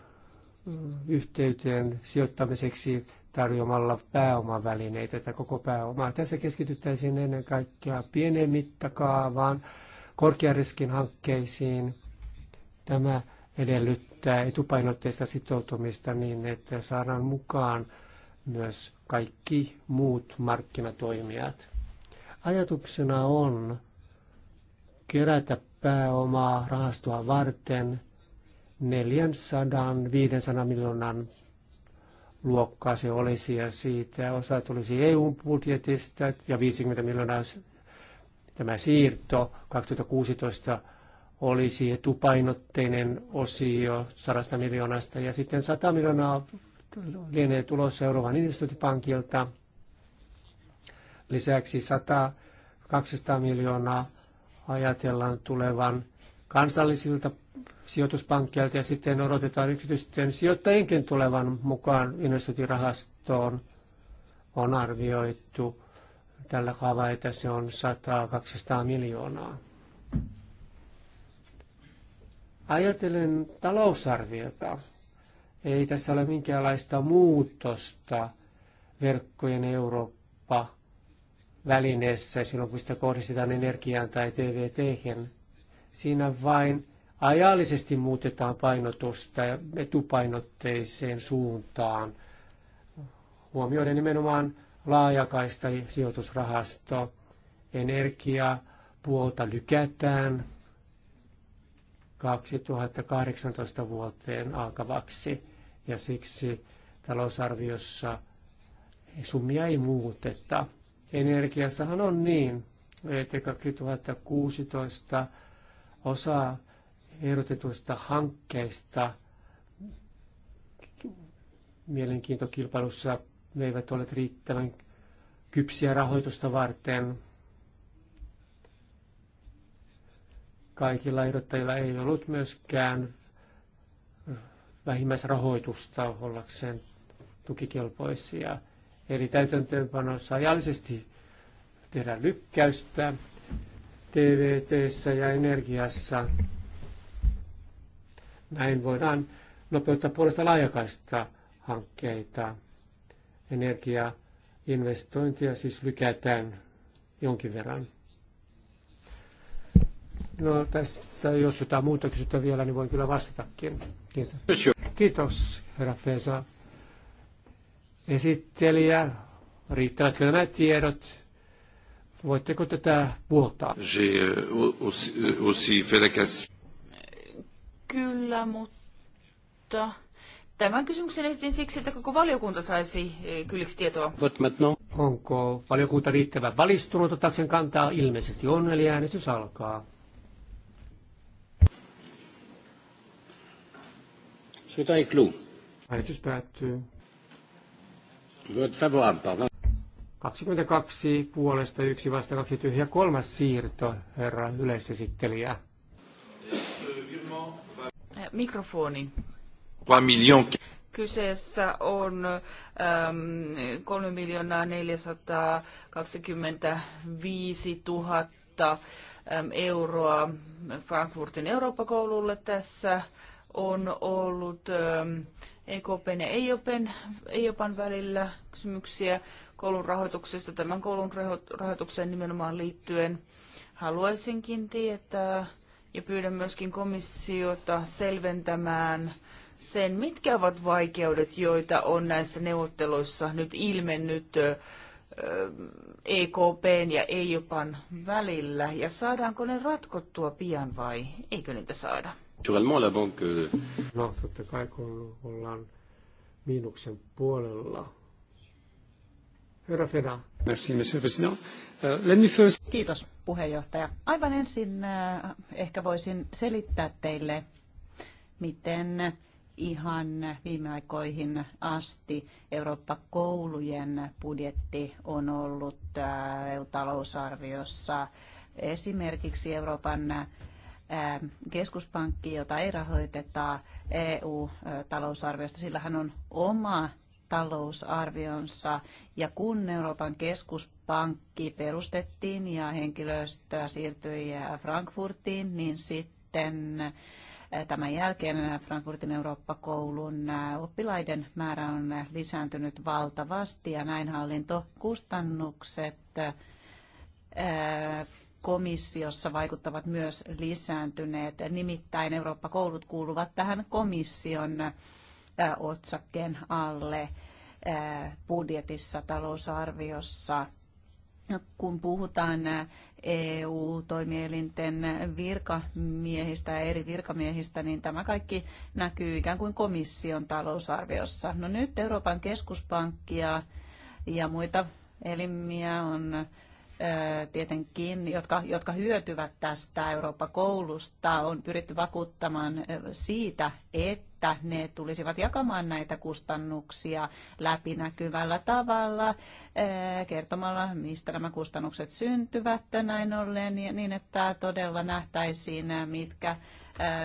mm, yhteyteen sijoittamiseksi tarjoamalla pääomavälineitä tai koko pääomaa. Tässä keskityttäisiin ennen kaikkea pieneen mittakaavaan, korkeariskin hankkeisiin. Tämä edellyttää käyttää etupainotteista sitoutumista niin, että saadaan mukaan myös kaikki muut markkinatoimijat. Ajatuksena on kerätä pääomaa rahastoa varten 400-500 miljoonan luokkaa se olisi ja siitä osa tulisi EU-budjetista ja 50 miljoonaa tämä siirto 2016 olisi etupainotteinen osio 100 miljoonasta ja sitten 100 miljoonaa lienee tulossa Euroopan investointipankilta. Lisäksi 100-200 miljoonaa ajatellaan tulevan kansallisilta sijoituspankkeilta ja sitten odotetaan yksityisten sijoittajienkin tulevan mukaan investointirahastoon on arvioitu tällä kaavaa, että se on 100-200 miljoonaa. Ajatellen talousarviota, ei tässä ole minkäänlaista muutosta verkkojen Eurooppa välineessä silloin, kun sitä kohdistetaan energiaan tai tvt -hän. Siinä vain ajallisesti muutetaan painotusta etupainotteiseen suuntaan, huomioiden nimenomaan laajakaista sijoitusrahasto, energiapuolta lykätään 2018 vuoteen alkavaksi ja siksi talousarviossa summia ei muuteta. Energiassahan on niin, että 2016 osa ehdotetuista hankkeista mielenkiintokilpailussa ne eivät ole riittävän kypsiä rahoitusta varten. Kaikilla ehdottajilla ei ollut myöskään vähimmäisrahoitusta ollakseen tukikelpoisia. Eli täytäntöönpanossa ajallisesti tehdään lykkäystä tvt ja energiassa. Näin voidaan nopeuttaa puolesta laajakaista hankkeita. Energiainvestointia siis lykätään jonkin verran. No tässä, jos jotain muuta kysytään vielä, niin voin kyllä vastatakin. Kiitos. Kiitos, herra Pesa. Esittelijä, riittävätkö nämä tiedot? Voitteko tätä puoltaa? Euh, euh, kyllä, mutta tämän kysymyksen esitin siksi, että koko valiokunta saisi eh, kylliksi tietoa. Onko valiokunta riittävän valistunut ottaakseen kantaa? Ilmeisesti on, eli äänestys alkaa. Scrutin est clos. Äänestys päättyy. Vote favorable, pardon. 22 puolesta, yksi vasta, kaksi tyhjä. Kolmas siirto, herra yleisesittelijä. Mikrofoni. Kyseessä on ähm, 3 miljoonaa 425 000 ähm, euroa Frankfurtin Eurooppa-koululle tässä on ollut ähm, EKPn ja EIOPen, EIOPan välillä kysymyksiä koulun rahoituksesta, tämän koulun rahoitukseen nimenomaan liittyen. Haluaisinkin tietää ja pyydän myöskin komissiota selventämään sen, mitkä ovat vaikeudet, joita on näissä neuvotteluissa nyt ilmennyt äh, EKPn ja EIOPan välillä, ja saadaanko ne ratkottua pian vai eikö niitä saada? Naturellement, la banque... Euh, no, totta kai kun ollaan miinuksen puolella. Herra Feda. Merci, monsieur président. Euh, let me first... Kiitos puheenjohtaja. Aivan ensin äh, ehkä voisin selittää teille, miten ihan viime aikoihin asti Eurooppa-koulujen budjetti on ollut äh, EU-talousarviossa esimerkiksi Euroopan keskuspankki, jota ei rahoiteta EU-talousarviosta, sillä hän on oma talousarvionsa. Ja kun Euroopan keskuspankki perustettiin ja henkilöstöä siirtyi Frankfurtiin, niin sitten Tämän jälkeen Frankfurtin Eurooppa-koulun oppilaiden määrä on lisääntynyt valtavasti ja näin hallintokustannukset komissiossa vaikuttavat myös lisääntyneet. Nimittäin Eurooppa-koulut kuuluvat tähän komission otsakkeen alle budjetissa, talousarviossa. Kun puhutaan EU-toimielinten virkamiehistä ja eri virkamiehistä, niin tämä kaikki näkyy ikään kuin komission talousarviossa. No nyt Euroopan keskuspankkia ja muita elimiä on tietenkin, jotka, jotka hyötyvät tästä Eurooppa-koulusta, on pyritty vakuuttamaan siitä, että ne tulisivat jakamaan näitä kustannuksia läpinäkyvällä tavalla, kertomalla, mistä nämä kustannukset syntyvät näin ollen, niin että todella nähtäisiin, mitkä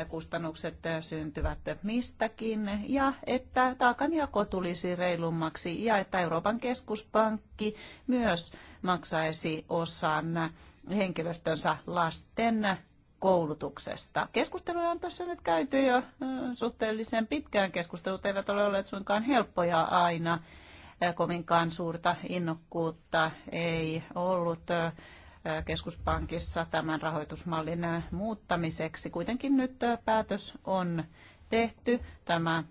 kustannukset syntyvät mistäkin, ja että taakanjako tulisi reilummaksi, ja että Euroopan keskuspankki myös maksaisi osan henkilöstönsä lasten koulutuksesta. Keskusteluja on tässä nyt käyty jo suhteellisen pitkään. Keskustelut eivät ole olleet suinkaan helppoja aina. Kovinkaan suurta innokkuutta ei ollut keskuspankissa tämän rahoitusmallin muuttamiseksi. Kuitenkin nyt päätös on tehty. Tämä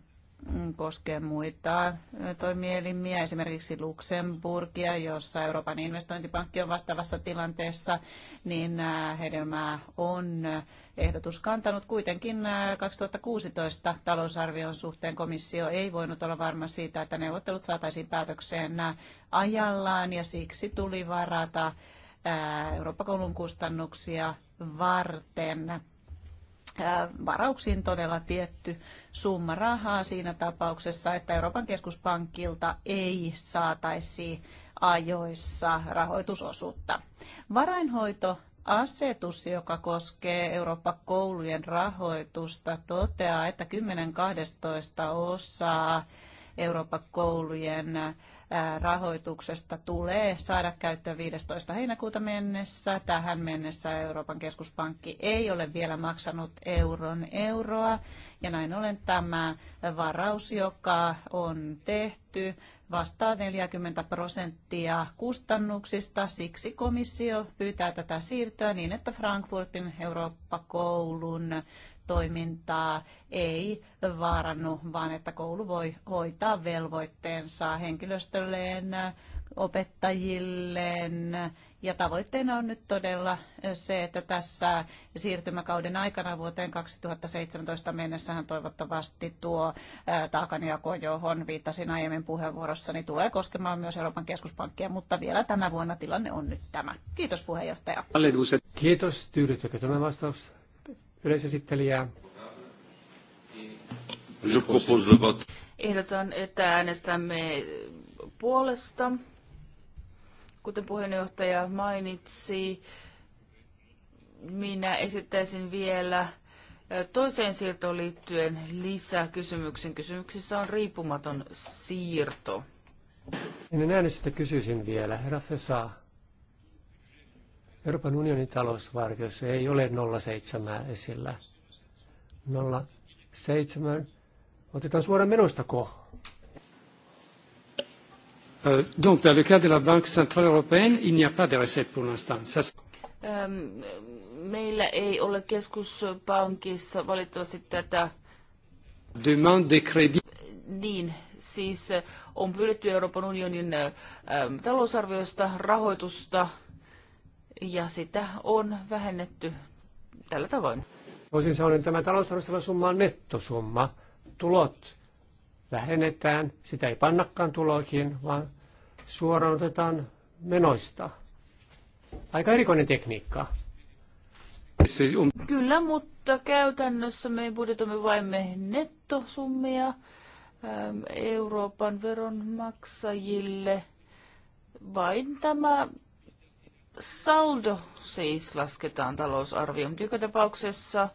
koskee muita toimielimiä, esimerkiksi Luxemburgia, jossa Euroopan investointipankki on vastaavassa tilanteessa, niin hedelmää on ehdotus kantanut. Kuitenkin 2016 talousarvion suhteen komissio ei voinut olla varma siitä, että neuvottelut saataisiin päätökseen ajallaan ja siksi tuli varata Eurooppa-koulun kustannuksia varten varauksiin todella tietty summa rahaa siinä tapauksessa, että Euroopan keskuspankilta ei saataisi ajoissa rahoitusosuutta. Varainhoito Asetus, joka koskee Eurooppa-koulujen rahoitusta, toteaa, että 10-12 osaa Eurooppa-koulujen rahoituksesta tulee saada käyttöön 15. heinäkuuta mennessä. Tähän mennessä Euroopan keskuspankki ei ole vielä maksanut euron euroa ja näin ollen tämä varaus, joka on tehty, vastaa 40 prosenttia kustannuksista. Siksi komissio pyytää tätä siirtoa niin, että Frankfurtin Eurooppa-koulun toimintaa ei vaarannu, vaan että koulu voi hoitaa velvoitteensa henkilöstölleen, opettajilleen. Ja tavoitteena on nyt todella se, että tässä siirtymäkauden aikana vuoteen 2017 mennessähän toivottavasti tuo taakanjako, johon viittasin aiemmin puheenvuorossani, tulee koskemaan myös Euroopan keskuspankkia, mutta vielä tänä vuonna tilanne on nyt tämä. Kiitos puheenjohtaja. Kiitos. Tyydyttekö tämä vastaus? yleisesittelijää. Ehdotan, että äänestämme puolesta. Kuten puheenjohtaja mainitsi, minä esittäisin vielä toiseen siirtoon liittyen lisäkysymyksen. Kysymyksessä on riippumaton siirto. Ennen äänestystä kysyisin vielä, herra Fesaa, Euroopan unionin talousvarviossa ei ole 07 esillä. 07 otetaan suoraan menoistako. Donc, dans le cas de la Banque Centrale Européenne, il n'y a pas de recette pour l'instant. Ça... Meillä ei ole keskuspankissa valitettavasti tätä demande de crédit. Niin, siis on pyydetty Euroopan unionin talousarviosta rahoitusta ja sitä on vähennetty tällä tavoin. Toisin sanoen tämä talousarvostava summa on nettosumma. Tulot vähennetään, sitä ei pannakaan tuloihin, vaan suoraan otetaan menoista. Aika erikoinen tekniikka. Kyllä, mutta käytännössä me budjetoimme vain me nettosummia ähm, Euroopan veronmaksajille. Vain tämä saldo siis lasketaan talousarvioon, mutta joka tapauksessa äh,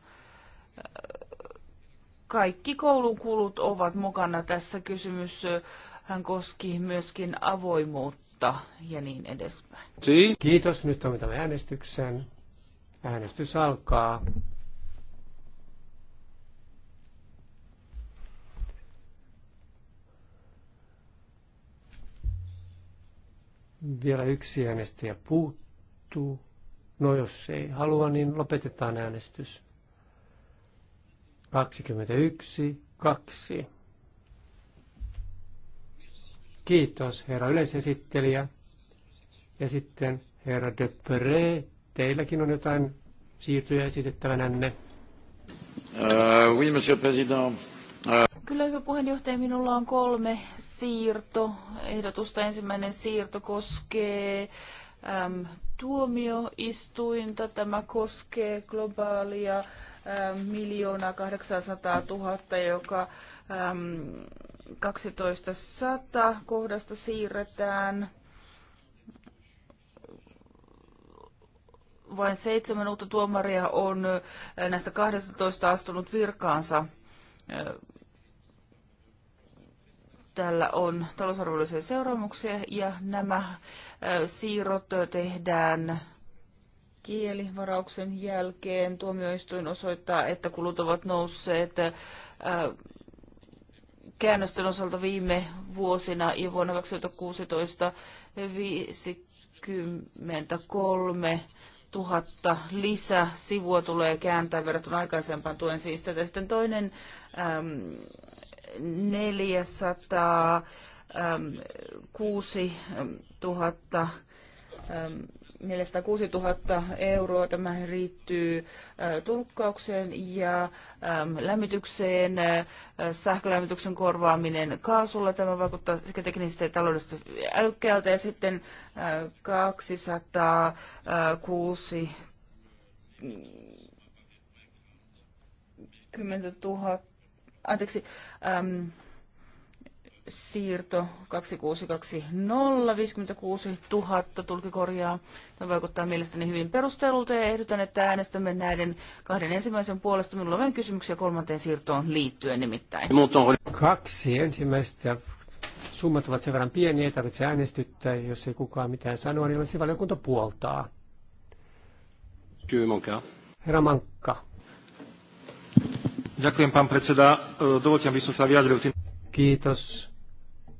kaikki koulukulut ovat mukana tässä kysymys. Hän koski myöskin avoimuutta ja niin edespäin. Kiitos. Nyt on tämä äänestyksen. Äänestys alkaa. Vielä yksi äänestäjä puuttuu muuttuu. No jos ei halua, niin lopetetaan äänestys. 21, 2. Kiitos, herra yleisesittelijä. Ja sitten herra Depre, teilläkin on jotain siirtyjä esitettävänänne. Uh, oui, monsieur président. Euh, Kyllä, hyvä puheenjohtaja, minulla on kolme siirtoehdotusta. Ensimmäinen siirto koskee äm, tuomioistuinta. Tämä koskee globaalia ähm, miljoonaa 800 000, joka äm, 1200 kohdasta siirretään. Vain seitsemän uutta tuomaria on äh, näistä 12 astunut virkaansa äh, tällä on talousarvollisia seuraamuksia ja nämä äh, siirrot tehdään kielivarauksen jälkeen. Tuomioistuin osoittaa, että kulut ovat nousseet äh, käännösten osalta viime vuosina ja vuonna 2016 53 000 lisäsivua tulee kääntää verrattuna aikaisempaan tuen. Siis tätä sitten toinen äm, 406 000 406 000 euroa. Tämä riittyy tulkkaukseen ja lämmitykseen, sähkölämmityksen korvaaminen kaasulla. Tämä vaikuttaa sekä teknisesti että taloudellisesti älykkäältä. Ja sitten 206 000 anteeksi, äm, siirto 2620, 56 000 tulkikorjaa. Tämä vaikuttaa mielestäni hyvin perustelulta ja ehdotan, että äänestämme näiden kahden ensimmäisen puolesta. Minulla on kysymyksiä kolmanteen siirtoon liittyen nimittäin. Kaksi ensimmäistä. Summat ovat sen verran pieniä, ei tarvitse äänestyttää. Jos ei kukaan mitään sanoa, niin se valiokunta puoltaa. Kyllä, Herra Mankka. Ďakujem, pán predseda. E, dovolte, aby som sa vyjadril tým... Kiitos,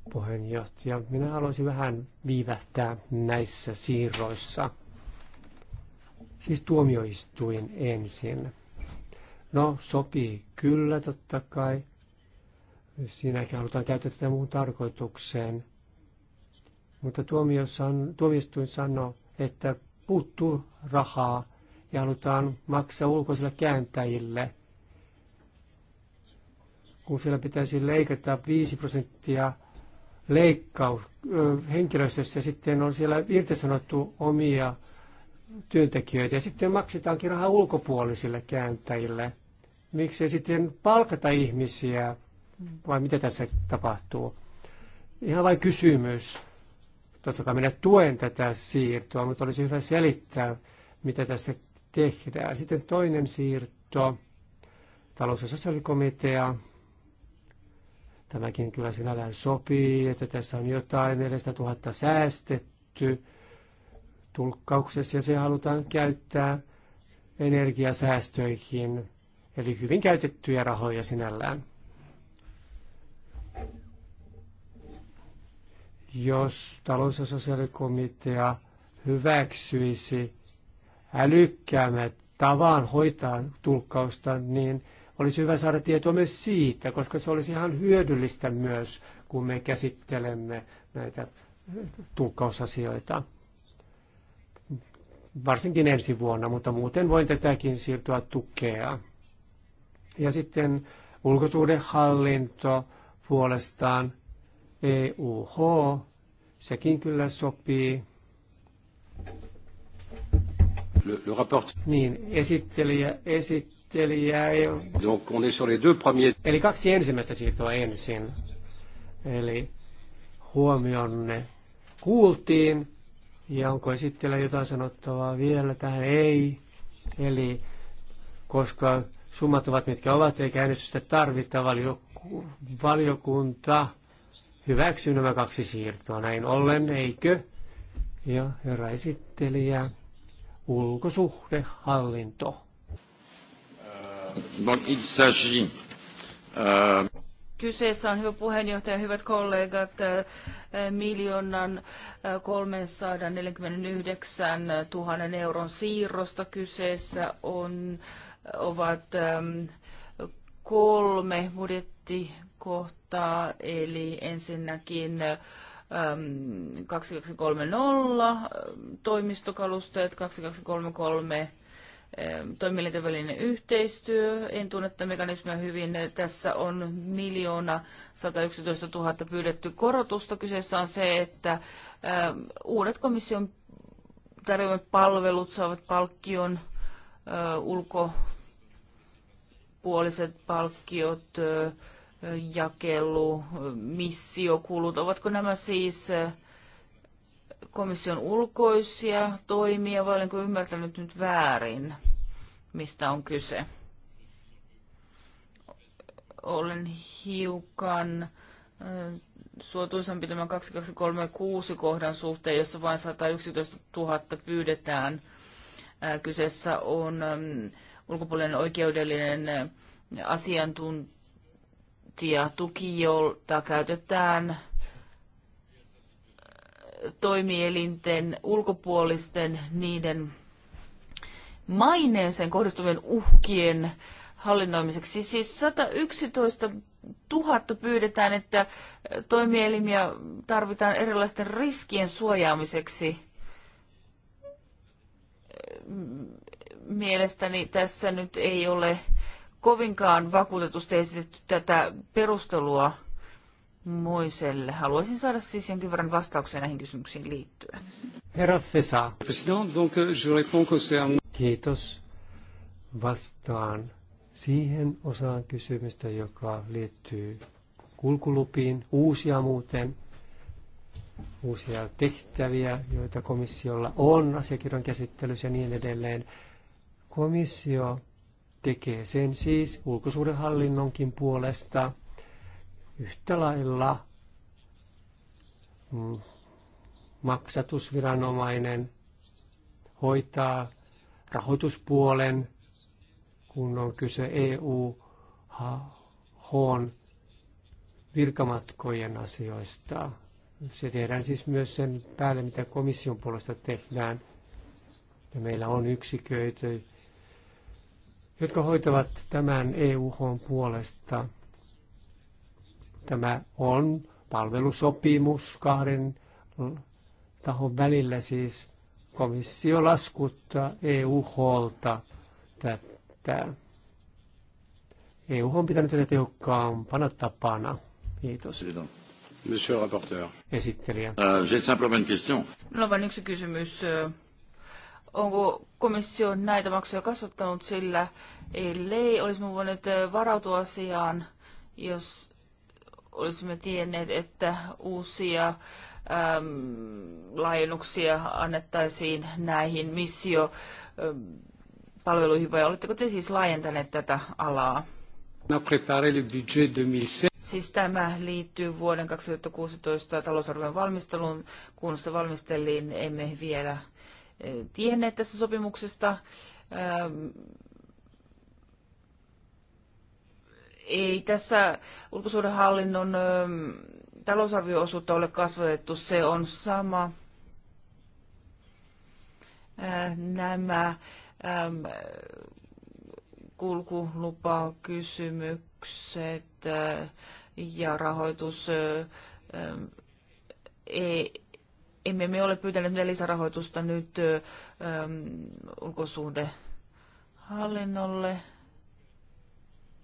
puheenjohtaja. Minä haluaisin vähän viivähtää näissä siirroissa. Siis tuomioistuin ensin. No, sopii kyllä totta kai. Siinäkin halutaan käyttää tätä muun tarkoitukseen. Mutta tuomioistuin sanoo, että puuttuu rahaa ja halutaan maksaa ulkoisille kääntäjille – kun siellä pitäisi leikata 5 prosenttia leikkaus henkilöstössä ja sitten on siellä irtisanottu omia työntekijöitä ja sitten maksetaankin rahaa ulkopuolisille kääntäjille. Miksi sitten palkata ihmisiä vai mitä tässä tapahtuu? Ihan vain kysymys. Totta kai minä tuen tätä siirtoa, mutta olisi hyvä selittää, mitä tässä tehdään. Sitten toinen siirto, talous- ja sosiaalikomitea Tämäkin kyllä sinällään sopii, että tässä on jotain 4000 säästetty tulkkauksessa ja se halutaan käyttää energiasäästöihin, eli hyvin käytettyjä rahoja sinällään. Jos talous- ja sosiaalikomitea hyväksyisi älykkäämät tavan hoitaa tulkkausta, niin olisi hyvä saada tietoa myös siitä, koska se olisi ihan hyödyllistä myös, kun me käsittelemme näitä tulkkausasioita. Varsinkin ensi vuonna, mutta muuten voin tätäkin siirtyä tukea. Ja sitten ulkosuhdehallinto puolestaan EUH, sekin kyllä sopii. Le, le Niin, esittelijä esittää esittelijää. Donc on est sur les deux premiers. Eli kaksi ensimmäistä siirtoa ensin. Eli huomionne kuultiin. Ja onko esittelijä jotain sanottavaa vielä tähän? Ei. Eli koska summat ovat mitkä ovat, eikä äänestystä tarvita, valiokunta hyväksyy nämä kaksi siirtoa. Näin ollen, eikö? Ja herra esittelijä, ulkosuhdehallinto. Euh, Kyseessä on hyvä puheenjohtaja, hyvät kollegat, äh, miljoonan 349 äh, 000 euron siirrosta. Kyseessä on, ovat ähm, kolme budjettikohtaa, eli ensinnäkin 2230 ähm, äh, toimistokalusteet, 2233 toimielinten välinen yhteistyö. En tunne tätä mekanismia hyvin. Tässä on miljoona 111 000 pyydetty korotusta. Kyseessä on se, että uudet komission tarjoamat palvelut saavat palkkion ulkopuoliset palkkiot, jakelu, missiokulut. Ovatko nämä siis komission ulkoisia toimia, vai olenko ymmärtänyt nyt väärin, mistä on kyse? Olen hiukan äh, suotuisampi tämän 2236 kohdan suhteen, jossa vain 111 000 pyydetään. Äh, kyseessä on ähm, ulkopuolinen oikeudellinen äh, asiantuntija tuki, jolta käytetään toimielinten ulkopuolisten niiden maineeseen kohdistuvien uhkien hallinnoimiseksi. Siis 111 000 pyydetään, että toimielimiä tarvitaan erilaisten riskien suojaamiseksi. Mielestäni tässä nyt ei ole kovinkaan vakuutetusti esitetty tätä perustelua Moiselle. Haluaisin saada siis jonkin verran vastauksia näihin kysymyksiin liittyen. Herra Fesa. Euh, Kiitos. Vastaan siihen osaan kysymystä, joka liittyy kulkulupiin, uusia muuten, uusia tehtäviä, joita komissiolla on, asiakirjan käsittelyssä ja niin edelleen. Komissio tekee sen siis ulkosuudenhallinnonkin puolesta – yhtä lailla mm, maksatusviranomainen hoitaa rahoituspuolen, kun on kyse EU-Hon virkamatkojen asioista. Se tehdään siis myös sen päälle, mitä komission puolesta tehdään. Ja meillä on yksiköitä, jotka hoitavat tämän EUH puolesta – Tämä on palvelusopimus kahden tahon välillä siis. Komissio laskuttaa EU-holta tätä. EU on pitänyt tätä tehokkaampana tapana. Kiitos. Monsieur rapporteur. Esittelijä. Uh, J'ai simplement une question. Minulla on vain yksi kysymys. Onko komissio näitä maksuja kasvattanut sillä, ellei olisi voinut varautua asiaan, jos olisimme tienneet, että uusia äm, laajennuksia annettaisiin näihin missio palveluihin vai oletteko te siis laajentaneet tätä alaa? No, siis tämä liittyy vuoden 2016 talousarvion valmisteluun. Kun sitä valmistelliin, emme vielä tienneet tästä sopimuksesta. Ei tässä ulkosuudenhallinnon ähm, talousarvioosuutta ole kasvatettu, se on sama. Äh, nämä ähm, kulkulupakysymykset äh, ja rahoitus äh, ähm, e, emme me ole pyytäneet lisärahoitusta nyt ulkosuhdehallinnolle. hallinnolle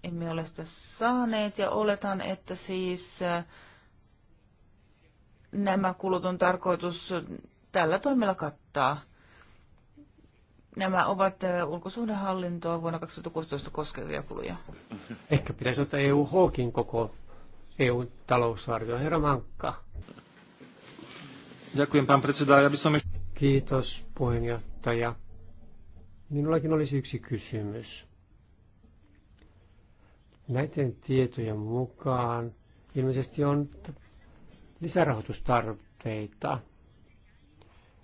emme ole sitä saaneet ja oletan, että siis äh, nämä kulut on tarkoitus äh, tällä toimella kattaa. Nämä ovat äh, ulkosuhdehallintoa vuonna 2016 koskevia kuluja. Ehkä pitäisi ottaa EU-hokin koko EU-talousarvio. Herra Mankka. Kiitos puheenjohtaja. Minullakin olisi yksi kysymys. Näiden tietojen mukaan ilmeisesti on lisärahoitustarpeita,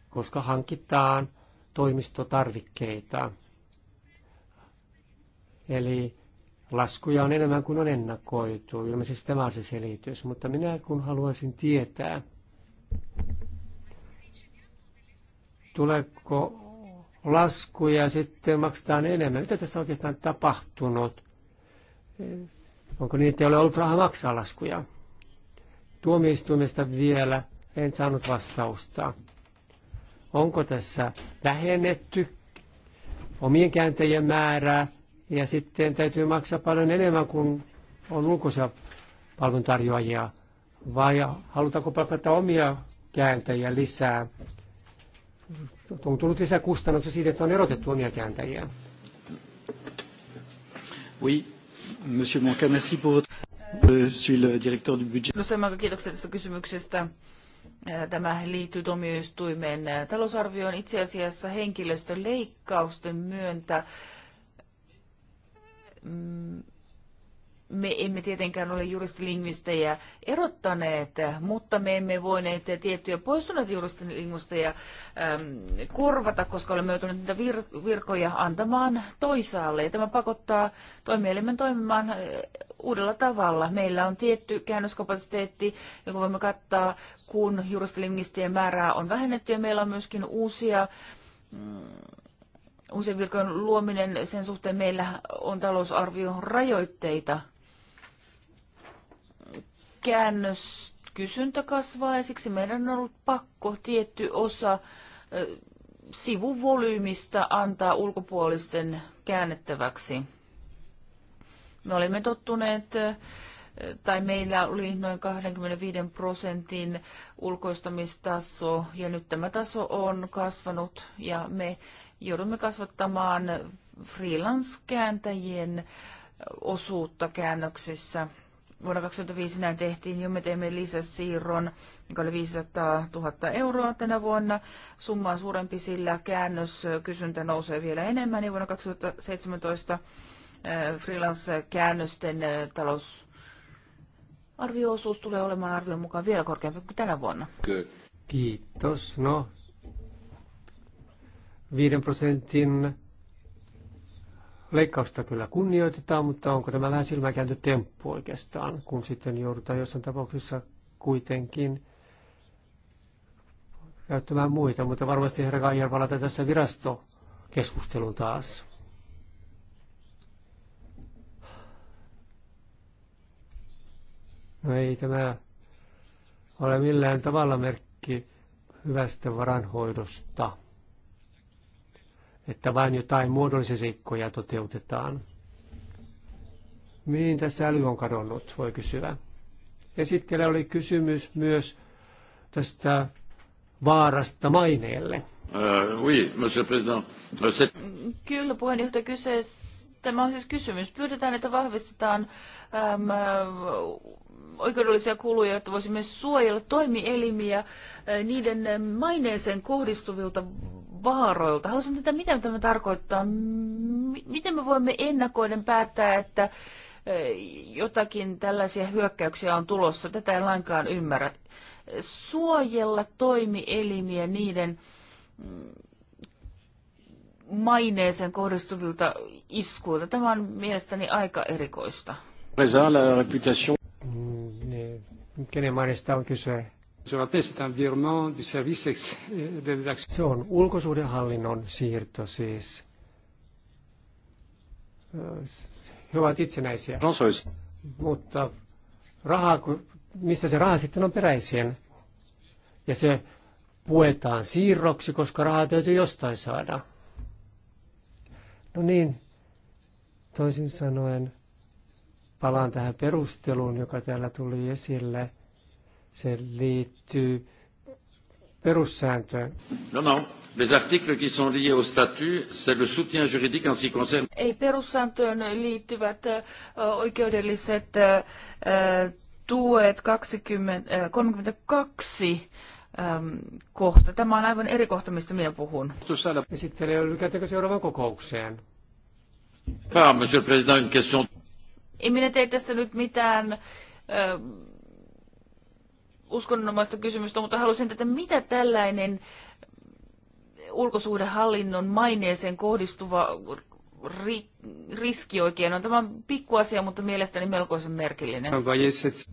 koska hankitaan toimistotarvikkeita. Eli laskuja on enemmän kuin on ennakoitu. Ilmeisesti tämä on se selitys, mutta minä kun haluaisin tietää, tuleeko laskuja sitten maksetaan enemmän. Mitä tässä oikeastaan tapahtunut? Onko niin, että ei ole ollut rahaa maksaa laskuja? Tuomioistuimesta vielä en saanut vastausta. Onko tässä vähennetty omien kääntäjien määrää ja sitten täytyy maksaa paljon enemmän kuin on ulkoisia palveluntarjoajia? Vai halutaanko palkata omia kääntäjiä lisää? On tullut lisää kustannuksia siitä, että on erotettu omia kääntäjiä. Oui, Monsieur Manka, merci pour votre... Je suis le directeur du budget. on kiitoksia tästä kysymyksestä. Tämä liittyy tuomioistuimen talousarvioon. Itse asiassa henkilöstöleikkausten myöntä mm, me emme tietenkään ole juristilingvistejä erottaneet, mutta me emme voineet tiettyjä poistuneita juristilingvisteja ähm, korvata, koska olemme joutuneet niitä vir- virkoja antamaan toisaalle. Ja tämä pakottaa toimielimen toimimaan uudella tavalla. Meillä on tietty käännöskapasiteetti, jonka voimme kattaa, kun juristilingvistien määrää on vähennetty, ja meillä on myöskin uusia mm, uusien virkojen luominen sen suhteen meillä on talousarvion rajoitteita käännös kysyntä kasvaa ja siksi meidän on ollut pakko tietty osa sivuvolyymista antaa ulkopuolisten käännettäväksi. Me olimme tottuneet, tai meillä oli noin 25 prosentin ulkoistamistaso, ja nyt tämä taso on kasvanut, ja me joudumme kasvattamaan freelance-kääntäjien osuutta käännöksissä vuonna 2005 näin tehtiin, jo me teimme lisäsiirron, joka oli 500 000 euroa tänä vuonna. Summa on suurempi, sillä käännöskysyntä nousee vielä enemmän, niin vuonna 2017 äh, freelance-käännösten äh, talousarvioosuus tulee olemaan arvion mukaan vielä korkeampi kuin tänä vuonna. Kiitos. No, 5 prosentin leikkausta kyllä kunnioitetaan, mutta onko tämä vähän silmäkääntö temppu oikeastaan, kun sitten joudutaan jossain tapauksessa kuitenkin käyttämään muita. Mutta varmasti herra Kajer palata tässä virastokeskustelun taas. No ei tämä ole millään tavalla merkki hyvästä varanhoidosta että vain jotain muodollisia seikkoja toteutetaan. Mihin tässä äly on kadonnut, voi kysyä. Esittelijä oli kysymys myös tästä vaarasta maineelle. Uh, oui, monsieur président. Euh, Kyllä, puheenjohtaja, kyseessä tämä on siis kysymys. Pyydetään, että vahvistetaan äm, oikeudellisia kuluja, että voisimme suojella toimielimiä niiden maineeseen kohdistuvilta vaaroilta. Haluaisin tietää, mitä tämä tarkoittaa. Miten me voimme ennakoiden päättää, että e, jotakin tällaisia hyökkäyksiä on tulossa? Tätä en lainkaan ymmärrä. Suojella toimielimiä niiden mm, maineeseen kohdistuvilta iskuilta. Tämä on mielestäni aika erikoista. Mm, niin. Kenen maineesta on kyse? Euh, se on ulkosuhdehallinnon siirto siis. He ovat itsenäisiä. Mutta rahaa, missä se raha sitten on peräisin? Ja se puetaan siirroksi, koska rahaa täytyy jostain saada. No niin, toisin sanoen palaan tähän perusteluun, joka täällä tuli esille – se liittyy perussääntöön. No, no. Les articles qui sont liés au statut, c'est le soutien juridique en ce qui concerne... Ei perussääntöön liittyvät oikeudelliset tuet 20, 32 äm, kohta. Tämä on aivan eri kohta, mistä minä puhun. Esittelee, lykätäänkö seuraavaan kokoukseen? Ah, monsieur le président, une question. Ei minä tee tästä nyt mitään äh, uskonnonomaista kysymystä, mutta halusin tätä, mitä tällainen ulkosuhdehallinnon maineeseen kohdistuva ri, riski oikein on. Tämä on asia, mutta mielestäni melkoisen merkillinen.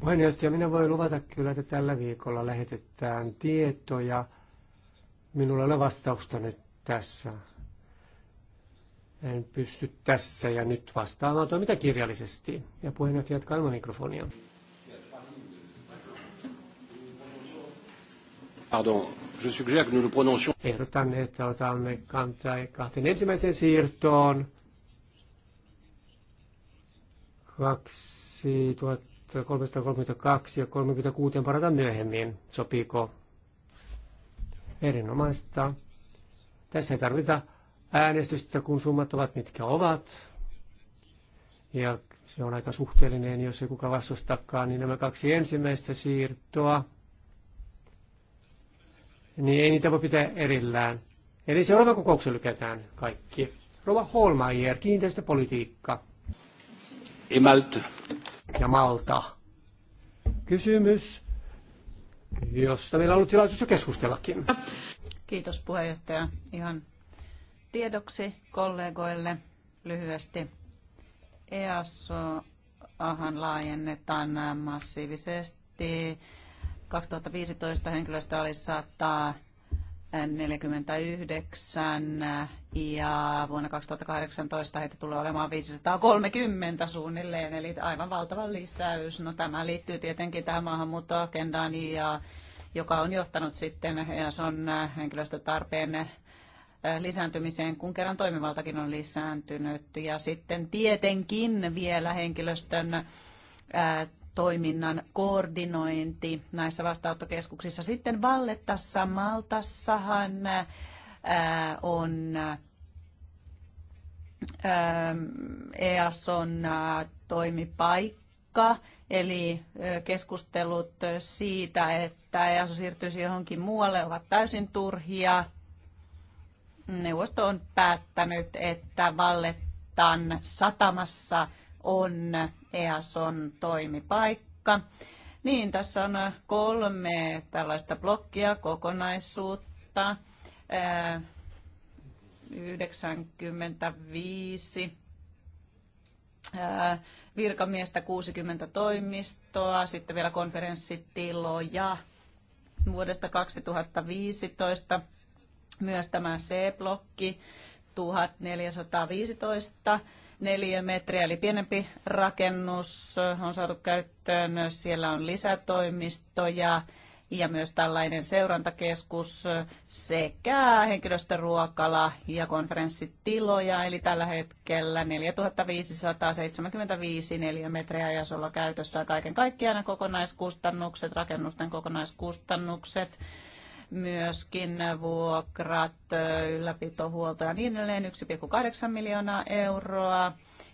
Puheenjohtaja, minä voin luvata kyllä, että tällä viikolla lähetetään tietoja. Minulla ei ole vastausta nyt tässä. En pysty tässä ja nyt vastaamaan tuo mitä kirjallisesti. Ja puheenjohtaja jatkaa ilman mikrofonia. Pardon. Je suggère que nous le prononcions. Ehdotan, että otamme kantaa kahteen ensimmäiseen siirtoon. 2332 ja 36 parata myöhemmin. Sopiiko? Erinomaista. Tässä ei tarvita äänestystä, kun summat ovat mitkä ovat. Ja se on aika suhteellinen, jos ei kuka vastustakaan, niin nämä kaksi ensimmäistä siirtoa niin ei niitä voi pitää erillään. Eli seuraava kokouksen lykätään kaikki. Rova Holmeier, kiinteistöpolitiikka. Imält. Ja Malta. Kysymys, josta meillä on ollut tilaisuus jo keskustellakin. Kiitos puheenjohtaja. Ihan tiedoksi kollegoille lyhyesti. EASO ahan laajennetaan massiivisesti 2015 henkilöstö oli 149 ja vuonna 2018 heitä tulee olemaan 530 suunnilleen, eli aivan valtava lisäys. No tämä liittyy tietenkin tähän maahanmuuttoagendaan ja joka on johtanut sitten ja se on henkilöstötarpeen äh, lisääntymiseen, kun kerran toimivaltakin on lisääntynyt. Ja sitten tietenkin vielä henkilöstön äh, toiminnan koordinointi näissä vastaanottokeskuksissa. Sitten Vallettassa, Maltassahan äh, on äh, EASON äh, toimipaikka, eli keskustelut siitä, että EASO siirtyisi johonkin muualle, ovat täysin turhia. Neuvosto on päättänyt, että Vallettan satamassa on EASON toimipaikka. Niin, tässä on kolme tällaista blokkia, kokonaisuutta. 95 virkamiestä, 60 toimistoa, sitten vielä konferenssitiloja vuodesta 2015 myös tämä C-blokki 1415 neliömetriä, eli pienempi rakennus on saatu käyttöön. Siellä on lisätoimistoja ja myös tällainen seurantakeskus sekä henkilöstöruokala ja konferenssitiloja. Eli tällä hetkellä 4575 neliömetriä ja sulla käytössä kaiken kaikkiaan kokonaiskustannukset, rakennusten kokonaiskustannukset myöskin vuokrat, ylläpitohuolto ja niin edelleen 1,8 miljoonaa euroa.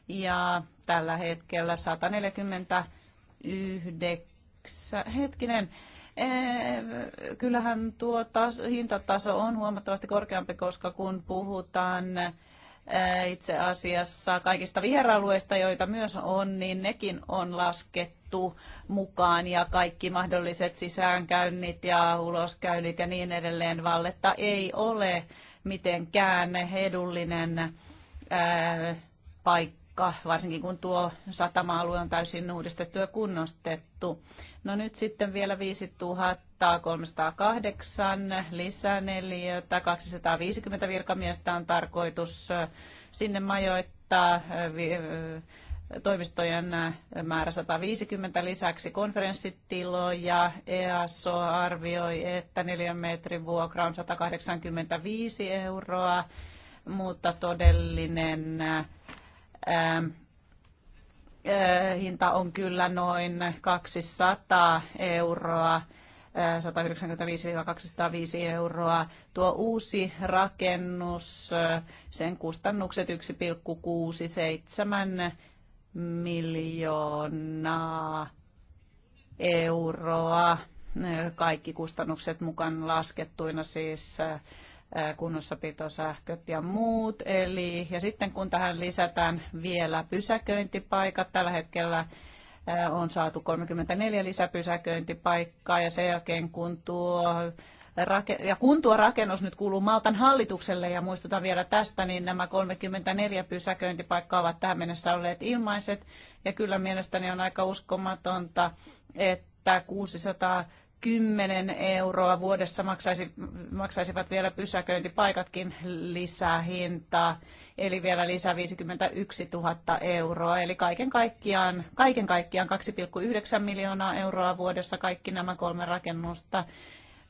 Ja tällä hetkellä 149, hetkinen, e, kyllähän tuo tas, hintataso on huomattavasti korkeampi, koska kun puhutaan Äh, itse asiassa kaikista viheralueista, joita myös on, niin nekin on laskettu mukaan ja kaikki mahdolliset sisäänkäynnit ja uloskäynnit ja niin edelleen. Valletta ei ole mitenkään edullinen äh, paikka paikka, varsinkin kun tuo satama-alue on täysin uudistettu ja kunnostettu. No nyt sitten vielä 5308 lisäneliötä, 250 virkamiestä on tarkoitus sinne majoittaa toimistojen määrä 150 lisäksi konferenssitiloja. EASO arvioi, että 4 metrin vuokra on 185 euroa, mutta todellinen Ähm, äh, hinta on kyllä noin 200 euroa, 195-205 äh, euroa. Tuo uusi rakennus, äh, sen kustannukset 1,67 miljoonaa euroa, kaikki kustannukset mukaan laskettuina siis kunnossapitosähköt ja muut. Eli, ja sitten kun tähän lisätään vielä pysäköintipaikat, tällä hetkellä on saatu 34 lisäpysäköintipaikkaa ja sen jälkeen kun tuo ja kun tuo rakennus nyt kuuluu Maltan hallitukselle, ja muistutan vielä tästä, niin nämä 34 pysäköintipaikkaa ovat tähän mennessä olleet ilmaiset. Ja kyllä mielestäni on aika uskomatonta, että 600 10 euroa vuodessa maksaisi, maksaisivat vielä pysäköintipaikatkin lisää hintaa, eli vielä lisää 51 000 euroa. Eli kaiken kaikkiaan, kaiken kaikkiaan 2,9 miljoonaa euroa vuodessa kaikki nämä kolme rakennusta.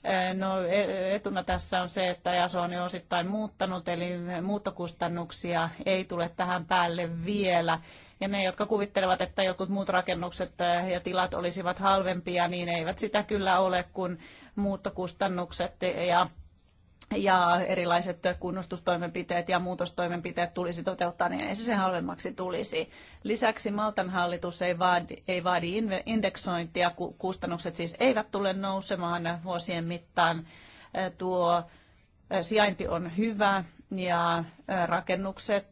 Eh, no, e, etuna tässä on se, että EASO on jo osittain muuttanut, eli muuttokustannuksia ei tule tähän päälle vielä. Ja ne, jotka kuvittelevat, että jotkut muut rakennukset eh, ja tilat olisivat halvempia, niin eivät sitä kyllä ole, kun muuttokustannukset ja ja erilaiset kunnostustoimenpiteet ja muutostoimenpiteet tulisi toteuttaa, niin ei se sen halvemmaksi tulisi. Lisäksi Maltan hallitus ei vaadi, ei vaadi indeksointia, kustannukset siis eivät tule nousemaan vuosien mittaan. Tuo sijainti on hyvä ja rakennukset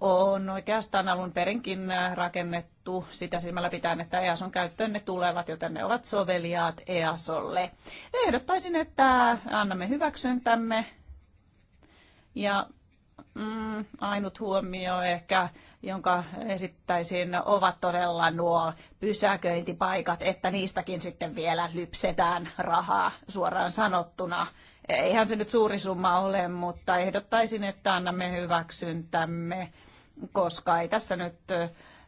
on oikeastaan alun perinkin äh, rakennettu sitä silmällä pitäen, että EASOn käyttöön ne tulevat, joten ne ovat soveliaat EASOlle. Ehdottaisin, että annamme hyväksyntämme ja mm, ainut huomio ehkä, jonka esittäisin, ovat todella nuo pysäköintipaikat, että niistäkin sitten vielä lypsetään rahaa suoraan sanottuna. Eihän se nyt suuri summa ole, mutta ehdottaisin, että annamme hyväksyntämme koska ei tässä nyt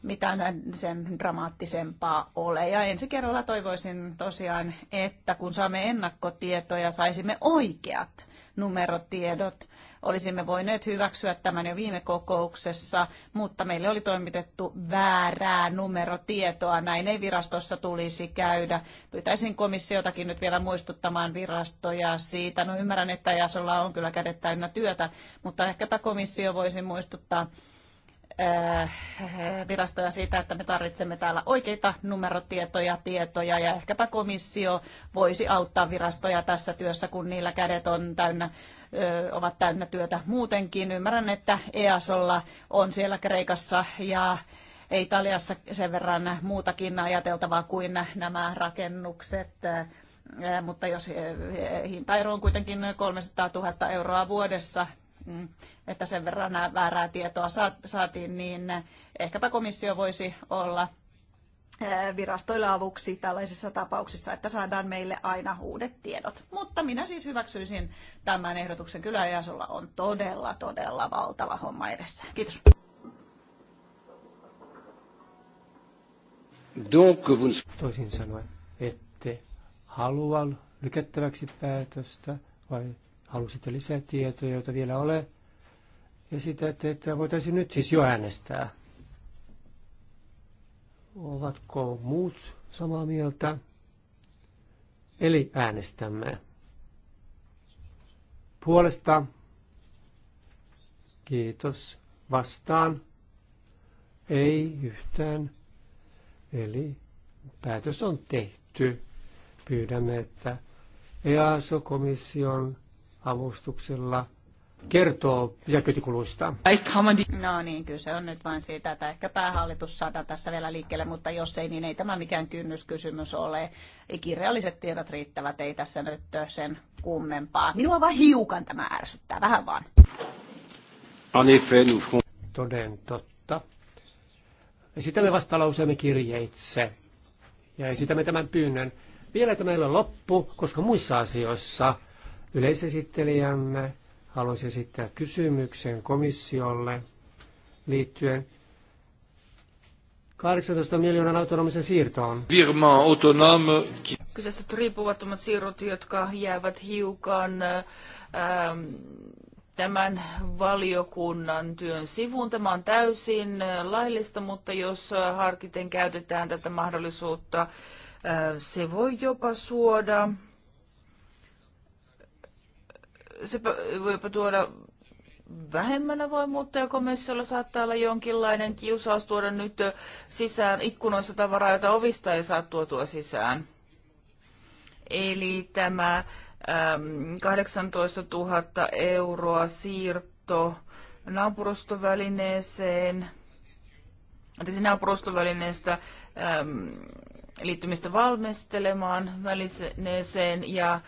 mitään sen dramaattisempaa ole. Ja ensi kerralla toivoisin tosiaan, että kun saamme ennakkotietoja, saisimme oikeat numerotiedot. Olisimme voineet hyväksyä tämän jo viime kokouksessa, mutta meille oli toimitettu väärää numerotietoa. Näin ei virastossa tulisi käydä. Pyytäisin komissiotakin nyt vielä muistuttamaan virastoja siitä. No ymmärrän, että Jasolla on kyllä kädet täynnä työtä, mutta ehkäpä komissio voisi muistuttaa Äh, virastoja siitä, että me tarvitsemme täällä oikeita numerotietoja, tietoja ja ehkäpä komissio voisi auttaa virastoja tässä työssä, kun niillä kädet on täynnä, ovat täynnä työtä muutenkin. Ymmärrän, että EASolla on siellä Kreikassa ja Italiassa sen verran muutakin ajateltavaa kuin nämä rakennukset mutta jos hintaero on kuitenkin 300 000 euroa vuodessa, Mm, että sen verran väärää tietoa saatiin, niin ehkäpä komissio voisi olla virastoille avuksi tällaisissa tapauksissa, että saadaan meille aina uudet tiedot. Mutta minä siis hyväksyisin tämän ehdotuksen. Kyllä EASOlla on todella, todella valtava homma edessä. Kiitos. Toisin sanoen, ette halua lykättäväksi päätöstä vai halusitte lisätietoja, joita vielä ole, esitätte, että voitaisiin nyt siis jo äänestää. Ovatko muut samaa mieltä? Eli äänestämme. Puolesta. Kiitos. Vastaan. Ei yhtään. Eli päätös on tehty. Pyydämme, että EASO-komission avustuksilla kertoo pysäköintikuluista. No niin, kyllä se on nyt vain siitä, että ehkä päähallitus saadaan tässä vielä liikkeelle, mutta jos ei, niin ei tämä mikään kynnyskysymys ole. Kirjalliset tiedot riittävät, ei tässä nyt sen kummempaa. Minua vain hiukan tämä ärsyttää, vähän vaan. Toden totta. Esitämme vastalauseemme kirjeitse ja esitämme tämän pyynnön. Vielä tämä meillä on loppu, koska muissa asioissa – Yleisesittelijämme haluaisi esittää kysymyksen komissiolle liittyen 18 miljoonan autonomisen siirtoon. Virma autonome. Kyseessä riippumattomat siirrot, jotka jäävät hiukan ähm, tämän valiokunnan työn sivuun. Tämä on täysin äh, laillista, mutta jos äh, harkiten käytetään tätä mahdollisuutta, äh, se voi jopa suoda se jopa tuoda vähemmän avoimuutta ja komissiolla saattaa olla jonkinlainen kiusaus tuoda nyt sisään ikkunoissa tavaraa, jota ovista ei saa tuotua sisään. Eli tämä äm, 18 000 euroa siirto naapurustovälineeseen, anteeksi naapurustovälineestä liittymistä valmistelemaan välineeseen ja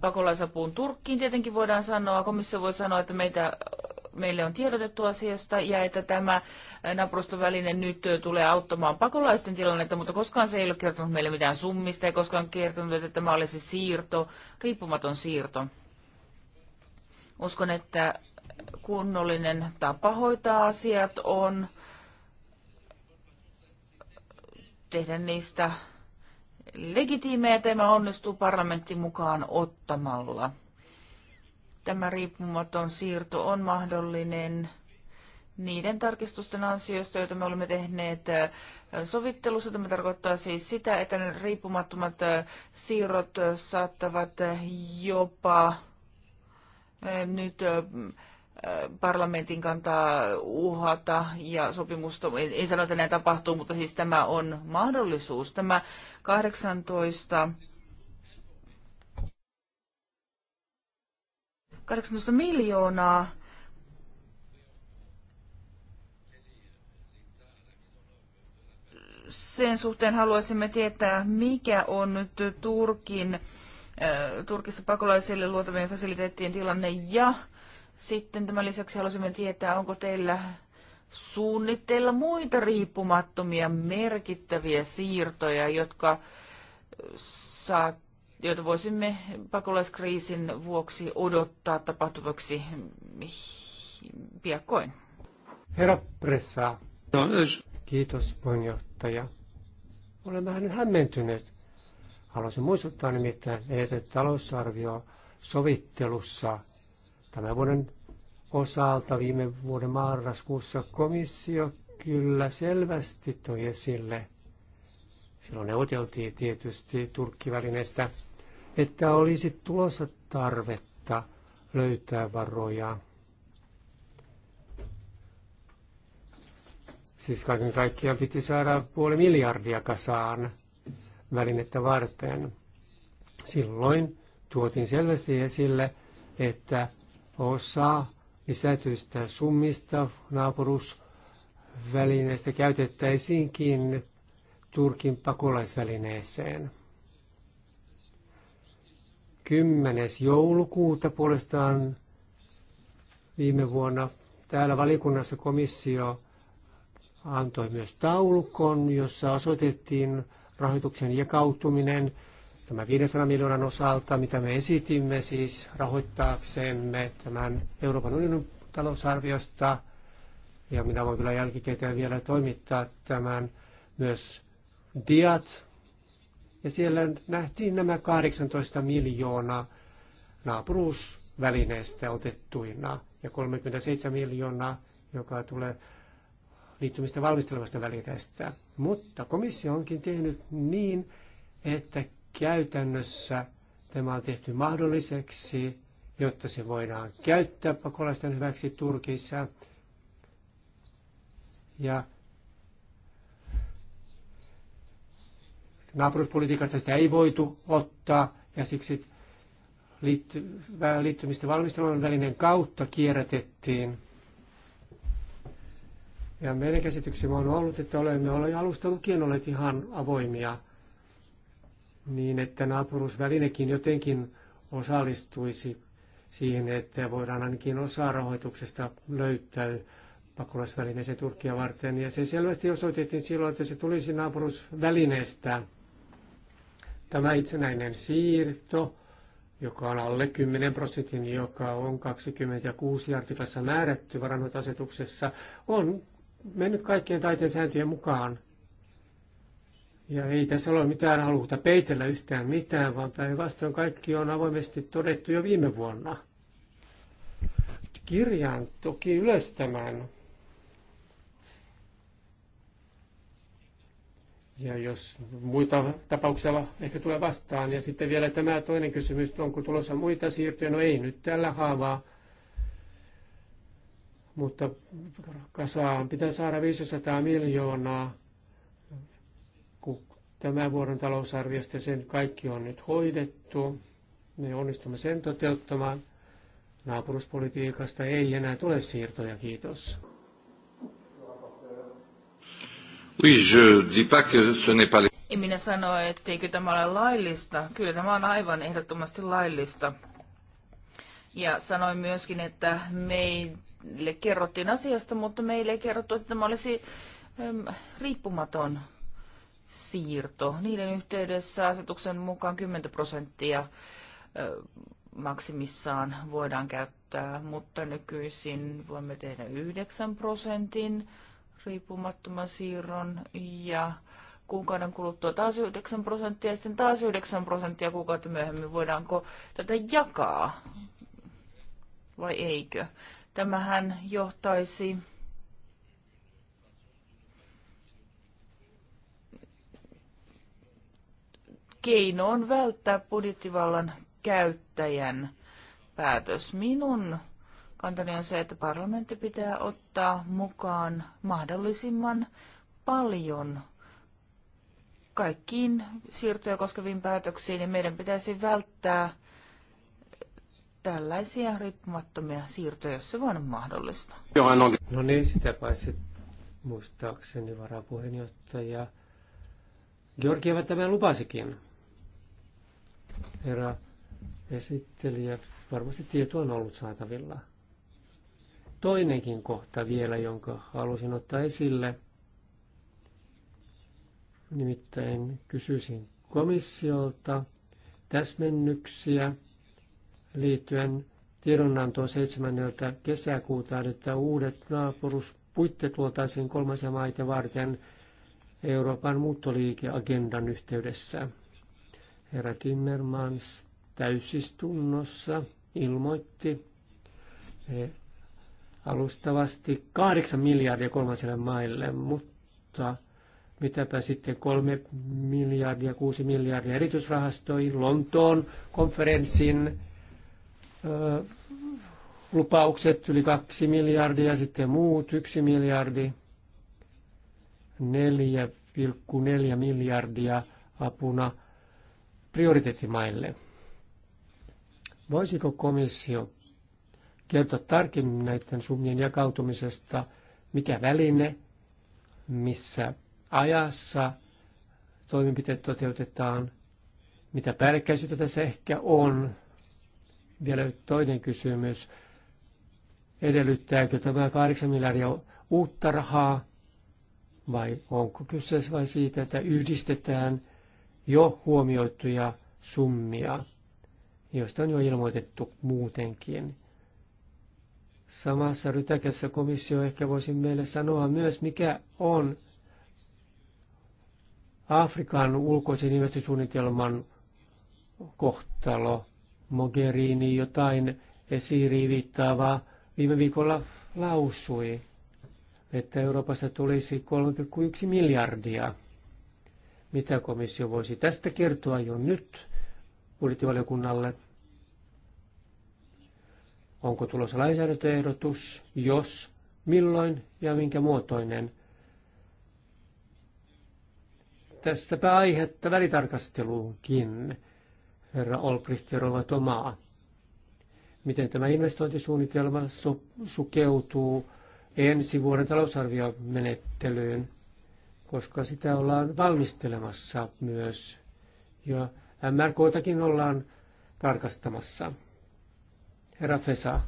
pakolaisapuun Turkkiin tietenkin voidaan sanoa. Komissio voi sanoa, että meitä, meille on tiedotettu asiasta ja että tämä naapurustoväline nyt tulee auttamaan pakolaisten tilannetta, mutta koskaan se ei ole kertonut meille mitään summista ja koskaan kertonut, että tämä olisi siirto, riippumaton siirto. Uskon, että kunnollinen tapa hoitaa asiat on tehdä niistä legitiimejä. Tämä onnistuu parlamentti mukaan ottamalla. Tämä riippumaton siirto on mahdollinen niiden tarkistusten ansiosta, joita me olemme tehneet äh, sovittelussa. Tämä tarkoittaa siis sitä, että ne riippumattomat äh, siirrot saattavat äh, jopa nyt parlamentin kantaa uhata ja sopimusta, en, en sano, että näin tapahtuu, mutta siis tämä on mahdollisuus. Tämä 18 18 miljoonaa sen suhteen haluaisimme tietää, mikä on nyt Turkin, äh, Turkissa pakolaisille luotavien fasiliteettien tilanne ja sitten tämän lisäksi halusimme tietää, onko teillä suunnitteilla muita riippumattomia merkittäviä siirtoja, jotka saat, joita voisimme pakolaiskriisin vuoksi odottaa tapahtuvaksi piakkoin. Herra Pressa. No, Kiitos puheenjohtaja. Olen vähän hämmentynyt. Haluaisin muistuttaa nimittäin, että talousarvio sovittelussa – tämän vuoden osalta viime vuoden marraskuussa komissio kyllä selvästi toi esille, silloin neuvoteltiin tietysti turkkivälineestä, että olisi tulossa tarvetta löytää varoja. Siis kaiken kaikkiaan piti saada puoli miljardia kasaan välinettä varten. Silloin tuotiin selvästi esille, että osa lisätyistä summista naapurusvälineistä käytettäisiinkin Turkin pakolaisvälineeseen. 10. joulukuuta puolestaan viime vuonna täällä valikunnassa komissio antoi myös taulukon, jossa osoitettiin rahoituksen jakautuminen Tämä 500 miljoonan osalta, mitä me esitimme siis rahoittaaksemme tämän Euroopan unionin talousarviosta, ja minä voin kyllä jälkikäteen vielä toimittaa tämän myös diat. Ja siellä nähtiin nämä 18 miljoonaa naapuruusvälineestä otettuina ja 37 miljoonaa, joka tulee liittymistä valmistelevasta välineestä. Mutta komissio onkin tehnyt niin, että Käytännössä tämä on tehty mahdolliseksi, jotta se voidaan käyttää pakolaisten hyväksi Turkissa. Ja naapuruspolitiikasta sitä ei voitu ottaa ja siksi liittymistä valmistelun välinen kautta kierrätettiin. Ja meidän käsityksemme on ollut, että olemme olleet alusta lukien olleet ihan avoimia – niin että naapuruusvälinekin jotenkin osallistuisi siihen, että voidaan ainakin osa rahoituksesta löytää pakolaisvälineeseen Turkia varten. Ja se selvästi osoitettiin silloin, että se tulisi naapuruusvälineestä. Tämä itsenäinen siirto, joka on alle 10 prosentin, joka on 26 artiklassa määrätty varannut asetuksessa, on mennyt kaikkien taiteen sääntöjen mukaan. Ja ei tässä ole mitään haluta peitellä yhtään mitään, vaan päinvastoin kaikki on avoimesti todettu jo viime vuonna. Kirjaan toki ylös tämän. Ja jos muita tapauksia ehkä tulee vastaan. Ja sitten vielä tämä toinen kysymys, onko tulossa muita siirtoja? No ei nyt tällä haavaa. Mutta kasaan pitää saada 500 miljoonaa tämän vuoden talousarviosta ja sen kaikki on nyt hoidettu. Me onnistumme sen toteuttamaan. Naapuruspolitiikasta ei enää tule siirtoja, kiitos. Oui, je dis pas que ce n'est pas... En minä sano, etteikö tämä ole laillista. Kyllä tämä on aivan ehdottomasti laillista. Ja sanoin myöskin, että meille kerrottiin asiasta, mutta meille ei kerrottu, että tämä olisi äm, riippumaton siirto. Niiden yhteydessä asetuksen mukaan 10 prosenttia maksimissaan voidaan käyttää, mutta nykyisin voimme tehdä 9 prosentin riippumattoman siirron ja kuukauden kuluttua taas 9 prosenttia ja sitten taas 9 prosenttia kuukautta myöhemmin. Voidaanko tätä jakaa vai eikö? Tämähän johtaisi keino on välttää budjettivallan käyttäjän päätös. Minun kantani on se, että parlamentti pitää ottaa mukaan mahdollisimman paljon kaikkiin siirtoja koskeviin päätöksiin ja meidän pitäisi välttää tällaisia riippumattomia siirtoja, jos se vain mahdollista. No niin, sitä paitsi muistaakseni varapuheenjohtaja Georgieva tämä lupasikin herra ja Varmasti tieto on ollut saatavilla. Toinenkin kohta vielä, jonka halusin ottaa esille. Nimittäin kysyisin komissiolta täsmennyksiä liittyen tiedonantoon 7. kesäkuuta, että uudet naapuruspuitteet luotaisiin kolmansia maita varten Euroopan muuttoliikeagendan yhteydessä. Herra Timmermans täysistunnossa ilmoitti alustavasti 8 miljardia kolmansille maille, mutta mitäpä sitten 3 miljardia, 6 miljardia erityisrahastoi Lontoon konferenssin ö, lupaukset yli 2 miljardia, sitten muut 1 miljardi, 4,4 miljardia apuna prioriteettimaille. Voisiko komissio kertoa tarkemmin näiden summien jakautumisesta, mikä väline, missä ajassa toimenpiteet toteutetaan, mitä päällekkäisyyttä tässä ehkä on. Vielä toinen kysymys. Edellyttääkö tämä 8 miljardia uutta rahaa vai onko kyseessä vain siitä, että yhdistetään jo huomioituja summia, joista on jo ilmoitettu muutenkin. Samassa rytäkässä komissio ehkä voisi meille sanoa myös, mikä on Afrikan ulkoisen investisuunnitelman kohtalo. Mogherini jotain esiriivittaavaa viime viikolla lausui, että Euroopassa tulisi 3,1 miljardia mitä komissio voisi tästä kertoa jo nyt budjettivaliokunnalle? Onko tulossa lainsäädäntöehdotus? Jos, milloin ja minkä muotoinen? Tässäpä aihetta välitarkasteluunkin, herra Olbricht ja Rova Tomaa. Miten tämä investointisuunnitelma su- sukeutuu ensi vuoden talousarviomenettelyyn? koska sitä ollaan valmistelemassa myös ja MRKtakin ollaan tarkastamassa. Herra Fesa,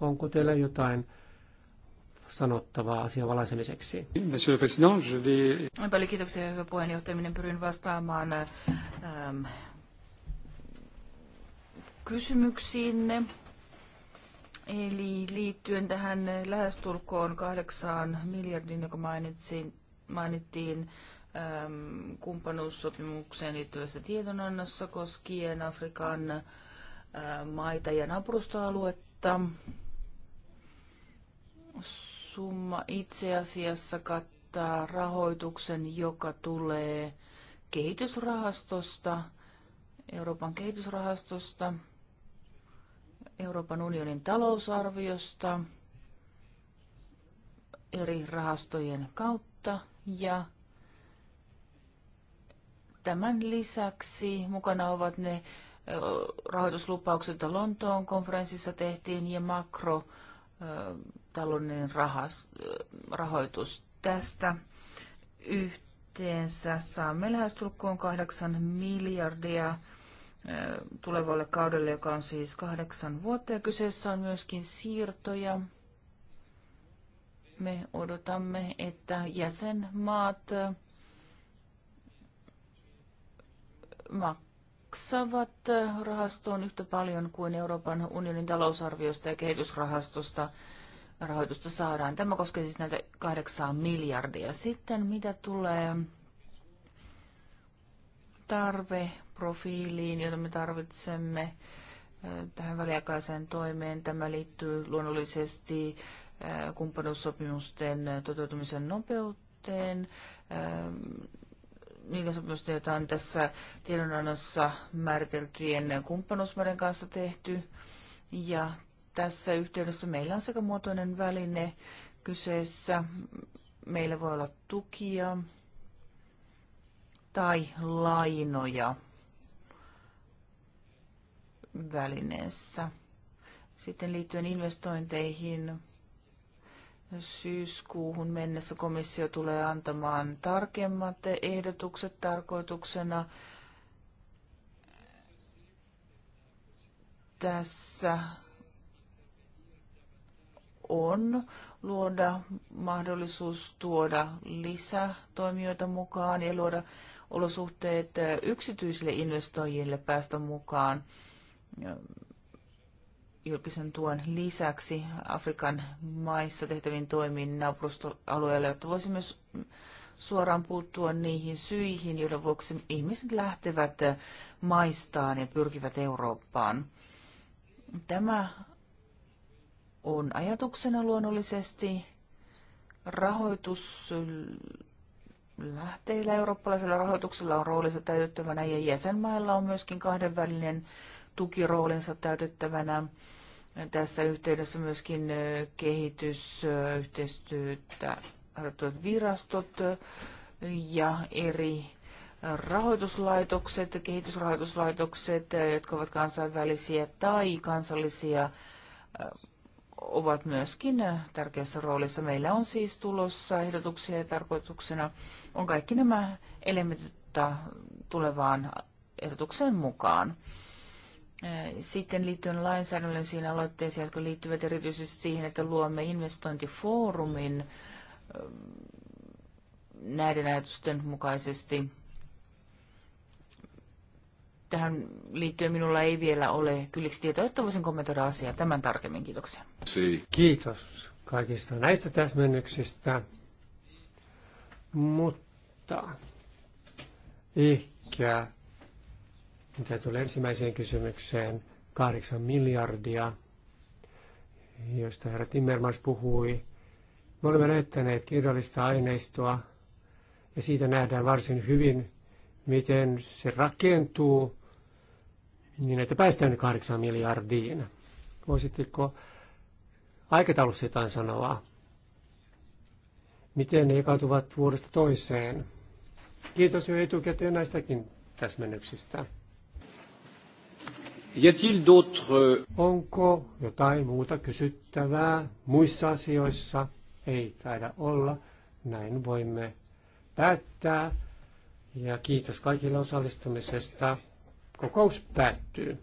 onko teillä jotain sanottavaa asian valaisemiseksi? Monsieur le Président, Paljon kiitoksia, hyvä puheenjohtaja. Minä pyrin vastaamaan ähm, kysymyksiinne. Eli liittyen tähän lähestulkoon kahdeksaan miljardin, joka mainitsin, mainittiin äm, kumppanuussopimukseen liittyvässä tiedonannossa koskien Afrikan ä, äh, maita ja naapurustoaluetta. Summa itse asiassa kattaa rahoituksen, joka tulee kehitysrahastosta, Euroopan kehitysrahastosta, Euroopan unionin talousarviosta, eri rahastojen kautta – ja tämän lisäksi mukana ovat ne rahoituslupaukset, joita Lontoon konferenssissa tehtiin, ja makrotalouden rahoitus tästä yhteensä. Saamme lähestulkoon 8 miljardia tulevalle kaudelle, joka on siis kahdeksan vuotta, ja kyseessä on myöskin siirtoja me odotamme, että jäsenmaat äh, maksavat äh, rahastoon yhtä paljon kuin Euroopan unionin talousarviosta ja kehitysrahastosta rahoitusta saadaan. Tämä koskee siis näitä kahdeksaa miljardia. Sitten mitä tulee tarveprofiiliin, jota me tarvitsemme äh, tähän väliaikaiseen toimeen, tämä liittyy luonnollisesti kumppanuussopimusten toteutumisen nopeuteen, niiden sopimusten, joita on tässä tiedonannossa määriteltyjen kumppanuusmaiden kanssa tehty. Ja tässä yhteydessä meillä on sekä muotoinen väline kyseessä, meillä voi olla tukia tai lainoja välineessä. Sitten liittyen investointeihin, syyskuuhun mennessä komissio tulee antamaan tarkemmat ehdotukset tarkoituksena tässä on luoda mahdollisuus tuoda lisätoimijoita mukaan ja luoda olosuhteet yksityisille investoijille päästä mukaan julkisen tuen lisäksi Afrikan maissa tehtäviin toimiin naapurustoalueella, jotta voisi myös suoraan puuttua niihin syihin, joiden vuoksi ihmiset lähtevät maistaan ja pyrkivät Eurooppaan. Tämä on ajatuksena luonnollisesti rahoitus lähteillä eurooppalaisella rahoituksella on roolissa täytettävänä ja jäsenmailla on myöskin kahdenvälinen tukiroolinsa täytettävänä. Tässä yhteydessä myöskin kehitysyhteistyötä harjoittavat virastot ja eri rahoituslaitokset, kehitysrahoituslaitokset, jotka ovat kansainvälisiä tai kansallisia, ovat myöskin tärkeässä roolissa. Meillä on siis tulossa ehdotuksia ja tarkoituksena on kaikki nämä elementit tulevaan ehdotukseen mukaan. Sitten liittyen lainsäädännöllisiin aloitteisiin, jotka liittyvät erityisesti siihen, että luomme investointifoorumin näiden ajatusten mukaisesti. Tähän liittyen minulla ei vielä ole kylliksi tietoa, että voisin kommentoida asiaa tämän tarkemmin. Kiitoksia. Kiitos kaikista näistä täsmennyksistä. Mutta ehkä mitä tulee ensimmäiseen kysymykseen, kahdeksan miljardia, josta herra Timmermans puhui. Me olemme lähettäneet kirjallista aineistoa ja siitä nähdään varsin hyvin, miten se rakentuu niin, että päästään kahdeksan miljardiin. Voisitteko aikataulussa jotain sanoa? Miten ne jakautuvat vuodesta toiseen? Kiitos jo etukäteen näistäkin täsmennyksistä. Euh, Onko jotain muuta kysyttävää muissa asioissa? Ei taida olla. Näin voimme päättää. Ja kiitos kaikille osallistumisesta. Kokous päättyy.